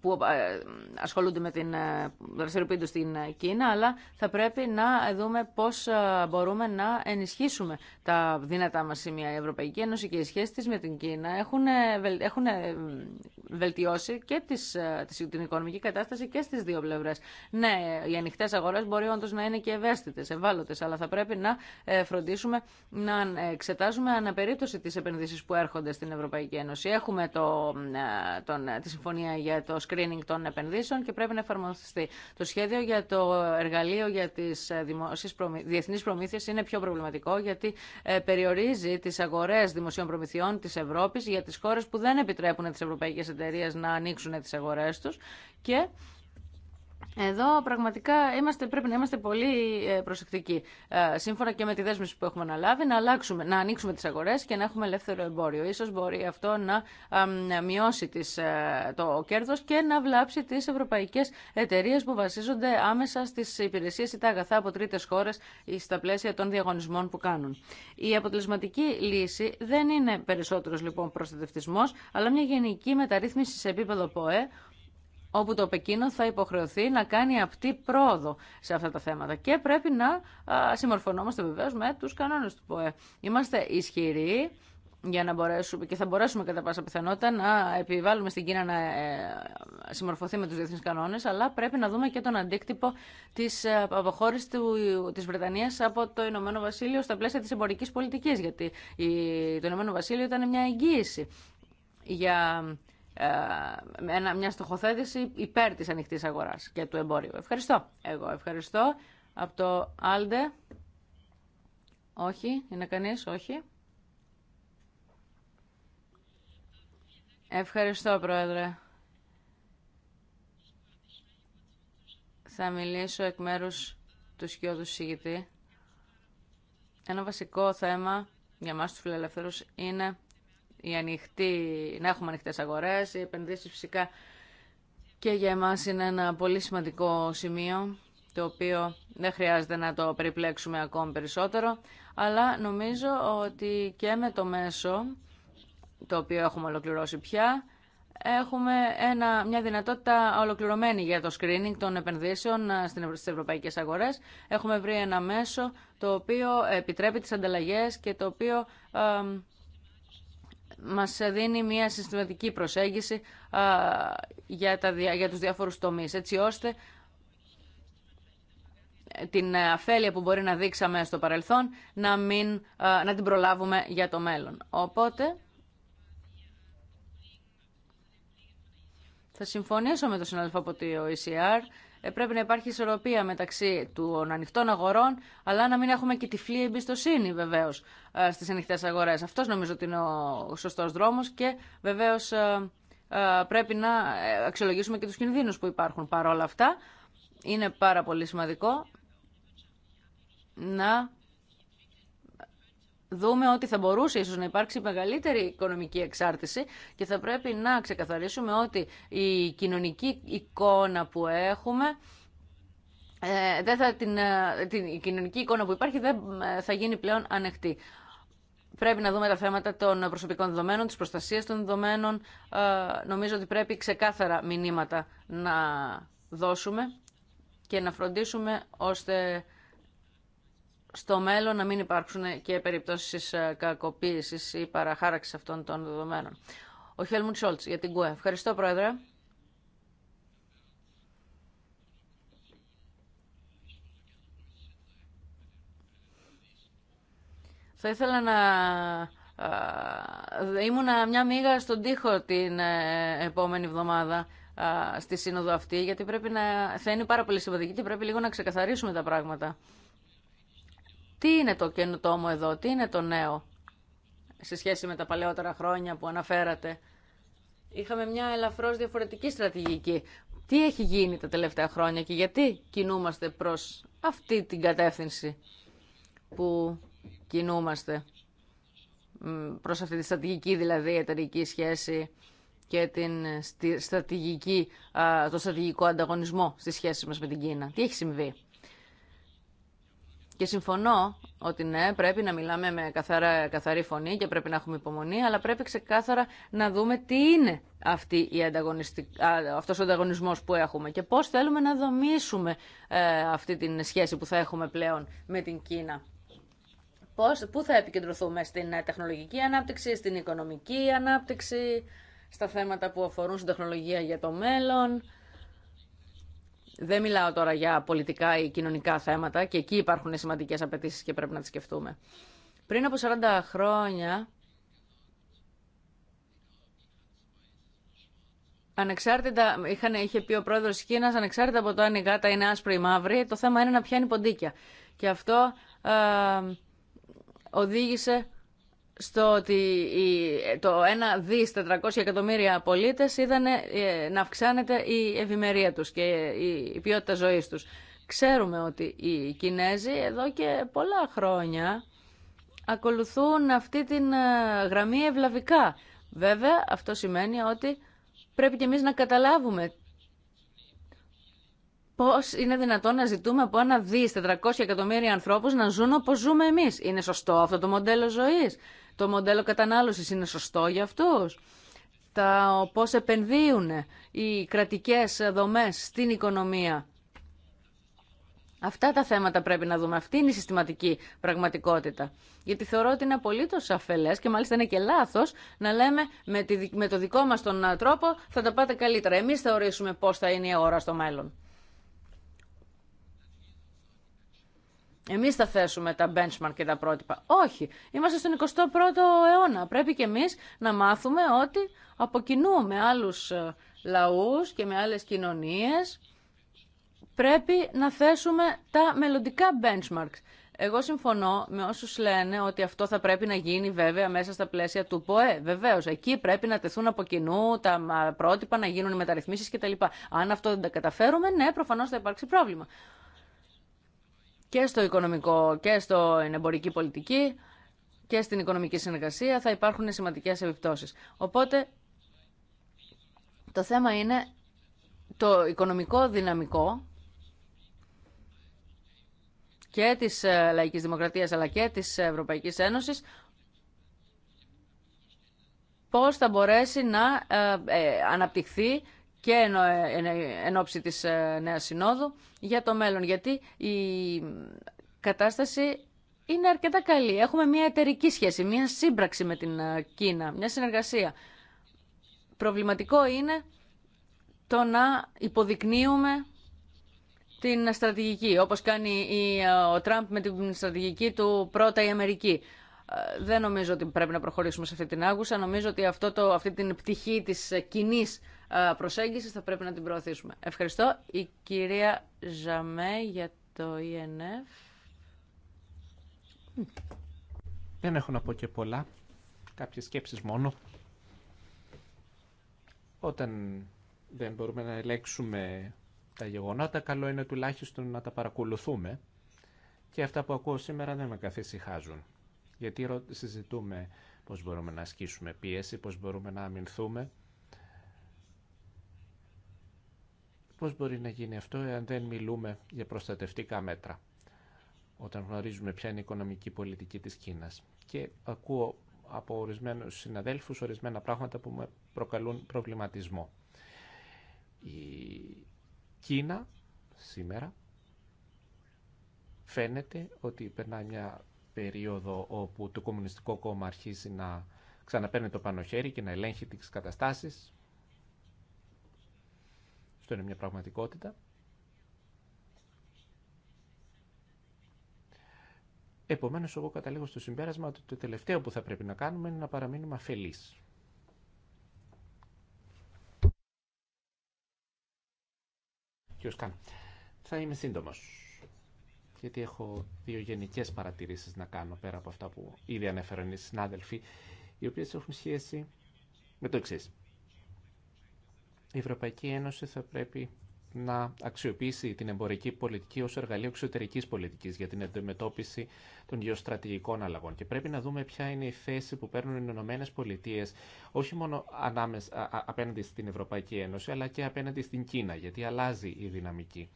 που ε, ασχολούνται με την ε, δραστηριοποίηση στην Κίνα, αλλά θα πρέπει να δούμε πώ ε, μπορούμε να ενισχύσουμε τα δυνατά μας σημεία. Η Ευρωπαϊκή Ένωση και οι σχέσει τη με την Κίνα έχουν, έχουν βελτιώσει και τις, την οικονομική κατάσταση και στι δύο πλευρέ. Ναι, οι ανοιχτέ αγορέ μπορεί όντω να είναι και ευαίσθητε, ευάλωτε, αλλά θα πρέπει να φροντίσουμε να εξετάζουμε αναπερίπτωση τι επενδύσει που έρχονται στην Ευρωπαϊκή Ένωση. Έχουμε το, τον, τη συμφωνία για το screening των επενδύσεων και πρέπει να εφαρμοστεί. Το σχέδιο για το εργαλείο για τι ε, διεθνεί προμήθειε είναι πιο προβληματικό γιατί ε, περιορίζει τι αγορέ δημοσίων προμηθειών τη Ευρώπη, για τι χώρε που δεν επιτρέπουν τι ευρωπαϊκέ εταιρείε να ανοίξουν τι αγορέ του. και εδώ πραγματικά είμαστε, πρέπει να είμαστε πολύ ε, προσεκτικοί. Ε, σύμφωνα και με τη δέσμευση που έχουμε αναλάβει, να, αλλάξουμε, να ανοίξουμε τι αγορέ και να έχουμε ελεύθερο εμπόριο. σω μπορεί αυτό να μειώσει τις, ε, το κέρδο και να βλάψει τι ευρωπαϊκέ εταιρείε που βασίζονται άμεσα στι υπηρεσίε ή τα αγαθά από τρίτε χώρε στα πλαίσια των διαγωνισμών που κάνουν. Η αποτελεσματική λύση δεν είναι περισσότερο λοιπόν προστατευτισμός, αλλά μια γενική μεταρρύθμιση σε επίπεδο ΠΟΕ, όπου το Πεκίνο θα υποχρεωθεί να κάνει απτή πρόοδο σε αυτά τα θέματα. Και πρέπει να συμμορφωνόμαστε βεβαίως με τους κανόνες του ΠΟΕ. Είμαστε ισχυροί για να μπορέσουμε και θα μπορέσουμε κατά πάσα πιθανότητα να επιβάλλουμε στην Κίνα να ε, συμμορφωθεί με τους διεθνείς κανόνες, αλλά πρέπει να δούμε και τον αντίκτυπο της ε, αποχώρησης της Βρετανίας από το Ηνωμένο Βασίλειο στα πλαίσια της εμπορικής πολιτικής, γιατί το Ηνωμένο Βασίλειο ήταν μια εγγύηση για ε, μια στοχοθέτηση υπέρ της ανοιχτής αγοράς και του εμπόριου. Ευχαριστώ. Εγώ ευχαριστώ. Από το Άλντε. Όχι. Είναι κανείς. Όχι. Ευχαριστώ, Πρόεδρε. Θα μιλήσω εκ μέρους του σκιώδου συγητή. Ένα βασικό θέμα για μας τους φιλελευθερούς είναι η ανοιχτή, να έχουμε ανοιχτές αγορές, οι επενδύσεις φυσικά και για εμάς είναι ένα πολύ σημαντικό σημείο το οποίο δεν χρειάζεται να το περιπλέξουμε ακόμη περισσότερο, αλλά νομίζω ότι και με το μέσο, το οποίο έχουμε ολοκληρώσει πια, έχουμε ένα, μια δυνατότητα ολοκληρωμένη για το screening των επενδύσεων ε, στις ευρωπαϊκές αγορές. Έχουμε βρει ένα μέσο το οποίο επιτρέπει τις ανταλλαγές και το οποίο... Ε, μας δίνει μια συστηματική προσέγγιση για, τα, για τους διάφορους τομείς, έτσι ώστε την αφέλεια που μπορεί να δείξαμε στο παρελθόν να, μην, να την προλάβουμε για το μέλλον. Οπότε θα συμφωνήσω με τον συνάδελφο από το ECR ε, πρέπει να υπάρχει ισορροπία μεταξύ των ανοιχτών αγορών, αλλά να μην έχουμε και τυφλή εμπιστοσύνη βεβαίω ε, στι ανοιχτέ αγορέ. Αυτό νομίζω ότι είναι ο σωστό δρόμο και βεβαίω ε, πρέπει να αξιολογήσουμε και του κινδύνου που υπάρχουν παρόλα αυτά. Είναι πάρα πολύ σημαντικό να δούμε ότι θα μπορούσε ίσως να υπάρξει μεγαλύτερη οικονομική εξάρτηση και θα πρέπει να ξεκαθαρίσουμε ότι η κοινωνική εικόνα που έχουμε ε, δεν θα την, ε, την, η κοινωνική εικόνα που υπάρχει δεν ε, θα γίνει πλέον ανεκτή. Πρέπει να δούμε τα θέματα των προσωπικών δεδομένων, της προστασίας των δεδομένων. νομίζω ότι πρέπει ξεκάθαρα μηνύματα να δώσουμε και να φροντίσουμε ώστε στο μέλλον να μην υπάρξουν και περιπτώσεις ε, κακοποίησης ή παραχάραξης αυτών των δεδομένων. Ο Χέλμουντ Σόλτς για την ΚΟΕ. Ευχαριστώ, Πρόεδρε. Θα ήθελα να ε, Ήμουν μια μίγα στον τοίχο την ε, επόμενη εβδομάδα στη σύνοδο αυτή, γιατί πρέπει να... θα είναι πάρα πολύ σημαντική και πρέπει λίγο να ξεκαθαρίσουμε τα πράγματα. Τι είναι το καινοτόμο εδώ, τι είναι το νέο σε σχέση με τα παλαιότερα χρόνια που αναφέρατε. Είχαμε μια ελαφρώς διαφορετική στρατηγική. Τι έχει γίνει τα τελευταία χρόνια και γιατί κινούμαστε προς αυτή την κατεύθυνση που κινούμαστε προς αυτή τη στρατηγική δηλαδή εταιρική σχέση και την στρατηγική, το στρατηγικό ανταγωνισμό στη σχέση μας με την Κίνα. Τι έχει συμβεί. Και συμφωνώ ότι ναι, πρέπει να μιλάμε με καθαρά, καθαρή φωνή και πρέπει να έχουμε υπομονή, αλλά πρέπει ξεκάθαρα να δούμε τι είναι αυτή η ανταγωνιστικ... αυτός ο ανταγωνισμός που έχουμε και πώς θέλουμε να δομήσουμε ε, αυτή την σχέση που θα έχουμε πλέον με την Κίνα. Πώς, πού θα επικεντρωθούμε στην ε, τεχνολογική ανάπτυξη, στην οικονομική ανάπτυξη, στα θέματα που αφορούν στην τεχνολογία για το μέλλον δεν μιλάω τώρα για πολιτικά ή κοινωνικά θέματα και εκεί υπάρχουν σημαντικές απαιτήσει και πρέπει να τι σκεφτούμε. Πριν από 40 χρόνια, ανεξάρτητα, είχαν, είχε πει ο πρόεδρο τη Κίνα, ανεξάρτητα από το αν η γάτα είναι άσπρη ή μαύρη, το θέμα είναι να πιάνει ποντίκια. Και αυτό οδήγησε στο ότι το 1 δις 400 εκατομμύρια πολίτες είδανε ε, να αυξάνεται η ευημερία τους και η ποιότητα ζωής τους. Ξέρουμε ότι οι Κινέζοι εδώ και πολλά χρόνια ακολουθούν αυτή την ε, γραμμή ευλαβικά. Βέβαια, αυτό σημαίνει ότι πρέπει και εμείς να καταλάβουμε πώς είναι δυνατόν να ζητούμε από ένα δις 400 εκατομμύρια ανθρώπους να ζουν όπως ζούμε εμείς. Είναι σωστό αυτό το μοντέλο ζωής. Το μοντέλο κατανάλωσης είναι σωστό για αυτούς. Τα πώς επενδύουν οι κρατικές δομές στην οικονομία. Αυτά τα θέματα πρέπει να δούμε. Αυτή είναι η συστηματική πραγματικότητα. Γιατί θεωρώ ότι είναι απολύτω αφελέ και μάλιστα είναι και λάθο να λέμε με, το δικό μα τον τρόπο θα τα πάτε καλύτερα. Εμεί θεωρήσουμε πώ θα είναι η αγορά στο μέλλον. Εμείς θα θέσουμε τα benchmark και τα πρότυπα. Όχι, είμαστε στον 21ο αιώνα. Πρέπει και εμείς να μάθουμε ότι από κοινού με άλλους ε, λαούς και με άλλες κοινωνίες πρέπει να θέσουμε τα μελλοντικά benchmarks. Εγώ συμφωνώ με όσους λένε ότι αυτό θα πρέπει να γίνει βέβαια μέσα στα πλαίσια του ΠΟΕ. Βεβαίως, εκεί πρέπει να τεθούν από κοινού τα πρότυπα, να γίνουν οι μεταρρυθμίσεις κτλ. Αν αυτό δεν τα καταφέρουμε, ναι, προφανώς θα υπάρξει πρόβλημα και στο οικονομικό και στο εμπορική πολιτική και στην οικονομική συνεργασία θα υπάρχουν σημαντικές επιπτώσεις. Οπότε το θέμα είναι το οικονομικό δυναμικό και της ε, λαϊκής δημοκρατίας αλλά και της Ευρωπαϊκής Ένωσης πώς θα μπορέσει να ε, ε, αναπτυχθεί και εν, εν, εν ώψη της ε, Νέας Συνόδου για το μέλλον. Γιατί η κατάσταση είναι αρκετά καλή. Έχουμε μια εταιρική σχέση, μια σύμπραξη με την ε, Κίνα, μια συνεργασία. Προβληματικό είναι το να υποδεικνύουμε την στρατηγική, όπως κάνει ε, ο Τραμπ με την στρατηγική του πρώτα η Αμερική. Δεν νομίζω ότι πρέπει να προχωρήσουμε σε αυτή την άγουσα. Νομίζω ότι αυτό το, αυτή την πτυχή της κοινή ε, Προσέγγιση θα πρέπει να την προωθήσουμε. Ευχαριστώ. Η κυρία Ζαμέ για το ΙΕΝΕΦ. E δεν έχω να πω και πολλά. Κάποιες σκέψεις μόνο. Όταν δεν μπορούμε να ελέγξουμε τα γεγονότα, καλό είναι τουλάχιστον να τα παρακολουθούμε. Και αυτά που ακούω σήμερα δεν με καθησυχάζουν. Γιατί συζητούμε πώς μπορούμε να ασκήσουμε πίεση, πώς μπορούμε να αμυνθούμε, Πώς μπορεί να γίνει αυτό εάν δεν μιλούμε για προστατευτικά μέτρα, όταν γνωρίζουμε ποια είναι η οικονομική πολιτική της Κίνας. Και ακούω από ορισμένους συναδέλφους ορισμένα πράγματα που με προκαλούν προβληματισμό. Η Κίνα σήμερα φαίνεται ότι περνά μια περίοδο όπου το Κομμουνιστικό Κόμμα αρχίζει να ξαναπαίρνει το πάνω χέρι και να ελέγχει τις καταστάσεις αυτό είναι μια πραγματικότητα. Επομένως, εγώ καταλήγω στο συμπέρασμα ότι το τελευταίο που θα πρέπει να κάνουμε είναι να παραμείνουμε αφελείς. Καν, θα είμαι σύντομος, γιατί έχω δύο γενικές παρατηρήσεις να κάνω πέρα από αυτά που ήδη ανέφεραν οι συνάδελφοι, οι οποίες έχουν σχέση με το εξής η Ευρωπαϊκή Ένωση θα πρέπει να αξιοποιήσει την εμπορική πολιτική ως εργαλείο εξωτερικής πολιτικής για την αντιμετώπιση των γεωστρατηγικών αλλαγών. Και πρέπει να δούμε ποια είναι η θέση που παίρνουν οι Ηνωμένε Πολιτείε, όχι μόνο ανάμεσα, απέναντι στην Ευρωπαϊκή Ένωση, αλλά και απέναντι στην Κίνα, γιατί αλλάζει η δυναμική.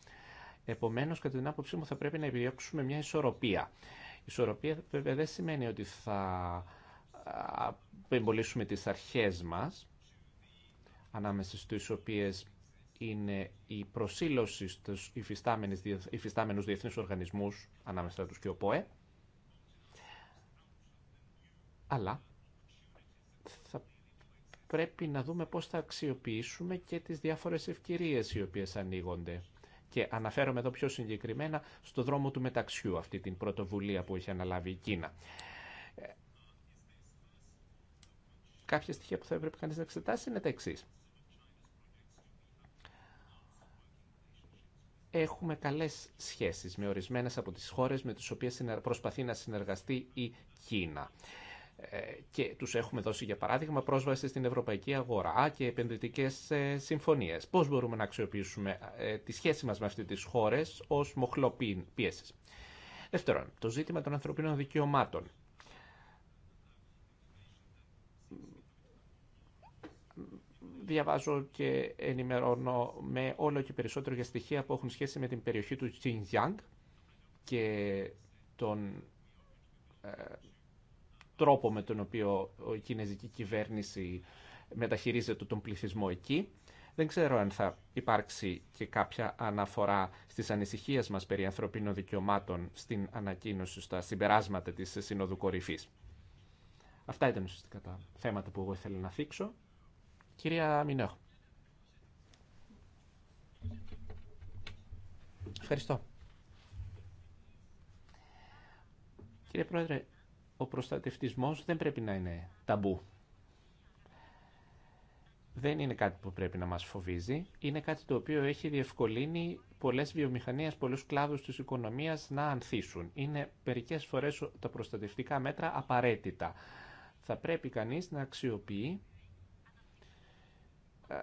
Επομένως, κατά την άποψή μου, θα πρέπει να επιδιώξουμε μια ισορροπία. Η ισορροπία βέβαια δεν σημαίνει ότι θα εμπολίσουμε τις αρχές μας, ανάμεσα στις οποίες είναι η προσήλωση στους υφιστάμενους διεθνείς οργανισμούς, ανάμεσα τους και ο ΠΟΕ, αλλά θα πρέπει να δούμε πώς θα αξιοποιήσουμε και τις διάφορες ευκαιρίες οι οποίες ανοίγονται. Και αναφέρομαι εδώ πιο συγκεκριμένα στο δρόμο του μεταξιού, αυτή την πρωτοβουλία που έχει αναλάβει η Κίνα. Ε, κάποια στοιχεία που θα έπρεπε κανείς να εξετάσει είναι τα εξής. έχουμε καλές σχέσεις με ορισμένες από τις χώρες με τις οποίες προσπαθεί να συνεργαστεί η Κίνα. Ε, και τους έχουμε δώσει, για παράδειγμα, πρόσβαση στην ευρωπαϊκή αγορά και επενδυτικές ε, συμφωνίες. Πώς μπορούμε να αξιοποιήσουμε ε, τη σχέση μας με αυτές τις χώρες ως μοχλό Δεύτερον, το ζήτημα των ανθρωπίνων δικαιωμάτων διαβάζω και ενημερώνω με όλο και περισσότερο για στοιχεία που έχουν σχέση με την περιοχή του Xinjiang και τον ε, τρόπο με τον οποίο η κινέζικη κυβέρνηση μεταχειρίζεται τον πληθυσμό εκεί. Δεν ξέρω αν θα υπάρξει και κάποια αναφορά στις ανησυχίες μας περί ανθρωπίνων δικαιωμάτων στην ανακοίνωση στα συμπεράσματα της Συνόδου Κορυφής. Αυτά ήταν ουσιαστικά τα θέματα που εγώ ήθελα να θίξω. Κυρία Μινό. Ευχαριστώ. Κύριε Πρόεδρε, ο προστατευτισμός δεν πρέπει να είναι ταμπού. Δεν είναι κάτι που πρέπει να μας φοβίζει. Είναι κάτι το οποίο έχει διευκολύνει πολλές βιομηχανίες, πολλούς κλάδους της οικονομίας να ανθίσουν. Είναι μερικές φορές τα προστατευτικά μέτρα απαραίτητα. Θα πρέπει κανείς να αξιοποιεί ε,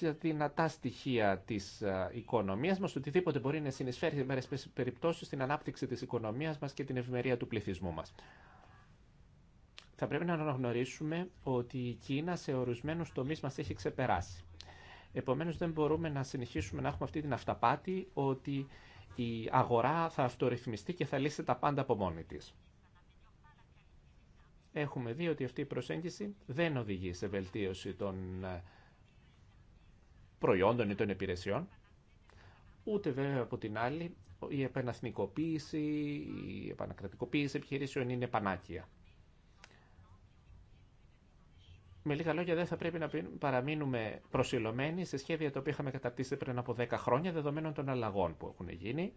τα δυνατά στοιχεία της ε, οικονομίας μας, οτιδήποτε μπορεί να συνεισφέρει σε μέρες περιπτώσει στην ανάπτυξη της οικονομίας μας και την ευημερία του πληθυσμού μας. Θα πρέπει να αναγνωρίσουμε ότι η Κίνα σε ορισμένου τομεί μας έχει ξεπεράσει. Επομένως δεν μπορούμε να συνεχίσουμε να έχουμε αυτή την αυταπάτη ότι η αγορά θα αυτορυθμιστεί και θα λύσει τα πάντα από μόνη της έχουμε δει ότι αυτή η προσέγγιση δεν οδηγεί σε βελτίωση των ε, προϊόντων ή των υπηρεσιών, ούτε βέβαια από την άλλη η επαναθνικοποίηση, η επανακρατικοποίηση επιχειρήσεων είναι πανάκια. Με λίγα λόγια, δεν θα πρέπει να παραμείνουμε προσιλωμένοι σε σχέδια τα οποία είχαμε καταρτήσει πριν από 10 χρόνια, δεδομένων των αλλαγών που έχουν γίνει.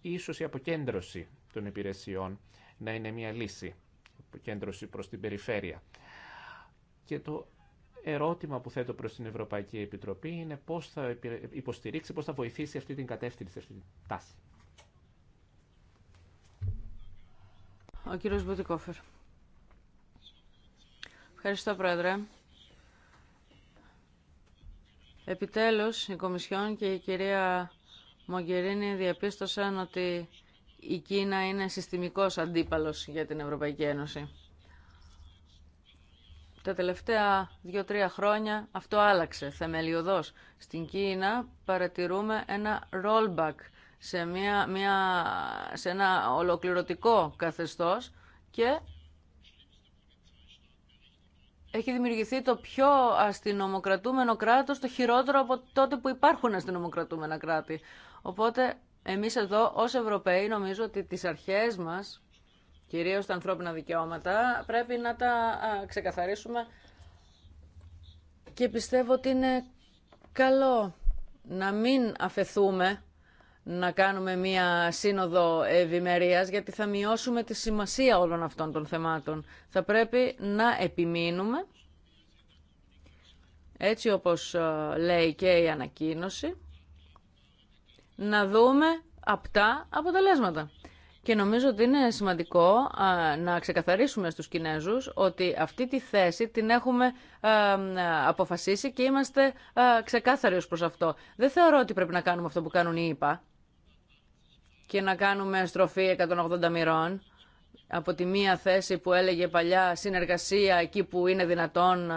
Ίσως η αποκέντρωση των υπηρεσιών να είναι μια λύση κέντρωση προς την περιφέρεια. Και το ερώτημα που θέτω προς την Ευρωπαϊκή Επιτροπή είναι πώς θα υποστηρίξει, πώς θα βοηθήσει αυτή την κατεύθυνση, αυτή την τάση. Ο κύριος Μπουτικόφερ. Ευχαριστώ, Πρόεδρε. Επιτέλους, η Κομισιόν και η κυρία Μογκερίνη διαπίστωσαν ότι η Κίνα είναι συστημικός αντίπαλος για την Ευρωπαϊκή Ένωση. Τα τελευταία δύο-τρία χρόνια αυτό άλλαξε θεμελιωδώς. Στην Κίνα παρατηρούμε ένα rollback σε, μια, μια, σε ένα ολοκληρωτικό καθεστώς και έχει δημιουργηθεί το πιο αστυνομοκρατούμενο κράτος, το χειρότερο από τότε που υπάρχουν αστυνομοκρατούμενα κράτη. Οπότε εμείς εδώ ως Ευρωπαίοι νομίζω ότι τις αρχές μας, κυρίως τα ανθρώπινα δικαιώματα, πρέπει να τα ξεκαθαρίσουμε και πιστεύω ότι είναι καλό να μην αφαιθούμε να κάνουμε μία σύνοδο ευημερία γιατί θα μειώσουμε τη σημασία όλων αυτών των θεμάτων. Θα πρέπει να επιμείνουμε, έτσι όπως λέει και η ανακοίνωση, να δούμε απτά αποτελέσματα. Και νομίζω ότι είναι σημαντικό να ξεκαθαρίσουμε στους Κινέζους ότι αυτή τη θέση την έχουμε αποφασίσει και είμαστε ξεκάθαροι ως προς αυτό. Δεν θεωρώ ότι πρέπει να κάνουμε αυτό που κάνουν οι ΙΠΑ και να κάνουμε στροφή 180 μοιρών από τη μία θέση που έλεγε παλιά συνεργασία εκεί που είναι δυνατόν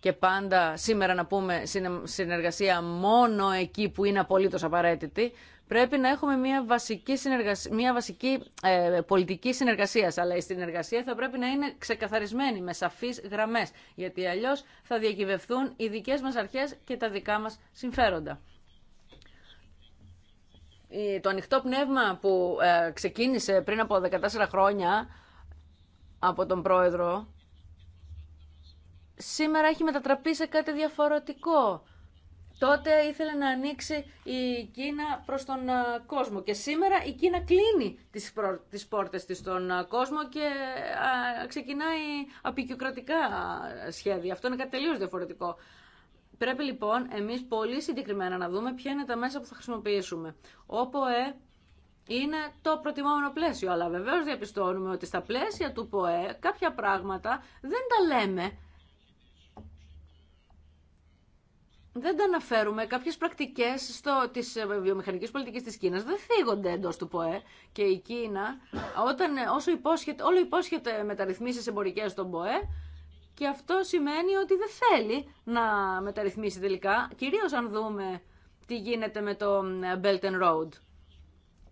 και πάντα σήμερα να πούμε συνεργασία μόνο εκεί που είναι απολύτως απαραίτητη πρέπει να έχουμε μια βασική, συνεργασία, μια βασική ε, πολιτική συνεργασία. Αλλά η συνεργασία θα πρέπει να είναι ξεκαθαρισμένη, με σαφεί γραμμέ. πολιτικη συνεργασια αλλιώ θα πρεπει να ειναι ξεκαθαρισμενη με σαφείς γραμμε γιατι αλλιω θα διακυβευθουν οι δικέ μα αρχέ και τα δικά μα συμφέροντα το ανοιχτό πνεύμα που ε, ξεκίνησε πριν από 14 χρόνια από τον πρόεδρο, σήμερα έχει μετατραπεί σε κάτι διαφορετικό. Τότε ήθελε να ανοίξει η Κίνα προς τον ε, κόσμο και σήμερα η Κίνα κλείνει τις, πόρτες της στον ε, κόσμο και ξεκινάει απεικιοκρατικά σχέδια. Αυτό είναι κάτι τελείως διαφορετικό. Πρέπει λοιπόν εμείς πολύ συγκεκριμένα να δούμε ποια είναι τα μέσα που θα χρησιμοποιήσουμε. ΟΠΟΕ είναι το προτιμόμενο πλαίσιο, αλλά βεβαίως διαπιστώνουμε ότι στα πλαίσια του ΠΟΕ κάποια πράγματα δεν τα λέμε. Δεν τα αναφέρουμε. Κάποιες πρακτικές στο, της ε, βιομηχανικής πολιτικής της Κίνας δεν θίγονται εντός του ΠΟΕ και η Κίνα, όταν, ε, όσο υπόσχεται, όλο υπόσχεται μεταρρυθμίσεις εμπορικές στον ΠΟΕ, και αυτό σημαίνει ότι δεν θέλει να μεταρρυθμίσει τελικά, κυρίως αν δούμε τι γίνεται με το Belt and Road.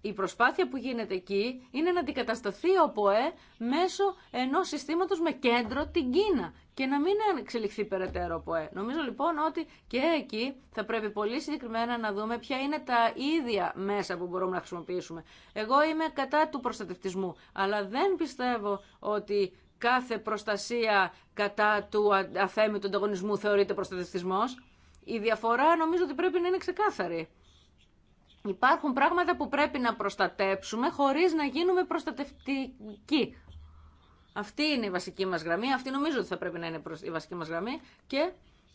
Η προσπάθεια που γίνεται εκεί είναι να αντικατασταθεί ο ΠΟΕ μέσω ενός συστήματος με κέντρο την Κίνα και να μην εξελιχθεί περαιτέρω ο ΠΟΕ. Νομίζω λοιπόν ότι και εκεί θα πρέπει πολύ συγκεκριμένα να δούμε ποια είναι τα ίδια μέσα που μπορούμε να χρησιμοποιήσουμε. Εγώ είμαι κατά του προστατευτισμού, αλλά δεν πιστεύω ότι κάθε προστασία κατά του του ανταγωνισμού θεωρείται προστατευτισμός. Η διαφορά νομίζω ότι πρέπει να είναι ξεκάθαρη. Υπάρχουν πράγματα που πρέπει να προστατέψουμε χωρίς να γίνουμε προστατευτικοί. Αυτή είναι η βασική μας γραμμή, αυτή νομίζω ότι θα πρέπει να είναι η βασική μας γραμμή και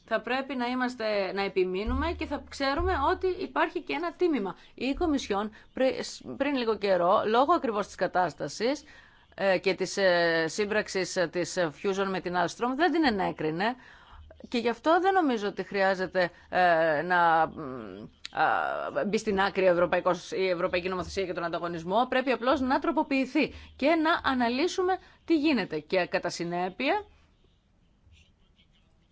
θα πρέπει να, είμαστε, να επιμείνουμε και θα ξέρουμε ότι υπάρχει και ένα τίμημα. Η Κομισιόν πριν λίγο καιρό, λόγω ακριβώς της κατάστασης, ε, και της ε, σύμπραξης ε, της Fusion με την Alstrom δεν την ενέκρινε και γι' αυτό δεν νομίζω ότι χρειάζεται να μπει στην άκρη η Ευρωπαϊκή Νομοθεσία για τον ανταγωνισμό. Πρέπει απλώς να τροποποιηθεί και να αναλύσουμε τι γίνεται. Και κατά συνέπεια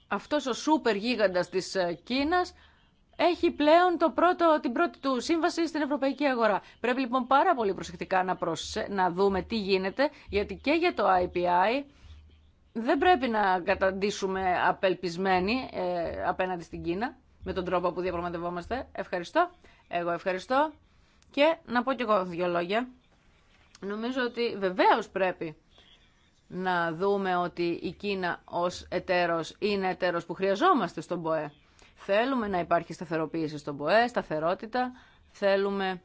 αυτός ο σούπερ γίγαντας της Κίνας έχει πλέον το πρώτο, την πρώτη του σύμβαση στην ευρωπαϊκή αγορά. Πρέπει λοιπόν πάρα πολύ προσεκτικά να, προσε... να δούμε τι γίνεται, γιατί και για το IPI δεν πρέπει να καταντήσουμε απελπισμένοι ε, απέναντι στην Κίνα με τον τρόπο που διαπραγματευόμαστε. Ευχαριστώ. Εγώ ευχαριστώ. Και να πω και εγώ δύο λόγια. Νομίζω ότι βεβαίως πρέπει να δούμε ότι η Κίνα ως εταίρος είναι εταίρος που χρειαζόμαστε στον ΠΟΕ. Θέλουμε να υπάρχει σταθεροποίηση στον ΠΟΕ, σταθερότητα. Θέλουμε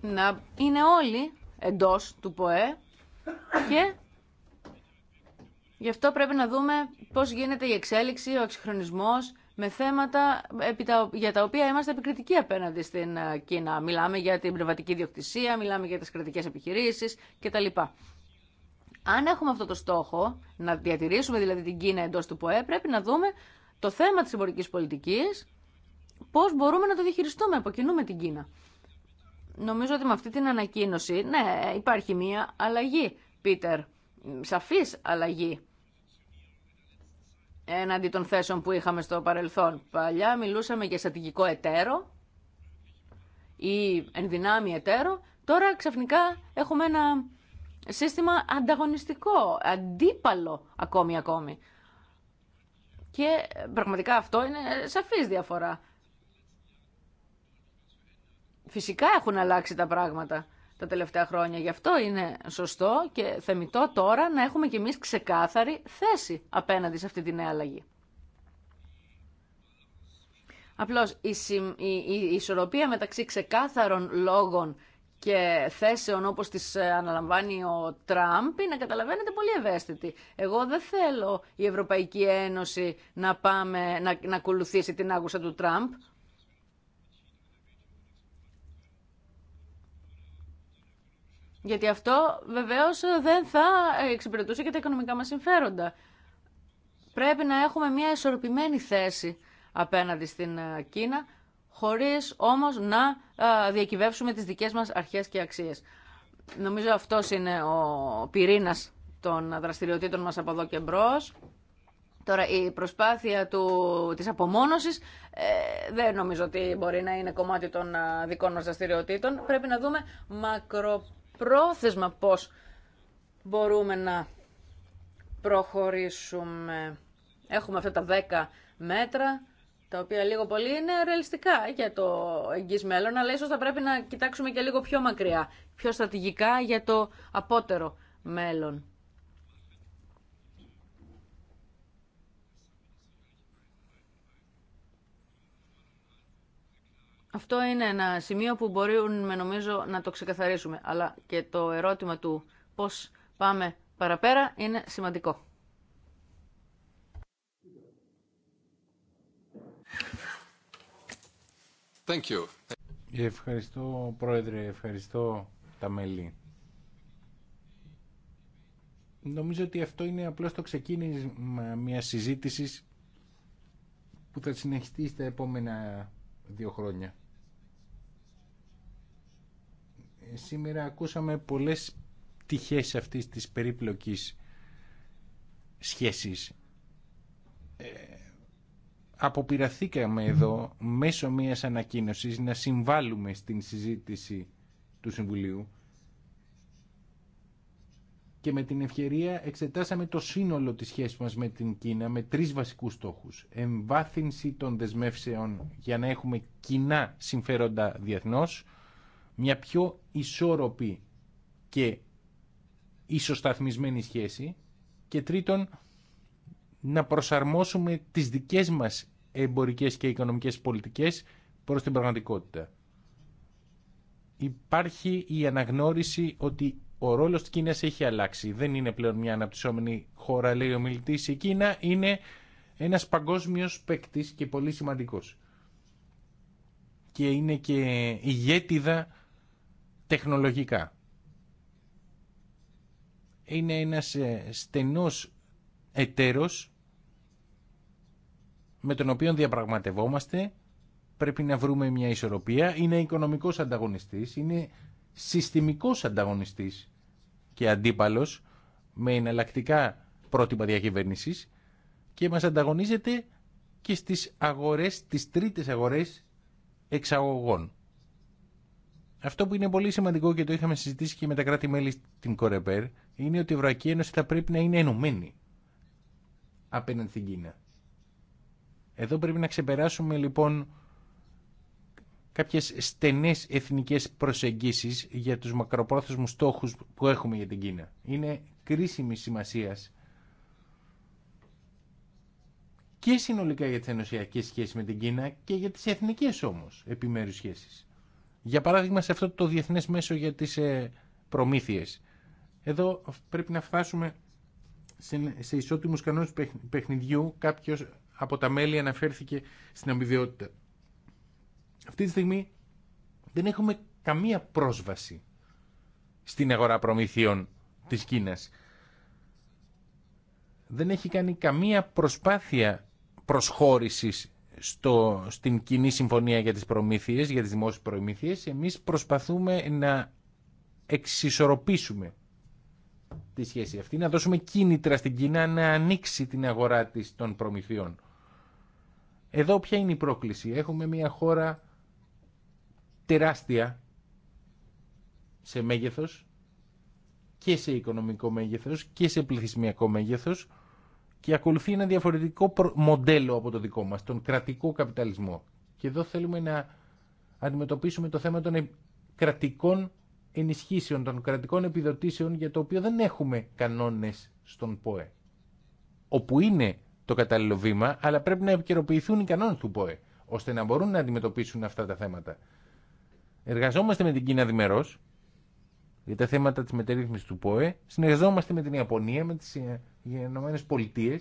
να είναι όλοι εντός του ΠΟΕ και γι' αυτό πρέπει να δούμε πώς γίνεται η εξέλιξη, ο εξυγχρονισμός με θέματα για τα οποία είμαστε επικριτικοί απέναντι στην ε, Κίνα. Μιλάμε για την πνευματική διοκτησία, μιλάμε για τις κρατικές επιχειρήσεις κτλ. Αν έχουμε αυτό το στόχο, να διατηρήσουμε δηλαδή την Κίνα εντό του ΠΟΕ, πρέπει να δούμε το θέμα της εμπορική πολιτικής, πώς μπορούμε να το διαχειριστούμε από κοινού με την Κίνα. Νομίζω ότι με αυτή την ανακοίνωση, ναι, υπάρχει μία αλλαγή, Πίτερ, σαφή αλλαγή έναντι των θέσεων που είχαμε στο παρελθόν. Παλιά μιλούσαμε για στρατηγικό εταίρο ή ενδυνάμει εταίρο. Τώρα ξαφνικά έχουμε ένα σύστημα ανταγωνιστικό, αντίπαλο ακόμη ακόμη. Και ε, πραγματικά αυτό είναι σαφής διαφορά. Φυσικά έχουν αλλάξει τα πράγματα τα τελευταία χρόνια. Γι' αυτό είναι σωστό και θεμητό τώρα να έχουμε κι εμείς ξεκάθαρη θέση απέναντι σε αυτή τη νέα αλλαγή. Απλώς η, η, η ισορροπία μεταξύ ξεκάθαρων λόγων και θέσεων όπως τις ε, αναλαμβάνει ο Τραμπ είναι, καταλαβαίνετε, πολύ ευαίσθητη. Εγώ δεν θέλω η Ευρωπαϊκή Ένωση να, πάμε, να, να ακολουθήσει την άγουσα του Τραμπ. Γιατί αυτό βεβαίως δεν θα εξυπηρετούσε και τα οικονομικά μας συμφέροντα. Πρέπει να έχουμε μια ισορροπημένη θέση απέναντι στην ε, Κίνα χωρίς όμως να διακυβεύσουμε τις δικές μας αρχές και αξίες. Νομίζω αυτός είναι ο πυρήνας των δραστηριοτήτων μας από εδώ και μπρο. Τώρα η προσπάθεια του, της απομόνωσης ε, δεν νομίζω ότι μπορεί να είναι κομμάτι των α, δικών μας δραστηριοτήτων. Πρέπει να δούμε μακροπρόθεσμα πώς μπορούμε να προχωρήσουμε. Έχουμε αυτά τα 10 μέτρα τα οποία λίγο πολύ είναι ρεαλιστικά για το εγγύ μέλλον, αλλά ίσω θα πρέπει να κοιτάξουμε και λίγο πιο μακριά, πιο στρατηγικά για το απότερο μέλλον. Αυτό είναι ένα σημείο που μπορούμε νομίζω να το ξεκαθαρίσουμε, αλλά και το ερώτημα του πώς πάμε παραπέρα είναι σημαντικό. Thank you. Ευχαριστώ Πρόεδρε, ευχαριστώ τα μέλη. Νομίζω ότι αυτό είναι απλώς το ξεκίνημα μιας συζήτησης που θα συνεχιστεί στα επόμενα δύο χρόνια. Σήμερα ακούσαμε πολλές πτυχές αυτής της περίπλοκης σχέσης ε, αποπειραθήκαμε εδώ μέσω μιας ανακοίνωσης να συμβάλλουμε στην συζήτηση του Συμβουλίου και με την ευκαιρία εξετάσαμε το σύνολο της σχέσης μας με την Κίνα με τρεις βασικούς στόχους. Εμβάθυνση των δεσμεύσεων για να έχουμε κοινά συμφέροντα διεθνώς, μια πιο ισόρροπη και ισοσταθμισμένη σχέση και τρίτον να προσαρμόσουμε τις δικές μας εμπορικές και οικονομικές πολιτικές προς την πραγματικότητα. Υπάρχει η αναγνώριση ότι ο ρόλος της Κίνας έχει αλλάξει. Δεν είναι πλέον μια αναπτυσσόμενη χώρα, λέει ο Η Κίνα είναι ένας παγκόσμιος παίκτη και πολύ σημαντικός. Και είναι και ηγέτιδα τεχνολογικά. Είναι ένας ε, στενός εταίρος με τον οποίο διαπραγματευόμαστε. Πρέπει να βρούμε μια ισορροπία. Είναι οικονομικός ανταγωνιστής, είναι συστημικός ανταγωνιστής και αντίπαλος με εναλλακτικά πρότυπα διακυβέρνησης και μας ανταγωνίζεται και στις αγορές, τις τρίτες αγορές εξαγωγών. Αυτό που είναι πολύ σημαντικό και το είχαμε συζητήσει και με τα κράτη-μέλη στην Κορεπέρ είναι ότι η Ευρωπαϊκή Ένωση θα πρέπει να είναι ενωμένη απέναντι στην Κίνα. Εδώ πρέπει να ξεπεράσουμε λοιπόν κάποιες στενές εθνικές προσεγγίσεις για τους μακροπρόθεσμους στόχους που έχουμε για την Κίνα. Είναι κρίσιμη σημασία. και συνολικά για τις ενωσιακές σχέσεις με την Κίνα και για τις εθνικές όμως επιμέρους σχέσεις. Για παράδειγμα σε αυτό το διεθνές μέσο για τις ε, προμήθειες. Εδώ πρέπει να φτάσουμε σε ισότιμους κανόνες παιχνιδιού κάποιος από τα μέλη αναφέρθηκε στην αμοιβαιότητα. Αυτή τη στιγμή δεν έχουμε καμία πρόσβαση στην αγορά προμηθείων της Κίνας. Δεν έχει κάνει καμία προσπάθεια προσχώρησης στο, στην κοινή συμφωνία για τις προμήθειες, για τις δημόσιες προμήθειες. Εμείς προσπαθούμε να εξισορροπήσουμε τη σχέση αυτή, να δώσουμε κίνητρα στην Κίνα να ανοίξει την αγορά της των προμηθειών. Εδώ ποια είναι η πρόκληση. Έχουμε μια χώρα τεράστια σε μέγεθος και σε οικονομικό μέγεθος και σε πληθυσμιακό μέγεθος και ακολουθεί ένα διαφορετικό μοντέλο από το δικό μας, τον κρατικό καπιταλισμό. Και εδώ θέλουμε να αντιμετωπίσουμε το θέμα των ε- κρατικών ενισχύσεων, των κρατικών επιδοτήσεων για το οποίο δεν έχουμε κανόνες στον ΠΟΕ. Όπου είναι το κατάλληλο βήμα, αλλά πρέπει να επικαιροποιηθούν οι κανόνε του ΠΟΕ, ώστε να μπορούν να αντιμετωπίσουν αυτά τα θέματα. Εργαζόμαστε με την Κίνα διμερό για τα θέματα τη μετερρύθμιση του ΠΟΕ, συνεργαζόμαστε με την Ιαπωνία, με τι ε, ΗΠΑ.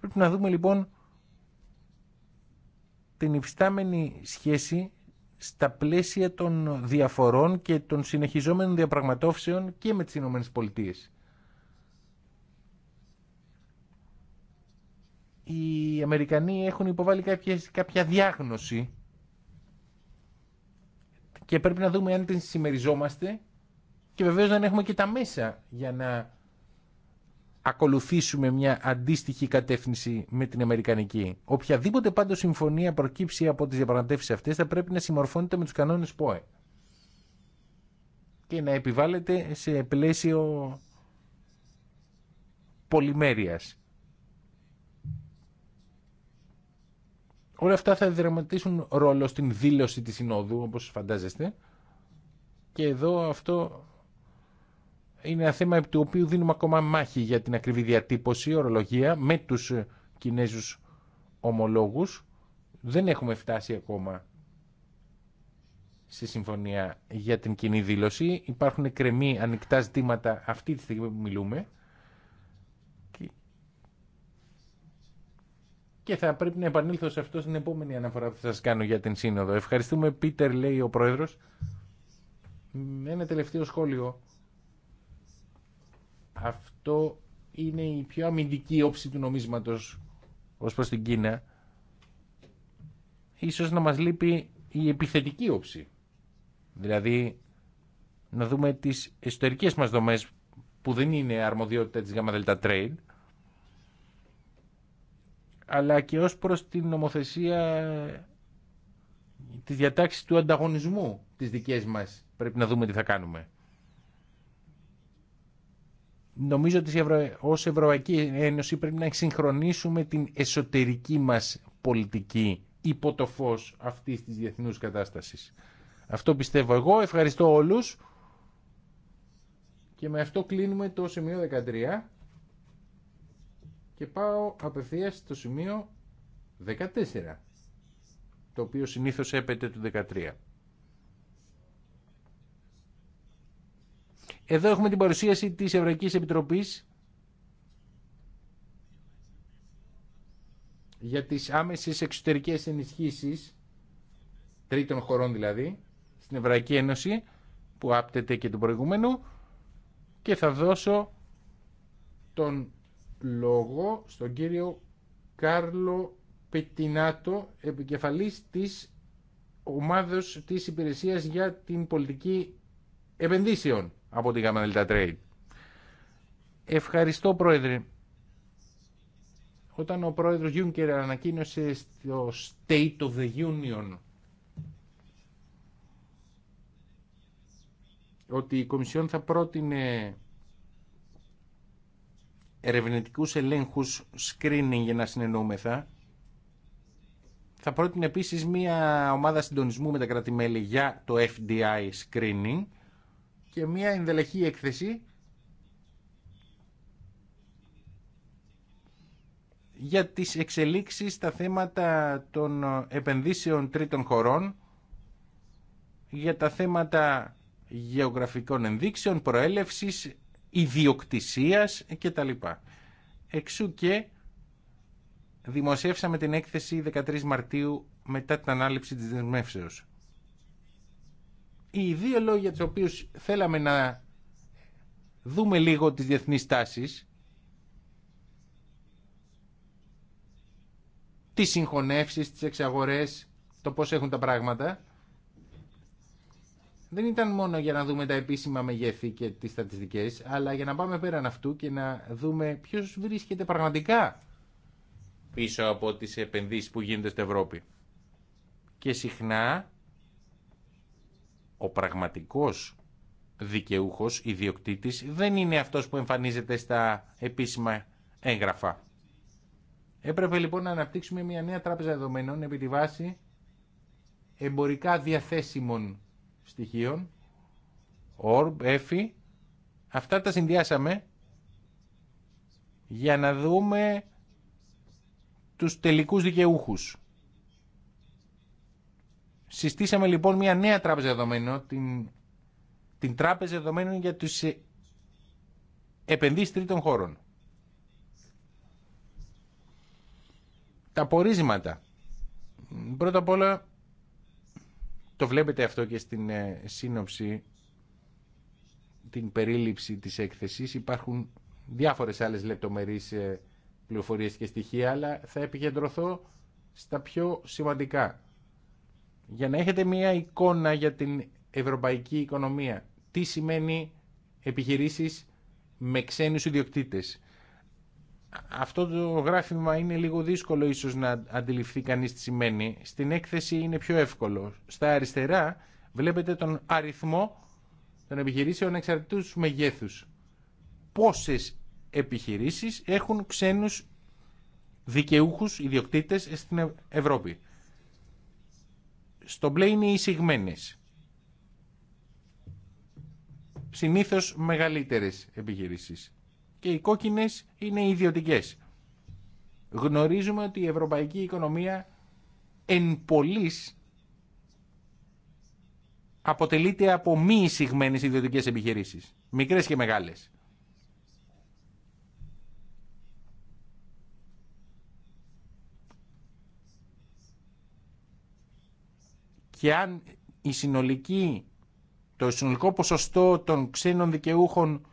Πρέπει να δούμε λοιπόν την υφιστάμενη σχέση στα πλαίσια των διαφορών και των συνεχιζόμενων διαπραγματεύσεων και με τις Ηνωμένες Πολιτείες. οι Αμερικανοί έχουν υποβάλει κάποια διάγνωση και πρέπει να δούμε αν την συμμεριζόμαστε και βεβαίως να έχουμε και τα μέσα για να ακολουθήσουμε μια αντίστοιχη κατεύθυνση με την Αμερικανική. Οποιαδήποτε πάντως συμφωνία προκύψει από τις διαπραγματεύσεις αυτές θα πρέπει να συμμορφώνεται με τους κανόνες ΠΟΕ και να επιβάλλεται σε πλαίσιο πολυμέρειας. Όλα αυτά θα δραματίσουν ρόλο στην δήλωση της Συνόδου, όπως φαντάζεστε. Και εδώ αυτό είναι ένα θέμα επί του οποίου δίνουμε ακόμα μάχη για την ακριβή διατύπωση, ορολογία, με τους Κινέζους ομολόγους. Δεν έχουμε φτάσει ακόμα στη συμφωνία για την κοινή δήλωση. Υπάρχουν κρεμοί ανοιχτά ζητήματα αυτή τη στιγμή που μιλούμε. και θα πρέπει να επανέλθω σε αυτό στην επόμενη αναφορά που θα σας κάνω για την σύνοδο. Ευχαριστούμε Πίτερ λέει ο Πρόεδρος. Ένα τελευταίο σχόλιο. Αυτό είναι η πιο αμυντική όψη του νομίσματος ως προς την Κίνα. Ίσως να μας λείπει η επιθετική όψη. Δηλαδή να δούμε τις εσωτερικές μας δομές που δεν είναι αρμοδιότητα της δελτα αλλά και ως προς την νομοθεσία τη διατάξη του ανταγωνισμού της δικές μας. Πρέπει να δούμε τι θα κάνουμε. Νομίζω ότι ως Ευρωπαϊκή Ένωση πρέπει να εξυγχρονίσουμε την εσωτερική μας πολιτική υπό το φως αυτής της διεθνούς κατάστασης. Αυτό πιστεύω εγώ. Ευχαριστώ όλους. Και με αυτό κλείνουμε το σημείο 13 και πάω απευθείας στο σημείο 14 το οποίο συνήθως έπεται του 13. Εδώ έχουμε την παρουσίαση της Ευρωπαϊκής Επιτροπής για τις άμεσες εξωτερικές ενισχύσεις τρίτων χωρών δηλαδή στην Ευρωπαϊκή Ένωση που άπτεται και του προηγούμενου και θα δώσω τον λόγο στον κύριο Κάρλο Πετινάτο, επικεφαλής της ομάδος της υπηρεσίας για την πολιτική επενδύσεων από τη ΓΑΜΑΔΕΛΤΑ Ευχαριστώ Πρόεδρε. Όταν ο Πρόεδρος Γιούνκερ ανακοίνωσε στο State of the Union ότι η Κομισιόν θα πρότεινε ερευνητικούς ελέγχους screening για να συνεννοούμεθα. Θα πρότεινε επίσης μια ομάδα συντονισμού με τα κρατη για το FDI screening και μια ενδελεχή έκθεση για τις εξελίξεις στα θέματα των επενδύσεων τρίτων χωρών, για τα θέματα γεωγραφικών ενδείξεων, προέλευσης, ιδιοκτησίας λοιπά. Εξού και δημοσιεύσαμε την έκθεση 13 Μαρτίου μετά την ανάληψη της δεσμεύσεως. Οι δύο λόγια για τους οποίους θέλαμε να δούμε λίγο τις διεθνείς τάσεις, τις συγχωνεύσεις, τις εξαγορές, το πώς έχουν τα πράγματα, δεν ήταν μόνο για να δούμε τα επίσημα μεγέθη και τις στατιστικές, αλλά για να πάμε πέραν αυτού και να δούμε ποιος βρίσκεται πραγματικά πίσω από τις επενδύσεις που γίνονται στην Ευρώπη. Και συχνά ο πραγματικός δικαιούχος, ιδιοκτήτης, δεν είναι αυτός που εμφανίζεται στα επίσημα έγγραφα. Έπρεπε λοιπόν να αναπτύξουμε μια νέα τράπεζα δεδομένων επί τη βάση εμπορικά διαθέσιμων στοιχείων, orb, έφη, αυτά τα συνδυάσαμε για να δούμε τους τελικούς δικαιούχους. Συστήσαμε λοιπόν μια νέα τράπεζα δεδομένων, την, την τράπεζα δεδομένων για τους ε, επενδύσεις τρίτων χώρων. Τα πορίσματα. Πρώτα απ' όλα το βλέπετε αυτό και στην ε, σύνοψη, την περίληψη της έκθεσης. Υπάρχουν διάφορες άλλες λεπτομερείς ε, πληροφορίες και στοιχεία, αλλά θα επικεντρωθώ στα πιο σημαντικά. Για να έχετε μία εικόνα για την ευρωπαϊκή οικονομία. Τι σημαίνει επιχειρήσεις με ξένους ιδιοκτήτες αυτό το γράφημα είναι λίγο δύσκολο ίσως να αντιληφθεί κανείς τι σημαίνει. Στην έκθεση είναι πιο εύκολο. Στα αριστερά βλέπετε τον αριθμό των επιχειρήσεων εξαρτητούς μεγέθους. Πόσες επιχειρήσεις έχουν ξένους δικαιούχους ιδιοκτήτες στην Ευρώπη. Στο μπλε είναι οι εισηγμένες. Συνήθως μεγαλύτερες επιχειρήσεις και οι κόκκινες είναι ιδιωτικές. Γνωρίζουμε ότι η ευρωπαϊκή οικονομία εν πολλής αποτελείται από μη εισηγμένες ιδιωτικές επιχειρήσεις, μικρές και μεγάλες. Και αν η συνολική, το συνολικό ποσοστό των ξένων δικαιούχων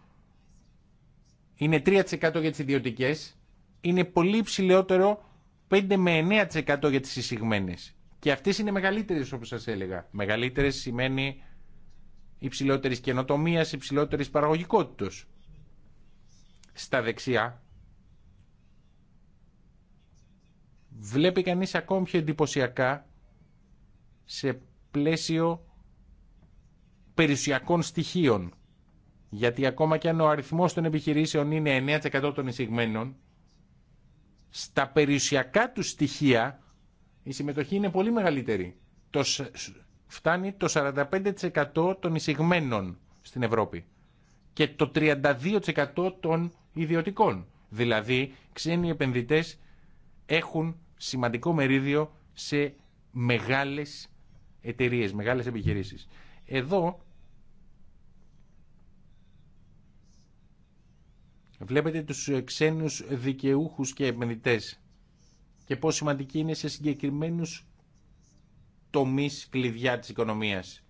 είναι 3% για τις ιδιωτικές, είναι πολύ ψηλότερο 5 με 9% για τις εισηγμένες. Και αυτές είναι μεγαλύτερες όπως σας έλεγα. Μεγαλύτερες σημαίνει υψηλότερης καινοτομίας, υψηλότερης παραγωγικότητας. Στα δεξιά βλέπει κανείς ακόμη πιο εντυπωσιακά σε πλαίσιο περιουσιακών στοιχείων γιατί ακόμα και αν ο αριθμός των επιχειρήσεων είναι 9% των εισηγμένων, στα περιουσιακά του στοιχεία η συμμετοχή είναι πολύ μεγαλύτερη. Το, φτάνει το 45% των εισηγμένων στην Ευρώπη και το 32% των ιδιωτικών. Δηλαδή, ξένοι επενδυτές έχουν σημαντικό μερίδιο σε μεγάλες εταιρείες, μεγάλες επιχειρήσεις. Εδώ Βλέπετε τους ε, ξένους δικαιούχους και επενδυτές και πόσο σημαντική είναι σε συγκεκριμένους τομείς κλειδιά της οικονομίας.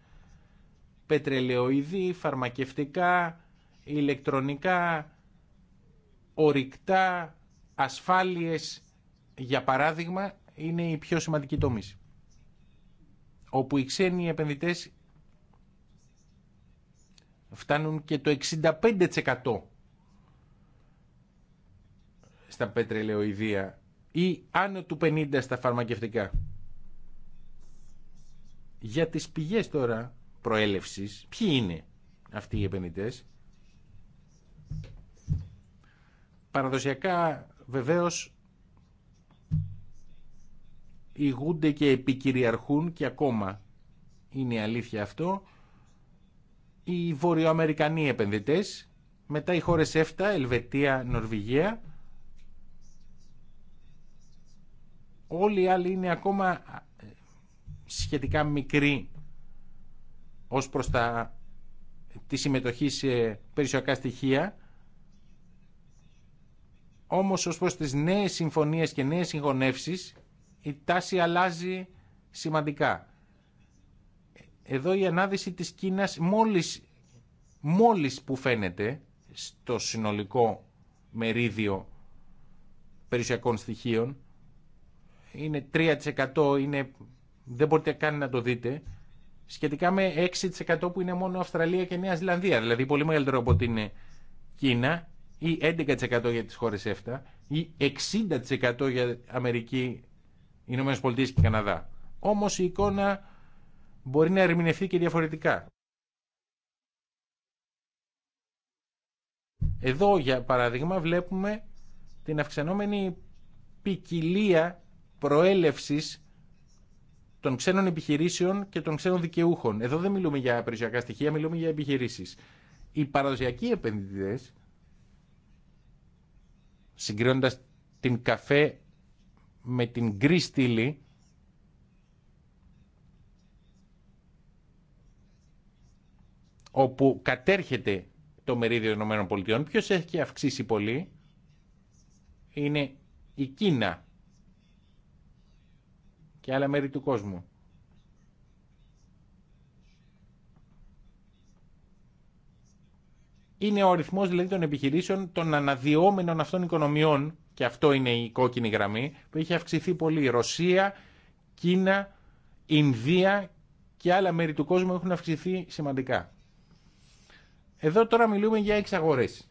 Πετρελαιοειδή, φαρμακευτικά, ηλεκτρονικά, ορυκτά, ασφάλειες, για παράδειγμα, είναι οι πιο σημαντικοί τομείς. Όπου οι ξένοι επενδυτές φτάνουν και το 65% στα πετρελαιοειδεία ή άνω του 50 στα φαρμακευτικά. Για τις πηγές τώρα προέλευσης, ποιοι είναι αυτοί οι επενδυτές. Παραδοσιακά βεβαίως ηγούνται και επικυριαρχούν και ακόμα είναι η αλήθεια αυτό οι βορειοαμερικανοί επενδυτές μετά οι χώρες 7 Ελβετία, Νορβηγία όλοι οι άλλοι είναι ακόμα ε, σχετικά μικροί ως προς τα, τη συμμετοχή σε περιουσιακά στοιχεία όμως ως προς τις νέες συμφωνίες και νέες συγχωνεύσεις η τάση αλλάζει σημαντικά. Εδώ η ανάδυση της Κίνας μόλις, μόλις που φαίνεται στο συνολικό μερίδιο περιουσιακών στοιχείων είναι 3%, είναι, δεν μπορείτε καν να το δείτε, σχετικά με 6% που είναι μόνο Αυστραλία και Νέα Ζηλανδία, δηλαδή πολύ μεγαλύτερο από την ε, Κίνα, ή 11% για τις χώρες ΕΦΤΑ, ή 60% για Αμερική, Ηνωμένες Πολιτείες και Καναδά. Όμως η εικόνα μπορεί να ερμηνευτεί και διαφορετικά. Εδώ, για παράδειγμα, βλέπουμε την αυξανόμενη ποικιλία προέλευσης των ξένων επιχειρήσεων και των ξένων δικαιούχων. Εδώ δεν μιλούμε για περιουσιακά στοιχεία, μιλούμε για επιχειρήσεις. Οι παραδοσιακοί επενδυτές, συγκρίνοντας την καφέ με την γκρι στήλη, όπου κατέρχεται το μερίδιο των ΗΠΑ, ποιος έχει αυξήσει πολύ, είναι η Κίνα και άλλα μέρη του κόσμου. Είναι ο αριθμό δηλαδή των επιχειρήσεων των αναδυόμενων αυτών οικονομιών, και αυτό είναι η κόκκινη γραμμή, που έχει αυξηθεί πολύ. Ρωσία, Κίνα, Ινδία και άλλα μέρη του κόσμου έχουν αυξηθεί σημαντικά. Εδώ τώρα μιλούμε για εξαγορές.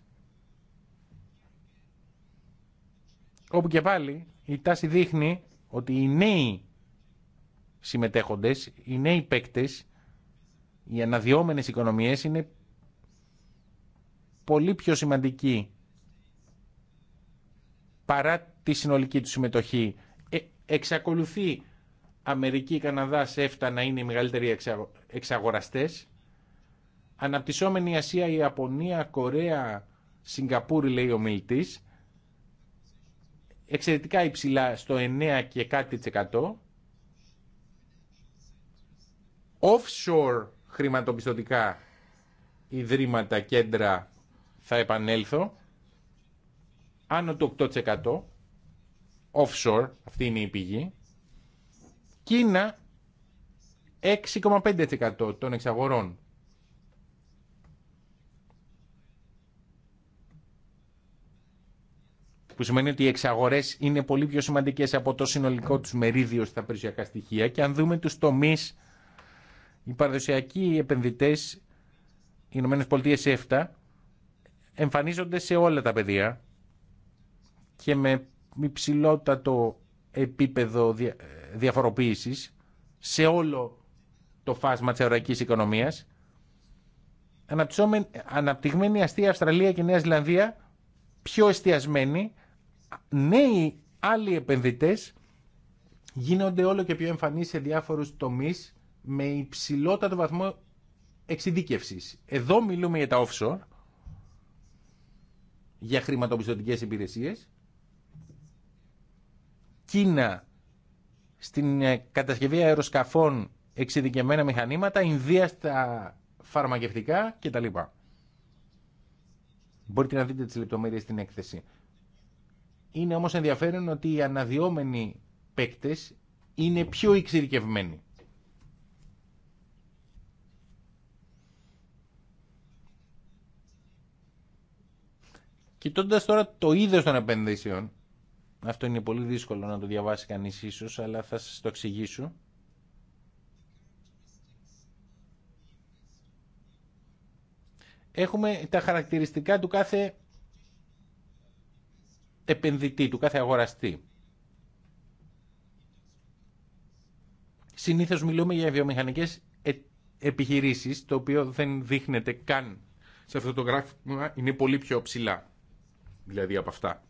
Όπου και πάλι η τάση δείχνει ότι οι νέοι συμμετέχοντες, οι νέοι παίκτες, οι αναδυόμενες οικονομίες είναι πολύ πιο σημαντική παρά τη συνολική του συμμετοχή. Ε, εξακολουθεί Αμερική, Καναδά, ΣΕΦΤΑ να είναι οι μεγαλύτεροι εξαγοραστές. Αναπτυσσόμενη Ασία, η Ιαπωνία, Κορέα, Σιγκαπούρη λέει ο μιλητής. Εξαιρετικά υψηλά στο 9 και κάτι offshore χρηματοπιστωτικά ιδρύματα, κέντρα, θα επανέλθω, άνω του 8%, offshore, αυτή είναι η πηγή, Κίνα 6,5% των εξαγορών. Που σημαίνει ότι οι εξαγορές είναι πολύ πιο σημαντικές από το συνολικό τους μερίδιο στα περιουσιακά στοιχεία και αν δούμε τους τομείς οι παραδοσιακοί επενδυτέ, οι ΗΠΑ, ΕΦΤΑ, εμφανίζονται σε όλα τα πεδία και με υψηλότατο επίπεδο διαφοροποίησης σε όλο το φάσμα της ευρωπαϊκής οικονομίας. Αναπτυγμένη αστεία Αυστραλία και Νέα Ζηλανδία, πιο εστιασμένη. νέοι άλλοι επενδυτές γίνονται όλο και πιο εμφανείς σε διάφορους τομείς με υψηλότατο βαθμό εξειδίκευση. Εδώ μιλούμε για τα offshore, για χρηματοπιστωτικές υπηρεσίες. Κίνα στην ε, κατασκευή αεροσκαφών εξειδικευμένα μηχανήματα, Ινδία στα φαρμακευτικά κτλ. Μπορείτε να δείτε τις λεπτομέρειες στην έκθεση. Είναι όμως ενδιαφέρον ότι οι αναδυόμενοι παίκτες είναι πιο εξειδικευμένοι. Κοιτώντα τώρα το είδο των επενδύσεων, αυτό είναι πολύ δύσκολο να το διαβάσει κανεί ίσω, αλλά θα σα το εξηγήσω. Έχουμε τα χαρακτηριστικά του κάθε επενδυτή, του κάθε αγοραστή. Συνήθως μιλούμε για βιομηχανικές ε, επιχειρήσεις, το οποίο δεν δείχνεται καν σε αυτό το γράφημα, είναι πολύ πιο ψηλά δηλαδή από αυτά.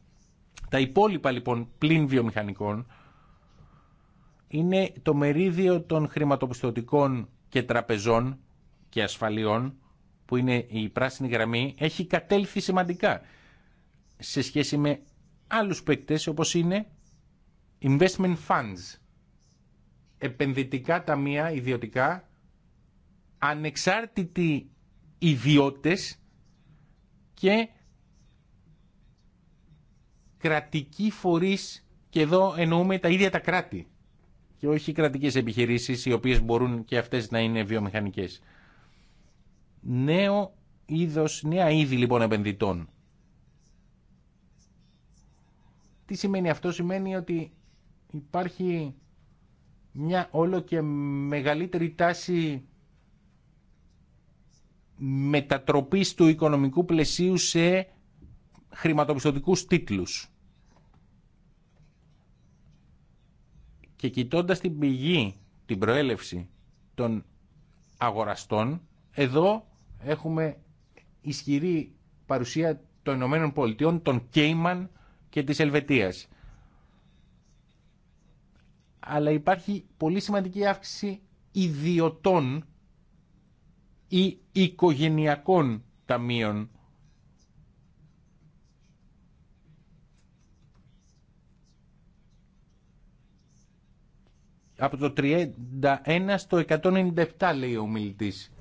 Τα υπόλοιπα λοιπόν πλην βιομηχανικών είναι το μερίδιο των χρηματοπιστωτικών και τραπεζών και ασφαλιών που είναι η πράσινη γραμμή έχει κατέλθει σημαντικά σε σχέση με άλλους παίκτες όπως είναι investment funds επενδυτικά ταμεία ιδιωτικά ανεξάρτητοι ιδιώτες και κρατικοί φορείς και εδώ εννοούμε τα ίδια τα κράτη και όχι κρατικές επιχειρήσεις οι οποίες μπορούν και αυτές να είναι βιομηχανικές. Νέο είδος, νέα είδη λοιπόν επενδυτών. Τι σημαίνει αυτό, σημαίνει ότι υπάρχει μια όλο και μεγαλύτερη τάση μετατροπής του οικονομικού πλαισίου σε χρηματοπιστωτικούς τίτλους. και κοιτώντας την πηγή, την προέλευση των αγοραστών, εδώ έχουμε ισχυρή παρουσία των Ηνωμένων Πολιτειών, των Κέιμαν και της Ελβετίας. Αλλά υπάρχει πολύ σημαντική αύξηση ιδιωτών ή οικογενειακών ταμείων από το 31 στο 197 λέει ο μιλητής.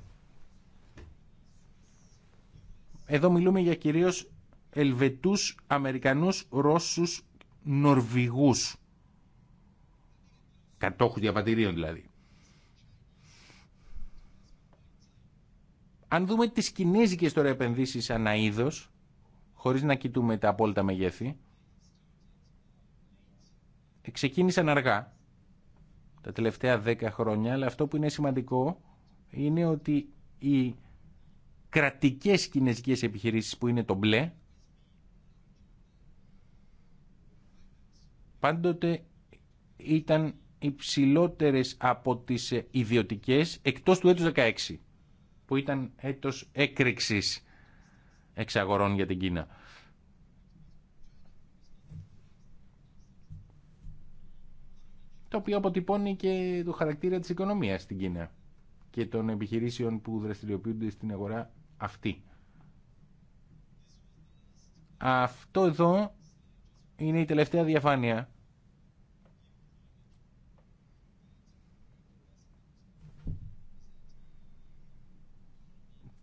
Εδώ μιλούμε για κυρίως Ελβετούς, Αμερικανούς, Ρώσους, Νορβηγούς. Κατόχους διαπατηρίων δηλαδή. Αν δούμε τις κινέζικες τώρα επενδύσεις ανά είδος, χωρίς να κοιτούμε τα απόλυτα μεγέθη, ξεκίνησαν αργά τα τελευταία 10 χρόνια, αλλά αυτό που είναι σημαντικό είναι ότι οι κρατικές κινέζικες επιχειρήσεις που είναι το μπλε, πάντοτε ήταν υψηλότερες από τις ιδιωτικές, εκτός του έτους 16, που ήταν έτος έκρηξης εξαγορών για την Κίνα. το οποίο αποτυπώνει και το χαρακτήρα της οικονομίας στην Κίνα και των επιχειρήσεων που δραστηριοποιούνται στην αγορά αυτή. Αυτό εδώ είναι η τελευταία διαφάνεια.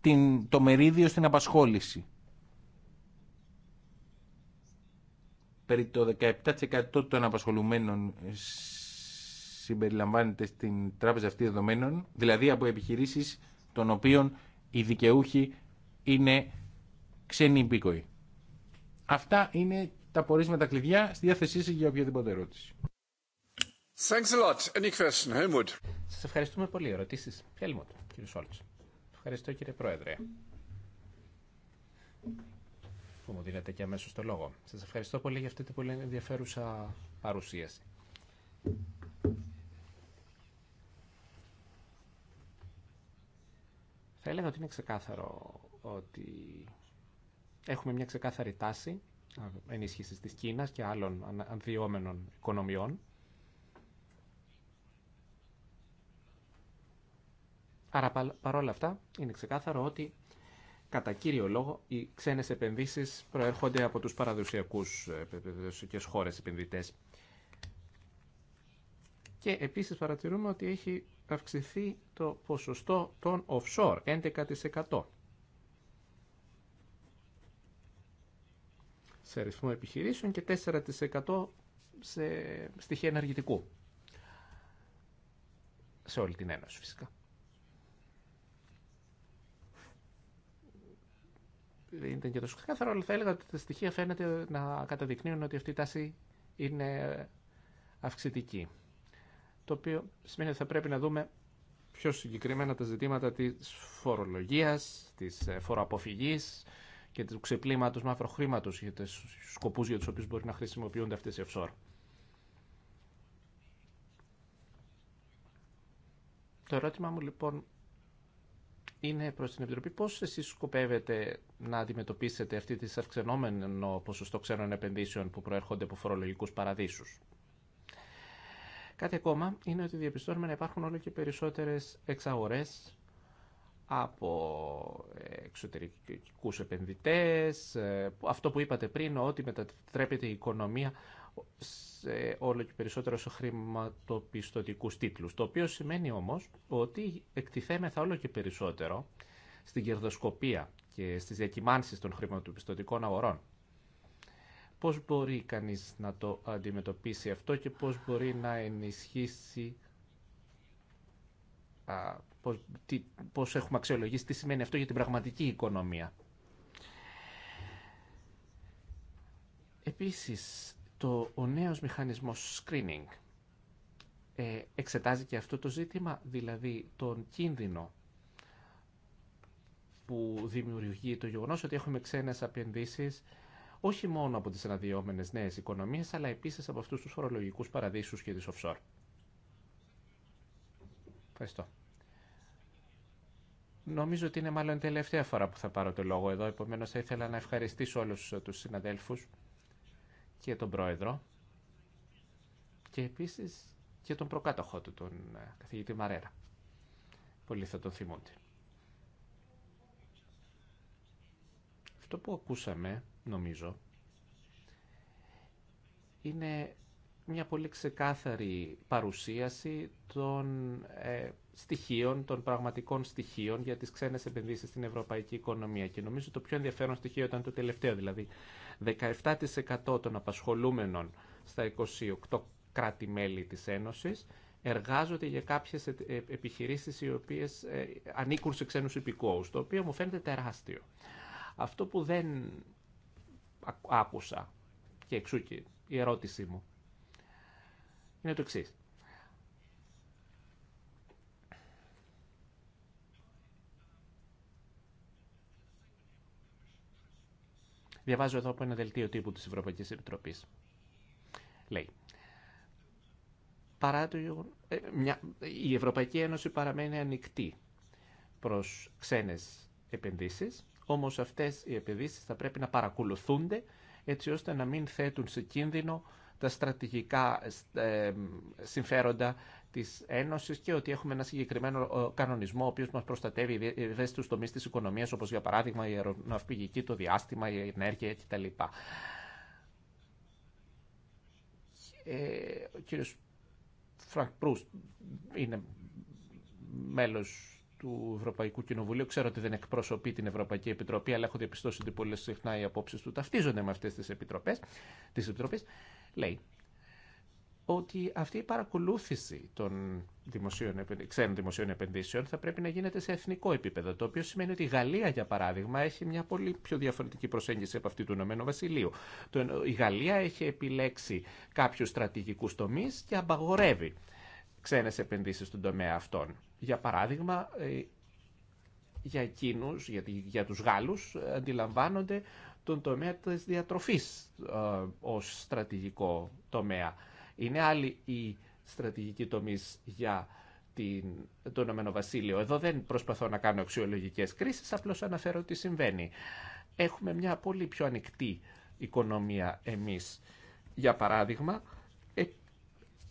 Την, το μερίδιο στην απασχόληση. Περί το 17% των απασχολουμένων συμπεριλαμβάνεται στην τράπεζα αυτή δεδομένων, δηλαδή από επιχειρήσεις των οποίων οι δικαιούχοι είναι ξένοι υπήκοοι. Αυτά είναι τα πορίσματα κλειδιά στη διάθεσή σας για οποιαδήποτε ερώτηση. Thanks Σας ευχαριστούμε πολύ. Ερωτήσεις. Helmut, κύριε Σόλτς. Ευχαριστώ κύριε Πρόεδρε που μου δίνετε και αμέσως το λόγο. Σας ευχαριστώ πολύ για αυτή την πολύ ενδιαφέρουσα παρουσίαση. Θα έλεγα ότι είναι ξεκάθαρο ότι έχουμε μια ξεκάθαρη τάση ενίσχυσης της Κίνας και άλλων ανδυόμενων οικονομιών. Άρα παρόλα αυτά είναι ξεκάθαρο ότι κατά κύριο λόγο οι ξένες επενδύσεις προέρχονται από τους παραδοσιακούς ε, και χώρες επενδυτές. Και επίσης παρατηρούμε ότι έχει αυξηθεί το ποσοστό των offshore, 11%. σε αριθμό επιχειρήσεων και 4% σε στοιχεία ενεργητικού. Σε όλη την Ένωση φυσικά. Δεν ήταν και τόσο καθαρό, αλλά θα έλεγα ότι τα στοιχεία φαίνεται να καταδεικνύουν ότι αυτή η τάση είναι αυξητική το οποίο σημαίνει ότι θα πρέπει να δούμε πιο συγκεκριμένα τα ζητήματα της φορολογίας, της ε, φοροαποφυγής και του ξεπλήματος μαύρο χρήματο για τους σκοπούς για τους οποίους μπορεί να χρησιμοποιούνται αυτές οι offshore. Το ερώτημα μου λοιπόν είναι προς την Επιτροπή πώς εσείς σκοπεύετε να αντιμετωπίσετε αυτή τη αυξανόμενο ποσοστό ξένων επενδύσεων που προέρχονται από φορολογικούς παραδείσους. Κάτι ακόμα είναι ότι διαπιστώνουμε να υπάρχουν όλο και περισσότερες εξαγορές από εξωτερικούς επενδυτές, ε, αυτό που είπατε πριν, ότι μετατρέπεται η οικονομία σε όλο και περισσότερο σε χρηματοπιστωτικούς τίτλους. Το οποίο σημαίνει όμως ότι εκτιθέμεθα όλο και περισσότερο στην κερδοσκοπία και στις διακυμάνσεις των χρηματοπιστωτικών αγορών. Πώς μπορεί κανείς να το αντιμετωπίσει αυτό και πώς μπορεί να ενισχύσει α, πώς, τι, πώς έχουμε αξιολογήσει, τι σημαίνει αυτό για την πραγματική οικονομία. Επίσης, το, ο νέος μηχανισμός screening ε, εξετάζει και αυτό το ζήτημα, δηλαδή τον κίνδυνο που δημιουργεί το γεγονός ότι έχουμε ξένες απενδύσεις όχι μόνο από τις αναδυόμενες νέε οικονομίες, αλλά επίσης από αυτού τους φορολογικούς παραδείσους και τις offshore. Ευχαριστώ. Νομίζω ότι είναι μάλλον η τελευταία φορά που θα πάρω το λόγο εδώ, επομένως θα ήθελα να ευχαριστήσω όλους τους συναδέλφους και τον πρόεδρο και επίσης και τον προκάτοχό του, τον ε, καθηγητή Μαρέρα. Πολλοί θα τον θυμούνται. Αυτό που ακούσαμε νομίζω, είναι μια πολύ ξεκάθαρη παρουσίαση των ε, στοιχείων, των πραγματικών στοιχείων για τις ξένες επενδύσεις στην ευρωπαϊκή οικονομία. Και νομίζω το πιο ενδιαφέρον στοιχείο ήταν το τελευταίο, δηλαδή 17% των απασχολούμενων στα 28 κράτη-μέλη της Ένωσης εργάζονται για κάποιες ε, επιχειρήσεις οι οποίες ε, ανήκουν σε ξένους υπηκόους, το οποίο μου φαίνεται τεράστιο. Αυτό που δεν άκουσα και εξού και η ερώτησή μου είναι το εξή. Διαβάζω εδώ από ένα δελτίο τύπου της Ευρωπαϊκής Επιτροπής. Λέει, παρά το ε, μια, η Ευρωπαϊκή Ένωση παραμένει ανοιχτή προς ξένες επενδύσεις όμως αυτές οι επενδύσει θα πρέπει να παρακολουθούνται έτσι ώστε να μην θέτουν σε κίνδυνο τα στρατηγικά ε, συμφέροντα της Ένωσης και ότι έχουμε ένα συγκεκριμένο ε, κανονισμό ο οποίος μας προστατεύει ευαίσθητους τομείς της οικονομίας όπως για παράδειγμα η αεροναυπηγική, το διάστημα, η ενέργεια κτλ. Ε, ο κύριος Φρανκ Προύστ είναι μέλος του Ευρωπαϊκού Κοινοβουλίου. Ξέρω ότι δεν εκπροσωπεί την Ευρωπαϊκή Επιτροπή, αλλά έχω διαπιστώσει ότι πολλέ συχνά οι απόψει του ταυτίζονται με αυτέ τι επιτροπέ. Τις επιτροπές. Λέει ότι αυτή η παρακολούθηση των δημοσίων, ξένων δημοσίων επενδύσεων θα πρέπει να γίνεται σε εθνικό επίπεδο. Το οποίο σημαίνει ότι η Γαλλία, για παράδειγμα, έχει μια πολύ πιο διαφορετική προσέγγιση από αυτή του Ηνωμένου Βασιλείου. Η Γαλλία έχει επιλέξει κάποιου στρατηγικού τομεί και απαγορεύει ξένες επενδύσεις στον τομέα αυτών. Για παράδειγμα, ε, για εκείνους, για, για τους Γάλλους, αντιλαμβάνονται τον τομέα της διατροφής ω ε, ως στρατηγικό τομέα. Είναι άλλη η στρατηγική τομή για την, το Ηνωμένο Βασίλειο. Εδώ δεν προσπαθώ να κάνω αξιολογικές κρίσεις, απλώς αναφέρω τι συμβαίνει. Έχουμε μια πολύ πιο ανοιχτή οικονομία εμείς. Για παράδειγμα,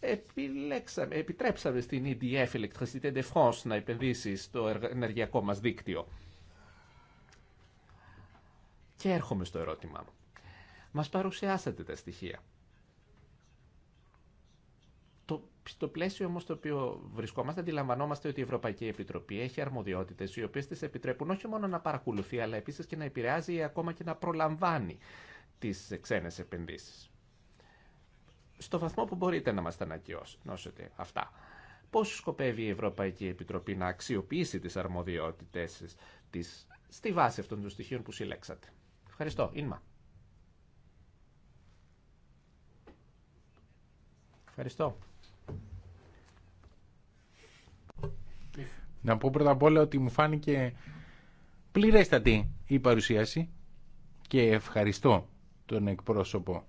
επιλέξαμε, επιτρέψαμε στην EDF Electricité de France να επενδύσει στο ενεργειακό μας δίκτυο. Και έρχομαι στο ερώτημά μου. Μας παρουσιάσατε τα στοιχεία. Το, στο πλαίσιο όμως το οποίο βρισκόμαστε, αντιλαμβανόμαστε ότι η Ευρωπαϊκή Επιτροπή έχει αρμοδιότητες οι οποίες της επιτρέπουν όχι μόνο να παρακολουθεί, αλλά επίσης και να επηρεάζει ή ακόμα και να προλαμβάνει τις ξένες επενδύσεις στο βαθμό που μπορείτε να μας τα ανακοινώσετε αυτά. Πώς σκοπεύει η Ευρωπαϊκή Επιτροπή να αξιοποιήσει τις αρμοδιότητες της στη βάση αυτών των στοιχείων που συλλέξατε. Ευχαριστώ. Ίνμα. Ευχαριστώ. Να πω πρώτα απ' όλα ότι μου φάνηκε πληρέστατη η παρουσίαση και ευχαριστώ τον εκπρόσωπο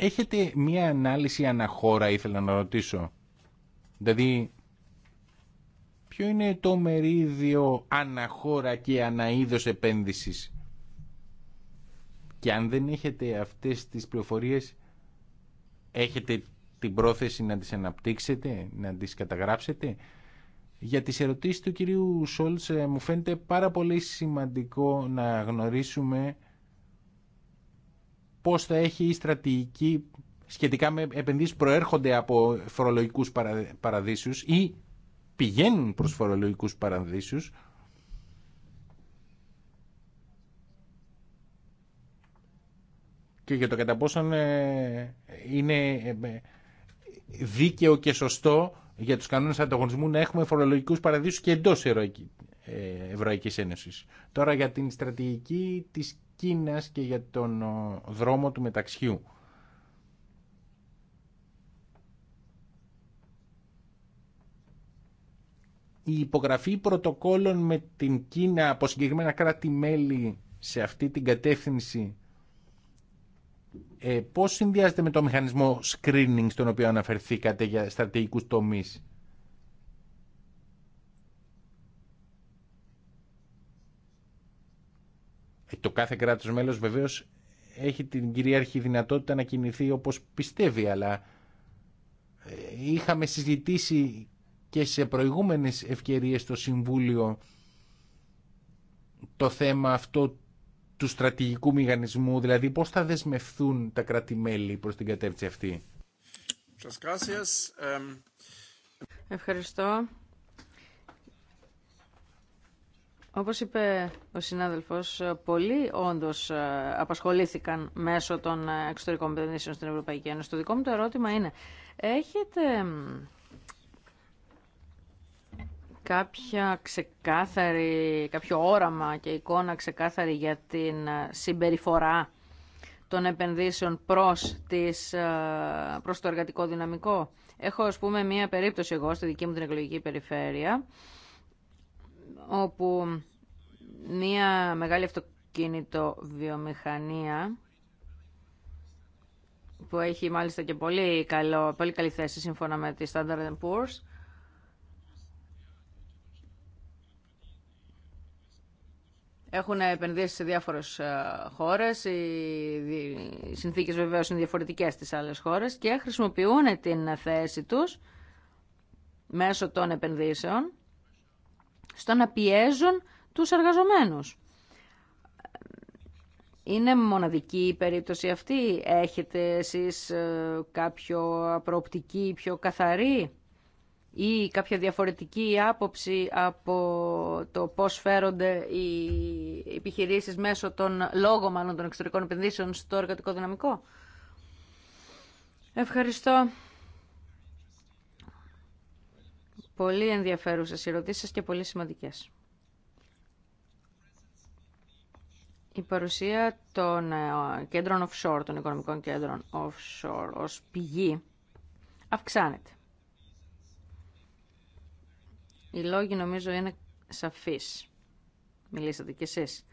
Έχετε μία ανάλυση αναχώρα, ήθελα να ρωτήσω. Δηλαδή, ποιο είναι το μερίδιο αναχώρα και αναείδος επένδυσης. Και αν δεν έχετε αυτές τις πληροφορίες, έχετε την πρόθεση να τις αναπτύξετε, να τις καταγράψετε. Για τις ερωτήσεις του κυρίου Σόλτς ε, μου φαίνεται πάρα πολύ σημαντικό να γνωρίσουμε πώς θα έχει η στρατηγική σχετικά με επενδύσει που προέρχονται από φορολογικού παραδείσους ή πηγαίνουν προς φορολογικού παραδείσους και για το κατά πόσον ε, είναι ε, δίκαιο και σωστό για τους κανόνες ανταγωνισμού να έχουμε φορολογικούς παραδείσους και εντός Ευρωϊκής ε, Ένωσης. Τώρα για την στρατηγική της Κίνας και για τον δρόμο του μεταξιού. Η υπογραφή πρωτοκόλων με την Κίνα από συγκεκριμένα κράτη-μέλη σε αυτή την κατεύθυνση ε, πώς συνδυάζεται με το μηχανισμό screening στον οποίο αναφερθήκατε για στρατηγικούς τομείς. Το κάθε κράτος μέλος βεβαίως έχει την κυρίαρχη δυνατότητα να κινηθεί όπως πιστεύει, αλλά ε, είχαμε συζητήσει και σε προηγούμενες ευκαιρίες στο Συμβούλιο το θέμα αυτό του στρατηγικού μηχανισμού, δηλαδή πώς θα δεσμευθούν τα κράτη-μέλη προς την κατεύθυνση αυτή. Ευχαριστώ. Όπως είπε ο συνάδελφος, πολλοί όντως ε, απασχολήθηκαν μέσω των ε, εξωτερικών επενδύσεων στην Ευρωπαϊκή Ένωση. Το δικό μου το ερώτημα είναι, έχετε κάποια ξεκάθαρη, κάποιο όραμα και εικόνα ξεκάθαρη για την ε, συμπεριφορά των επενδύσεων προς, προς το εργατικό δυναμικό. Έχω, ας πούμε, μία περίπτωση εγώ στη δική μου την εκλογική περιφέρεια, όπου μία μεγάλη αυτοκίνητο βιομηχανία που έχει μάλιστα και πολύ, καλό, πολύ καλή θέση σύμφωνα με τη Standard Poor's Έχουν επενδύσει σε διάφορες ε, χώρες, οι συνθήκες βεβαίως είναι διαφορετικές στις άλλες χώρες και χρησιμοποιούν την θέση τους μέσω των επενδύσεων στο να πιέζουν τους εργαζομένους. Είναι μοναδική η περίπτωση αυτή. Έχετε εσείς ε, κάποιο προοπτική πιο καθαρή ή κάποια διαφορετική άποψη από το πώς φέρονται οι επιχειρήσεις μέσω των λόγων μάλλον των εξωτερικών επενδύσεων στο εργατικό δυναμικό. Ευχαριστώ. Πολύ ενδιαφέρουσες ερωτήσεις και πολύ σημαντικές. Η παρουσία των ε, κέντρων offshore, των οικονομικών κέντρων offshore ως πηγή αυξάνεται. Οι λόγοι νομίζω είναι σαφείς. Μιλήσατε κι εσείς.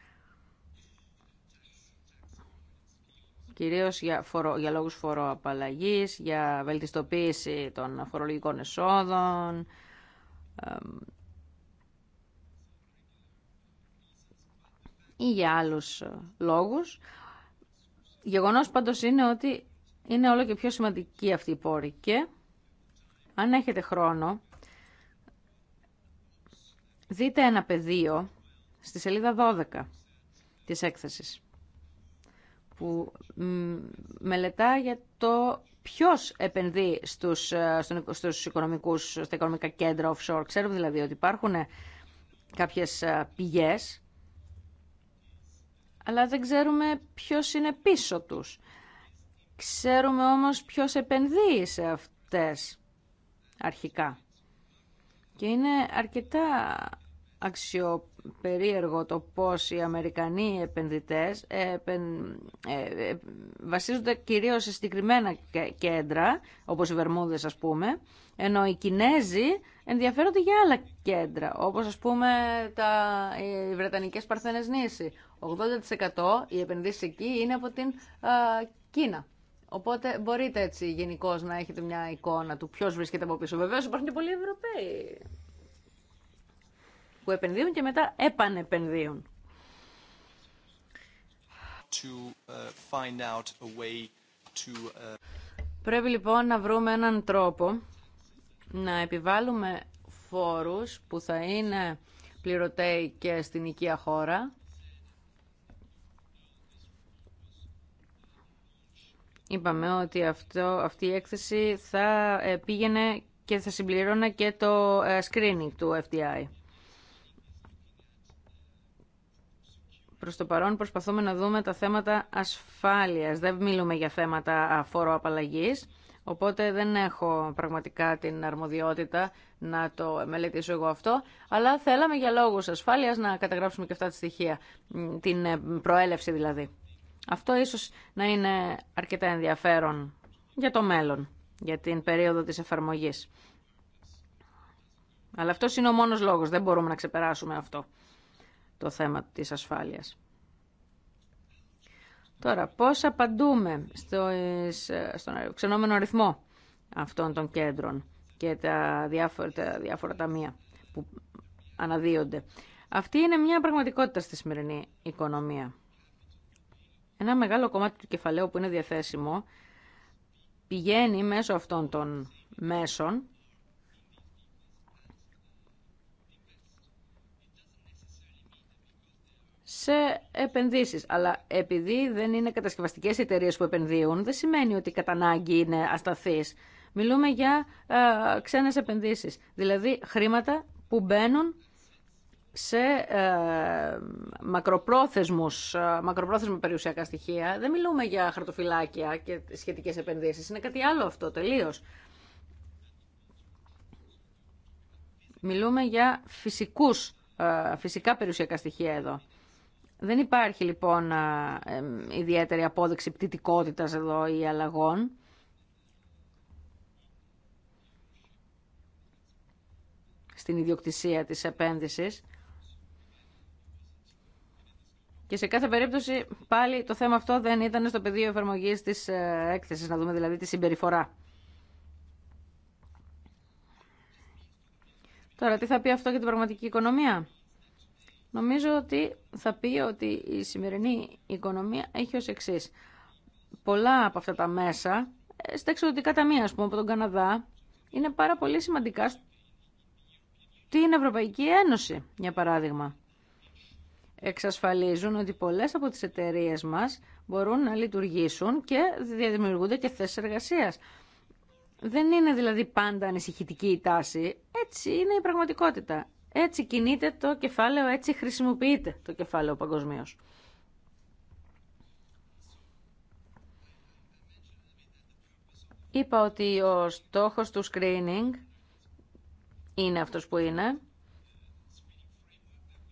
Κυρίως για, φορο, για λόγους φοροαπαλλαγής, για βελτιστοποίηση των φορολογικών εσόδων, ή για άλλους ε, λόγους. Γεγονός πάντως είναι ότι είναι όλο και πιο σημαντική αυτή η πόρη και αν έχετε χρόνο δείτε ένα πεδίο στη σελίδα 12 της έκθεσης που μελετά για το ποιος επενδύει στους, ε, στους οικονομικούς, στα οικονομικά κέντρα offshore. Ξέρουμε δηλαδή ότι υπάρχουν ε, κάποιες ε, πηγές, αλλά δεν ξέρουμε ποιος είναι πίσω τους. Ξέρουμε όμως ποιος επενδύει σε αυτές αρχικά. Και είναι αρκετά αξιόπιστο περίεργο το πώς οι Αμερικανοί επενδυτές ε, ε, βασίζονται κυρίως σε συγκεκριμένα κέντρα, όπως οι Βερμούδες ας πούμε, ενώ οι Κινέζοι ενδιαφέρονται για άλλα κέντρα, όπως ας πούμε τα, οι Βρετανικές Παρθένες νήσι. 80% οι επενδύσεις εκεί είναι από την Κίνα. Οπότε μπορείτε έτσι γενικώ να έχετε μια εικόνα του ποιο βρίσκεται από πίσω. Βεβαίω υπάρχουν και πολλοί Ευρωπαίοι που επενδύουν και μετά επανεπενδύουν. To uh, uh, Πρέπει λοιπόν να βρούμε έναν τρόπο να επιβάλλουμε φόρους που θα είναι πληρωτέοι και στην οικία χώρα. Είπαμε ότι αυτό, αυτή η έκθεση θα ε, πήγαινε και θα συμπληρώνε και το ε, screening του FDI. Προ το παρόν προσπαθούμε να δούμε τα θέματα ασφάλειας. Δεν μιλούμε για θέματα απαλλαγή. Οπότε δεν έχω πραγματικά την αρμοδιότητα να το μελετήσω εγώ αυτό, αλλά θέλαμε για λόγους ασφάλειας να καταγράψουμε και αυτά τα στοιχεία, την ε, προέλευση δηλαδή. Αυτό ίσως να είναι αρκετά ενδιαφέρον για το μέλλον, για την περίοδο της εφαρμογής. Αλλά αυτό είναι ο μόνος λόγος, δεν μπορούμε να ξεπεράσουμε αυτό το θέμα της ασφάλειας. Τώρα, πώς απαντούμε στο, στον ξενόμενο αριθμό αυτών των κέντρων και τα διάφορα, τα διάφορα ταμεία που αναδύονται. Αυτή είναι μια πραγματικότητα στη σημερινή οικονομία. Ένα μεγάλο κομμάτι του κεφαλαίου που είναι διαθέσιμο πηγαίνει μέσω αυτών των μέσων σε επενδύσεις. Αλλά επειδή δεν είναι κατασκευαστικές εταιρείε που επενδύουν, δεν σημαίνει ότι κατά ανάγκη είναι ασταθείς. Μιλούμε για ε, ξένες επενδύσεις, δηλαδή χρήματα που μπαίνουν σε ε, μακροπρόθεσμους, ε, μακροπρόθεσμα περιουσιακά στοιχεία. Δεν μιλούμε για χαρτοφυλάκια και σχετικές επενδύσεις. Είναι κάτι άλλο αυτό τελείως. Μιλούμε για φυσικούς, ε, φυσικά περιουσιακά στοιχεία εδώ. Δεν υπάρχει λοιπόν ιδιαίτερη απόδειξη πτυτικότητας εδώ ή αλλαγών. στην ιδιοκτησία της επένδυσης. Και σε κάθε περίπτωση πάλι το θέμα αυτό δεν ήταν στο πεδίο εφαρμογής της ε, έκθεσης, να δούμε δηλαδή τη συμπεριφορά. Τώρα, τι θα πει αυτό για την πραγματική οικονομία. Νομίζω ότι θα πει ότι η σημερινή οικονομία έχει ως εξής. Πολλά από αυτά τα μέσα, ε, στα εξωτικά ταμεία, ας πούμε, από τον Καναδά, είναι πάρα πολύ σημαντικά στην Ευρωπαϊκή Ένωση, για παράδειγμα. Εξασφαλίζουν ότι πολλές από τις εταιρείες μας μπορούν να λειτουργήσουν και διαδημιουργούνται και θέσεις εργασίας. Δεν είναι δηλαδή πάντα ανησυχητική η τάση, έτσι είναι η πραγματικότητα. Έτσι κινείται το κεφάλαιο, έτσι χρησιμοποιείται το κεφάλαιο παγκοσμίω. Είπα ότι ο στόχος του screening είναι αυτός που είναι.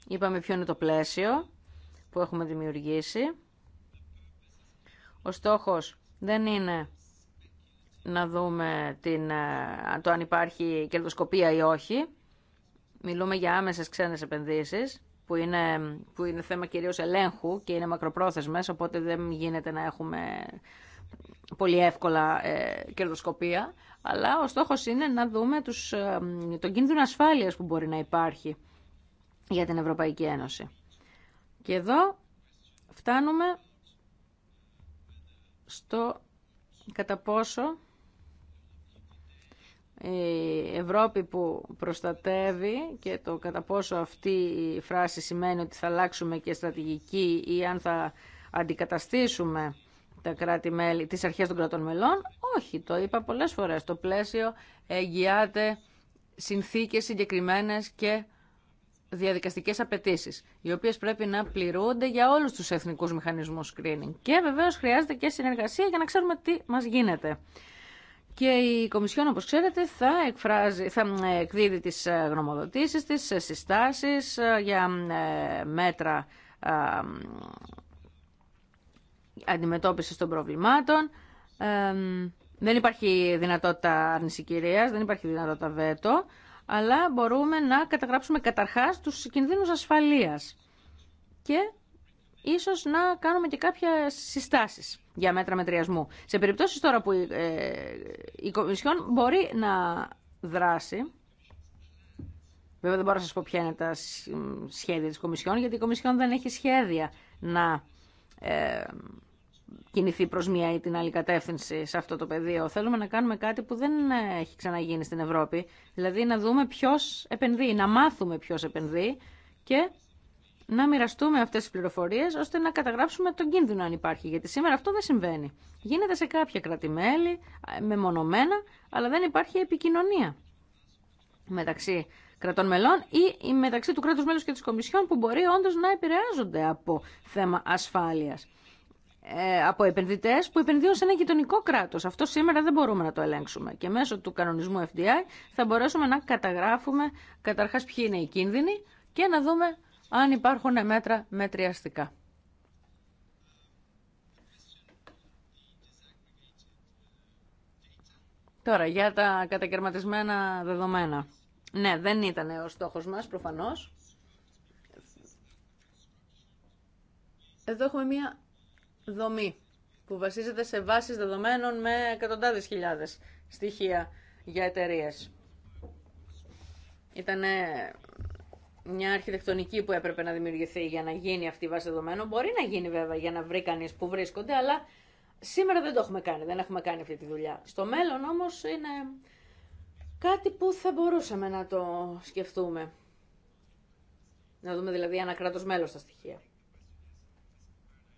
Είπαμε ποιο είναι το πλαίσιο που έχουμε δημιουργήσει. Ο στόχος δεν είναι να δούμε την, ε, το αν υπάρχει κερδοσκοπία ή όχι μιλούμε για άμεσες ξένες επενδύσεις, που είναι, που είναι θέμα κυρίως ελέγχου και είναι μακροπρόθεσμες, οπότε δεν γίνεται να έχουμε πολύ εύκολα ε, κερδοσκοπία, αλλά ο στόχος είναι να δούμε τους, ε, τον κίνδυνο ασφάλειας που μπορεί να υπάρχει για την Ευρωπαϊκή Ένωση. Και εδώ φτάνουμε στο κατά πόσο η Ευρώπη που προστατεύει και το κατά πόσο αυτή η φράση σημαίνει ότι θα αλλάξουμε και στρατηγική ή αν θα αντικαταστήσουμε τα κράτη-μέλη, τις αρχές των κρατών μελών. Όχι, το είπα πολλές φορές. Το πλαίσιο εγγυάται συνθήκες συγκεκριμένες και διαδικαστικές απαιτήσεις, οι οποίες πρέπει να πληρούνται για όλους τους εθνικούς μηχανισμούς screening. Και βεβαίως χρειάζεται και συνεργασία για να ξέρουμε τι μας γίνεται. Και η Κομισιόν, όπως ξέρετε, θα, εκφράζει, θα ε, εκδίδει τις ε, γνωμοδοτήσεις τις ε, συστάσεις για μέτρα αντιμετώπισης των προβλημάτων. Δεν υπάρχει δυνατότητα κυρίας, δεν υπάρχει δυνατότητα βέτο, αλλά μπορούμε να καταγράψουμε καταρχάς τους κινδύνους ασφαλείας και ίσως να κάνουμε και κάποια συστάσεις για μέτρα μετριασμού. Σε περιπτώσεις τώρα που ε, η Κομισιόν μπορεί να δράσει, βέβαια δεν μπορώ να σας πω ποια είναι τα σχέδια της Κομισιόν, γιατί η Κομισιόν δεν έχει σχέδια να ε, κινηθεί προς μία ή την άλλη κατεύθυνση σε αυτό το πεδίο. Θέλουμε να κάνουμε κάτι που δεν ε, έχει ξαναγίνει στην Ευρώπη, δηλαδή να δούμε ποιο επενδύει, να μάθουμε ποιος επενδύει και να μοιραστούμε αυτέ τι πληροφορίε ώστε να καταγράψουμε τον κίνδυνο αν υπάρχει. Γιατί σήμερα αυτό δεν συμβαίνει. Γίνεται σε κάποια κράτη-μέλη ε, μεμονωμένα, αλλά δεν υπάρχει επικοινωνία μεταξύ κρατών μελών ή μεταξύ του κράτου μέλου και τη Κομισιόν που μπορεί όντω να επηρεάζονται από θέμα ασφάλεια. Ε, από επενδυτέ που επενδύουν σε ένα γειτονικό κράτο. Αυτό σήμερα δεν μπορούμε να το ελέγξουμε. Και μέσω του κανονισμού FDI θα μπορέσουμε να καταγράφουμε καταρχά ποιοι είναι οι κίνδυνοι και να δούμε αν υπάρχουν μέτρα μετριαστικά. Τώρα, για τα κατακαιρματισμένα δεδομένα. Ναι, δεν ήταν ο στόχος μας, προφανώς. Εδώ έχουμε μία δομή που βασίζεται σε βάσεις δεδομένων με εκατοντάδες χιλιάδες στοιχεία για εταιρείες. Ήτανε μια αρχιτεκτονική που έπρεπε να δημιουργηθεί για να γίνει αυτή η βάση δεδομένων. Μπορεί να γίνει βέβαια για να βρει κανεί που βρίσκονται, αλλά σήμερα δεν το έχουμε κάνει, δεν έχουμε κάνει αυτή τη δουλειά. Στο μέλλον όμω είναι κάτι που θα μπορούσαμε να το σκεφτούμε. Να δούμε δηλαδή ένα κράτο μέλο στα στοιχεία.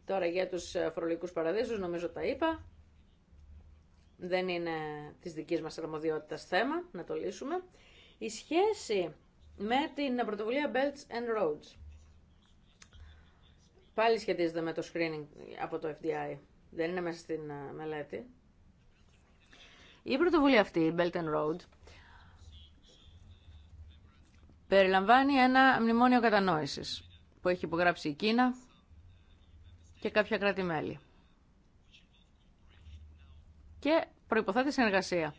Τώρα για του ε, φορολογικού παραδείσους νομίζω τα είπα. Δεν είναι τη δική μα αρμοδιότητας θέμα να το λύσουμε. Η σχέση με την πρωτοβουλία Belts and Roads. Πάλι σχετίζεται με το screening από το FDI. Δεν είναι μέσα στην ε, μελέτη. Η πρωτοβουλία αυτή, η Belt and Road, περιλαμβάνει ένα μνημόνιο κατανόησης που έχει υπογράψει η Κίνα και κάποια κράτη-μέλη. Και προϋποθέτει συνεργασία.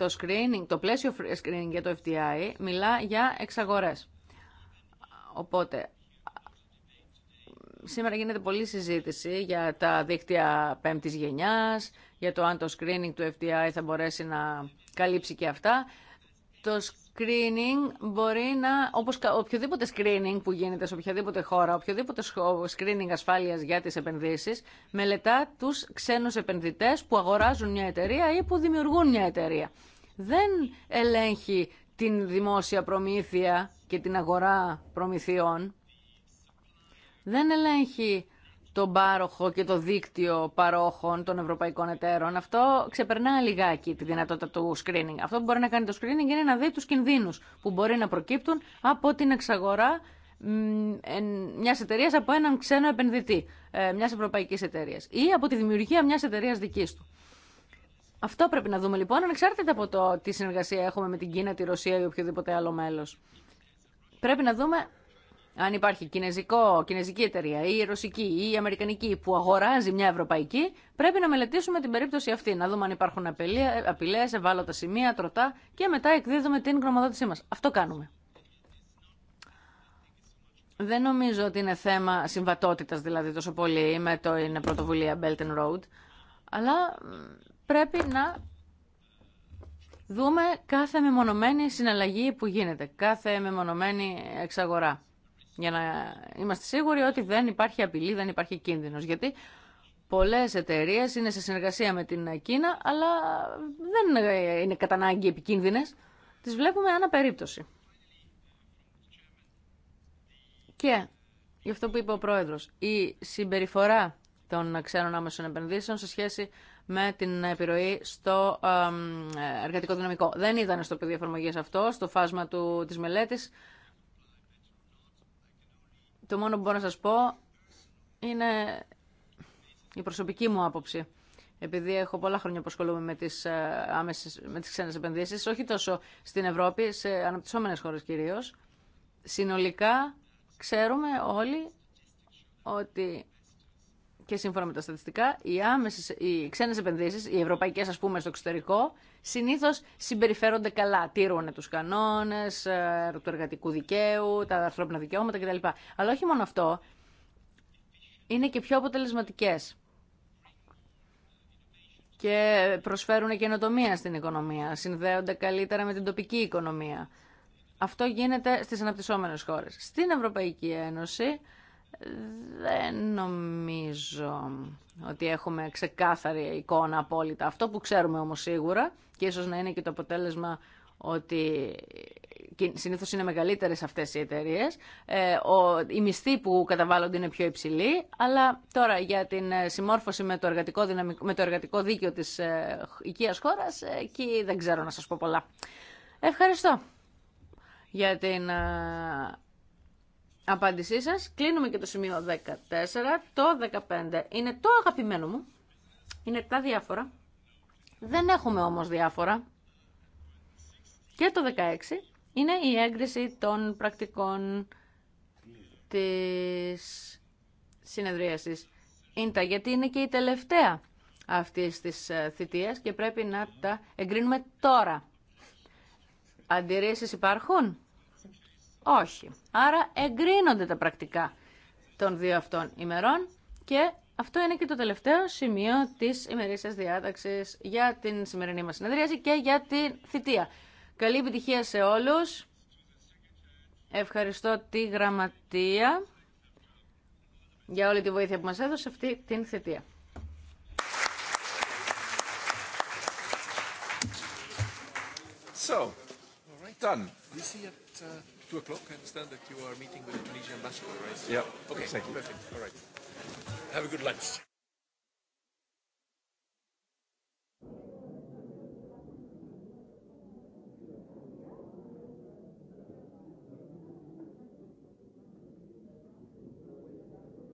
Το screening, το πλαίσιο screening για το FDI μιλά για εξαγορές. Οπότε, σήμερα γίνεται πολλή συζήτηση για τα δίκτυα πέμπτης γενιάς, για το αν το screening του FDI θα μπορέσει να καλύψει και αυτά. Το screening μπορεί να, όπως οποιοδήποτε screening που γίνεται σε οποιαδήποτε χώρα, οποιοδήποτε screening ασφάλειας για τις επενδύσεις, μελετά τους ξένους επενδυτές που αγοράζουν μια εταιρεία ή που δημιουργούν μια εταιρεία. Δεν ελέγχει την δημόσια προμήθεια και την αγορά προμηθειών. Δεν ελέγχει τον πάροχο και το δίκτυο παρόχων των ευρωπαϊκών εταίρων, αυτό ξεπερνά λιγάκι τη δυνατότητα του screening. Αυτό που μπορεί να κάνει το screening είναι να δει του κινδύνου που μπορεί να προκύπτουν από την εξαγορά μια εταιρεία από έναν ξένο επενδυτή, ε, μια ευρωπαϊκή εταιρεία ή από τη δημιουργία μια εταιρεία δική του. Αυτό πρέπει να δούμε λοιπόν, ανεξάρτητα από το τι συνεργασία έχουμε με την Κίνα, τη Ρωσία ή οποιοδήποτε άλλο μέλο. Πρέπει να δούμε αν υπάρχει κινέζικο, κινέζικη εταιρεία ή ρωσική ή η αμερικανική που αγοράζει μια ευρωπαϊκή, πρέπει να μελετήσουμε την περίπτωση αυτή, να δούμε αν υπάρχουν απειλέ, ευάλωτα σημεία, τροτά και μετά εκδίδουμε την γνωμοδότησή μα. Αυτό κάνουμε. Δεν νομίζω ότι είναι θέμα συμβατότητα δηλαδή τόσο πολύ με το είναι πρωτοβουλία Belt and Road, αλλά πρέπει να δούμε κάθε μεμονωμένη συναλλαγή που γίνεται, κάθε μεμονωμένη εξαγορά για να είμαστε σίγουροι ότι δεν υπάρχει απειλή, δεν υπάρχει κίνδυνος. Γιατί πολλές εταιρείε είναι σε συνεργασία με την Κίνα, αλλά δεν είναι κατά ανάγκη επικίνδυνες. Τις βλέπουμε ανά περίπτωση. Και γι' αυτό που είπε ο Πρόεδρος, η συμπεριφορά των ξένων άμεσων επενδύσεων σε σχέση με την επιρροή στο εργατικό δυναμικό. Δεν ήταν στο πεδίο εφαρμογή αυτό, στο φάσμα του, της μελέτης. Το μόνο που μπορώ να σας πω είναι η προσωπική μου άποψη. Επειδή έχω πολλά χρόνια που ασχολούμαι με τις, ε, άμεσες, με τις ξένες επενδύσεις, όχι τόσο στην Ευρώπη, σε αναπτυσσόμενες χώρες κυρίως, συνολικά ξέρουμε όλοι ότι και σύμφωνα με τα στατιστικά, οι, άμεσες, οι ξένες επενδύσεις, οι ευρωπαϊκές ας πούμε στο εξωτερικό, συνήθως συμπεριφέρονται καλά, τήρουν τους κανόνες ε, του εργατικού δικαίου, τα ανθρώπινα δικαιώματα κτλ. Αλλά όχι μόνο αυτό, είναι και πιο αποτελεσματικές και προσφέρουν καινοτομία στην οικονομία, συνδέονται καλύτερα με την τοπική οικονομία. Αυτό γίνεται στις αναπτυσσόμενες χώρες. Στην Ευρωπαϊκή Ένωση δεν νομίζω ότι έχουμε ξεκάθαρη εικόνα απόλυτα. Αυτό που ξέρουμε όμως σίγουρα και ίσως να είναι και το αποτέλεσμα ότι συνήθως είναι μεγαλύτερες αυτές οι εταιρείε. Ε, οι μισθοί που καταβάλλονται είναι πιο υψηλοί, αλλά τώρα για την ε, συμμόρφωση με το εργατικό, με δίκαιο της ε, χώρα χώρας, ε, εκεί δεν ξέρω να σας πω πολλά. Ευχαριστώ για την απάντησή σας. Κλείνουμε και το σημείο 14. Το 15 είναι το αγαπημένο μου. Είναι τα διάφορα. Δεν έχουμε όμως διάφορα. Και το 16 είναι η έγκριση των πρακτικών της συνεδρίασης ίντα, γιατί είναι και η τελευταία αυτή τη ε, θητείας και πρέπει να τα εγκρίνουμε τώρα. Αντιρρήσεις υπάρχουν? Όχι. Άρα εγκρίνονται τα πρακτικά των δύο αυτών ημερών και αυτό είναι και το τελευταίο σημείο της ημερήσιας διάταξης για την σημερινή μας συνεδρίαση και για την θητεία. Καλή επιτυχία σε όλους. Ευχαριστώ τη γραμματεία για όλη τη βοήθεια που μας έδωσε αυτή την θητεία. So, done two o'clock, I understand that you are meeting with the Tunisian ambassador, right? Yeah. Okay, exactly. perfect. All right. Have a good lunch.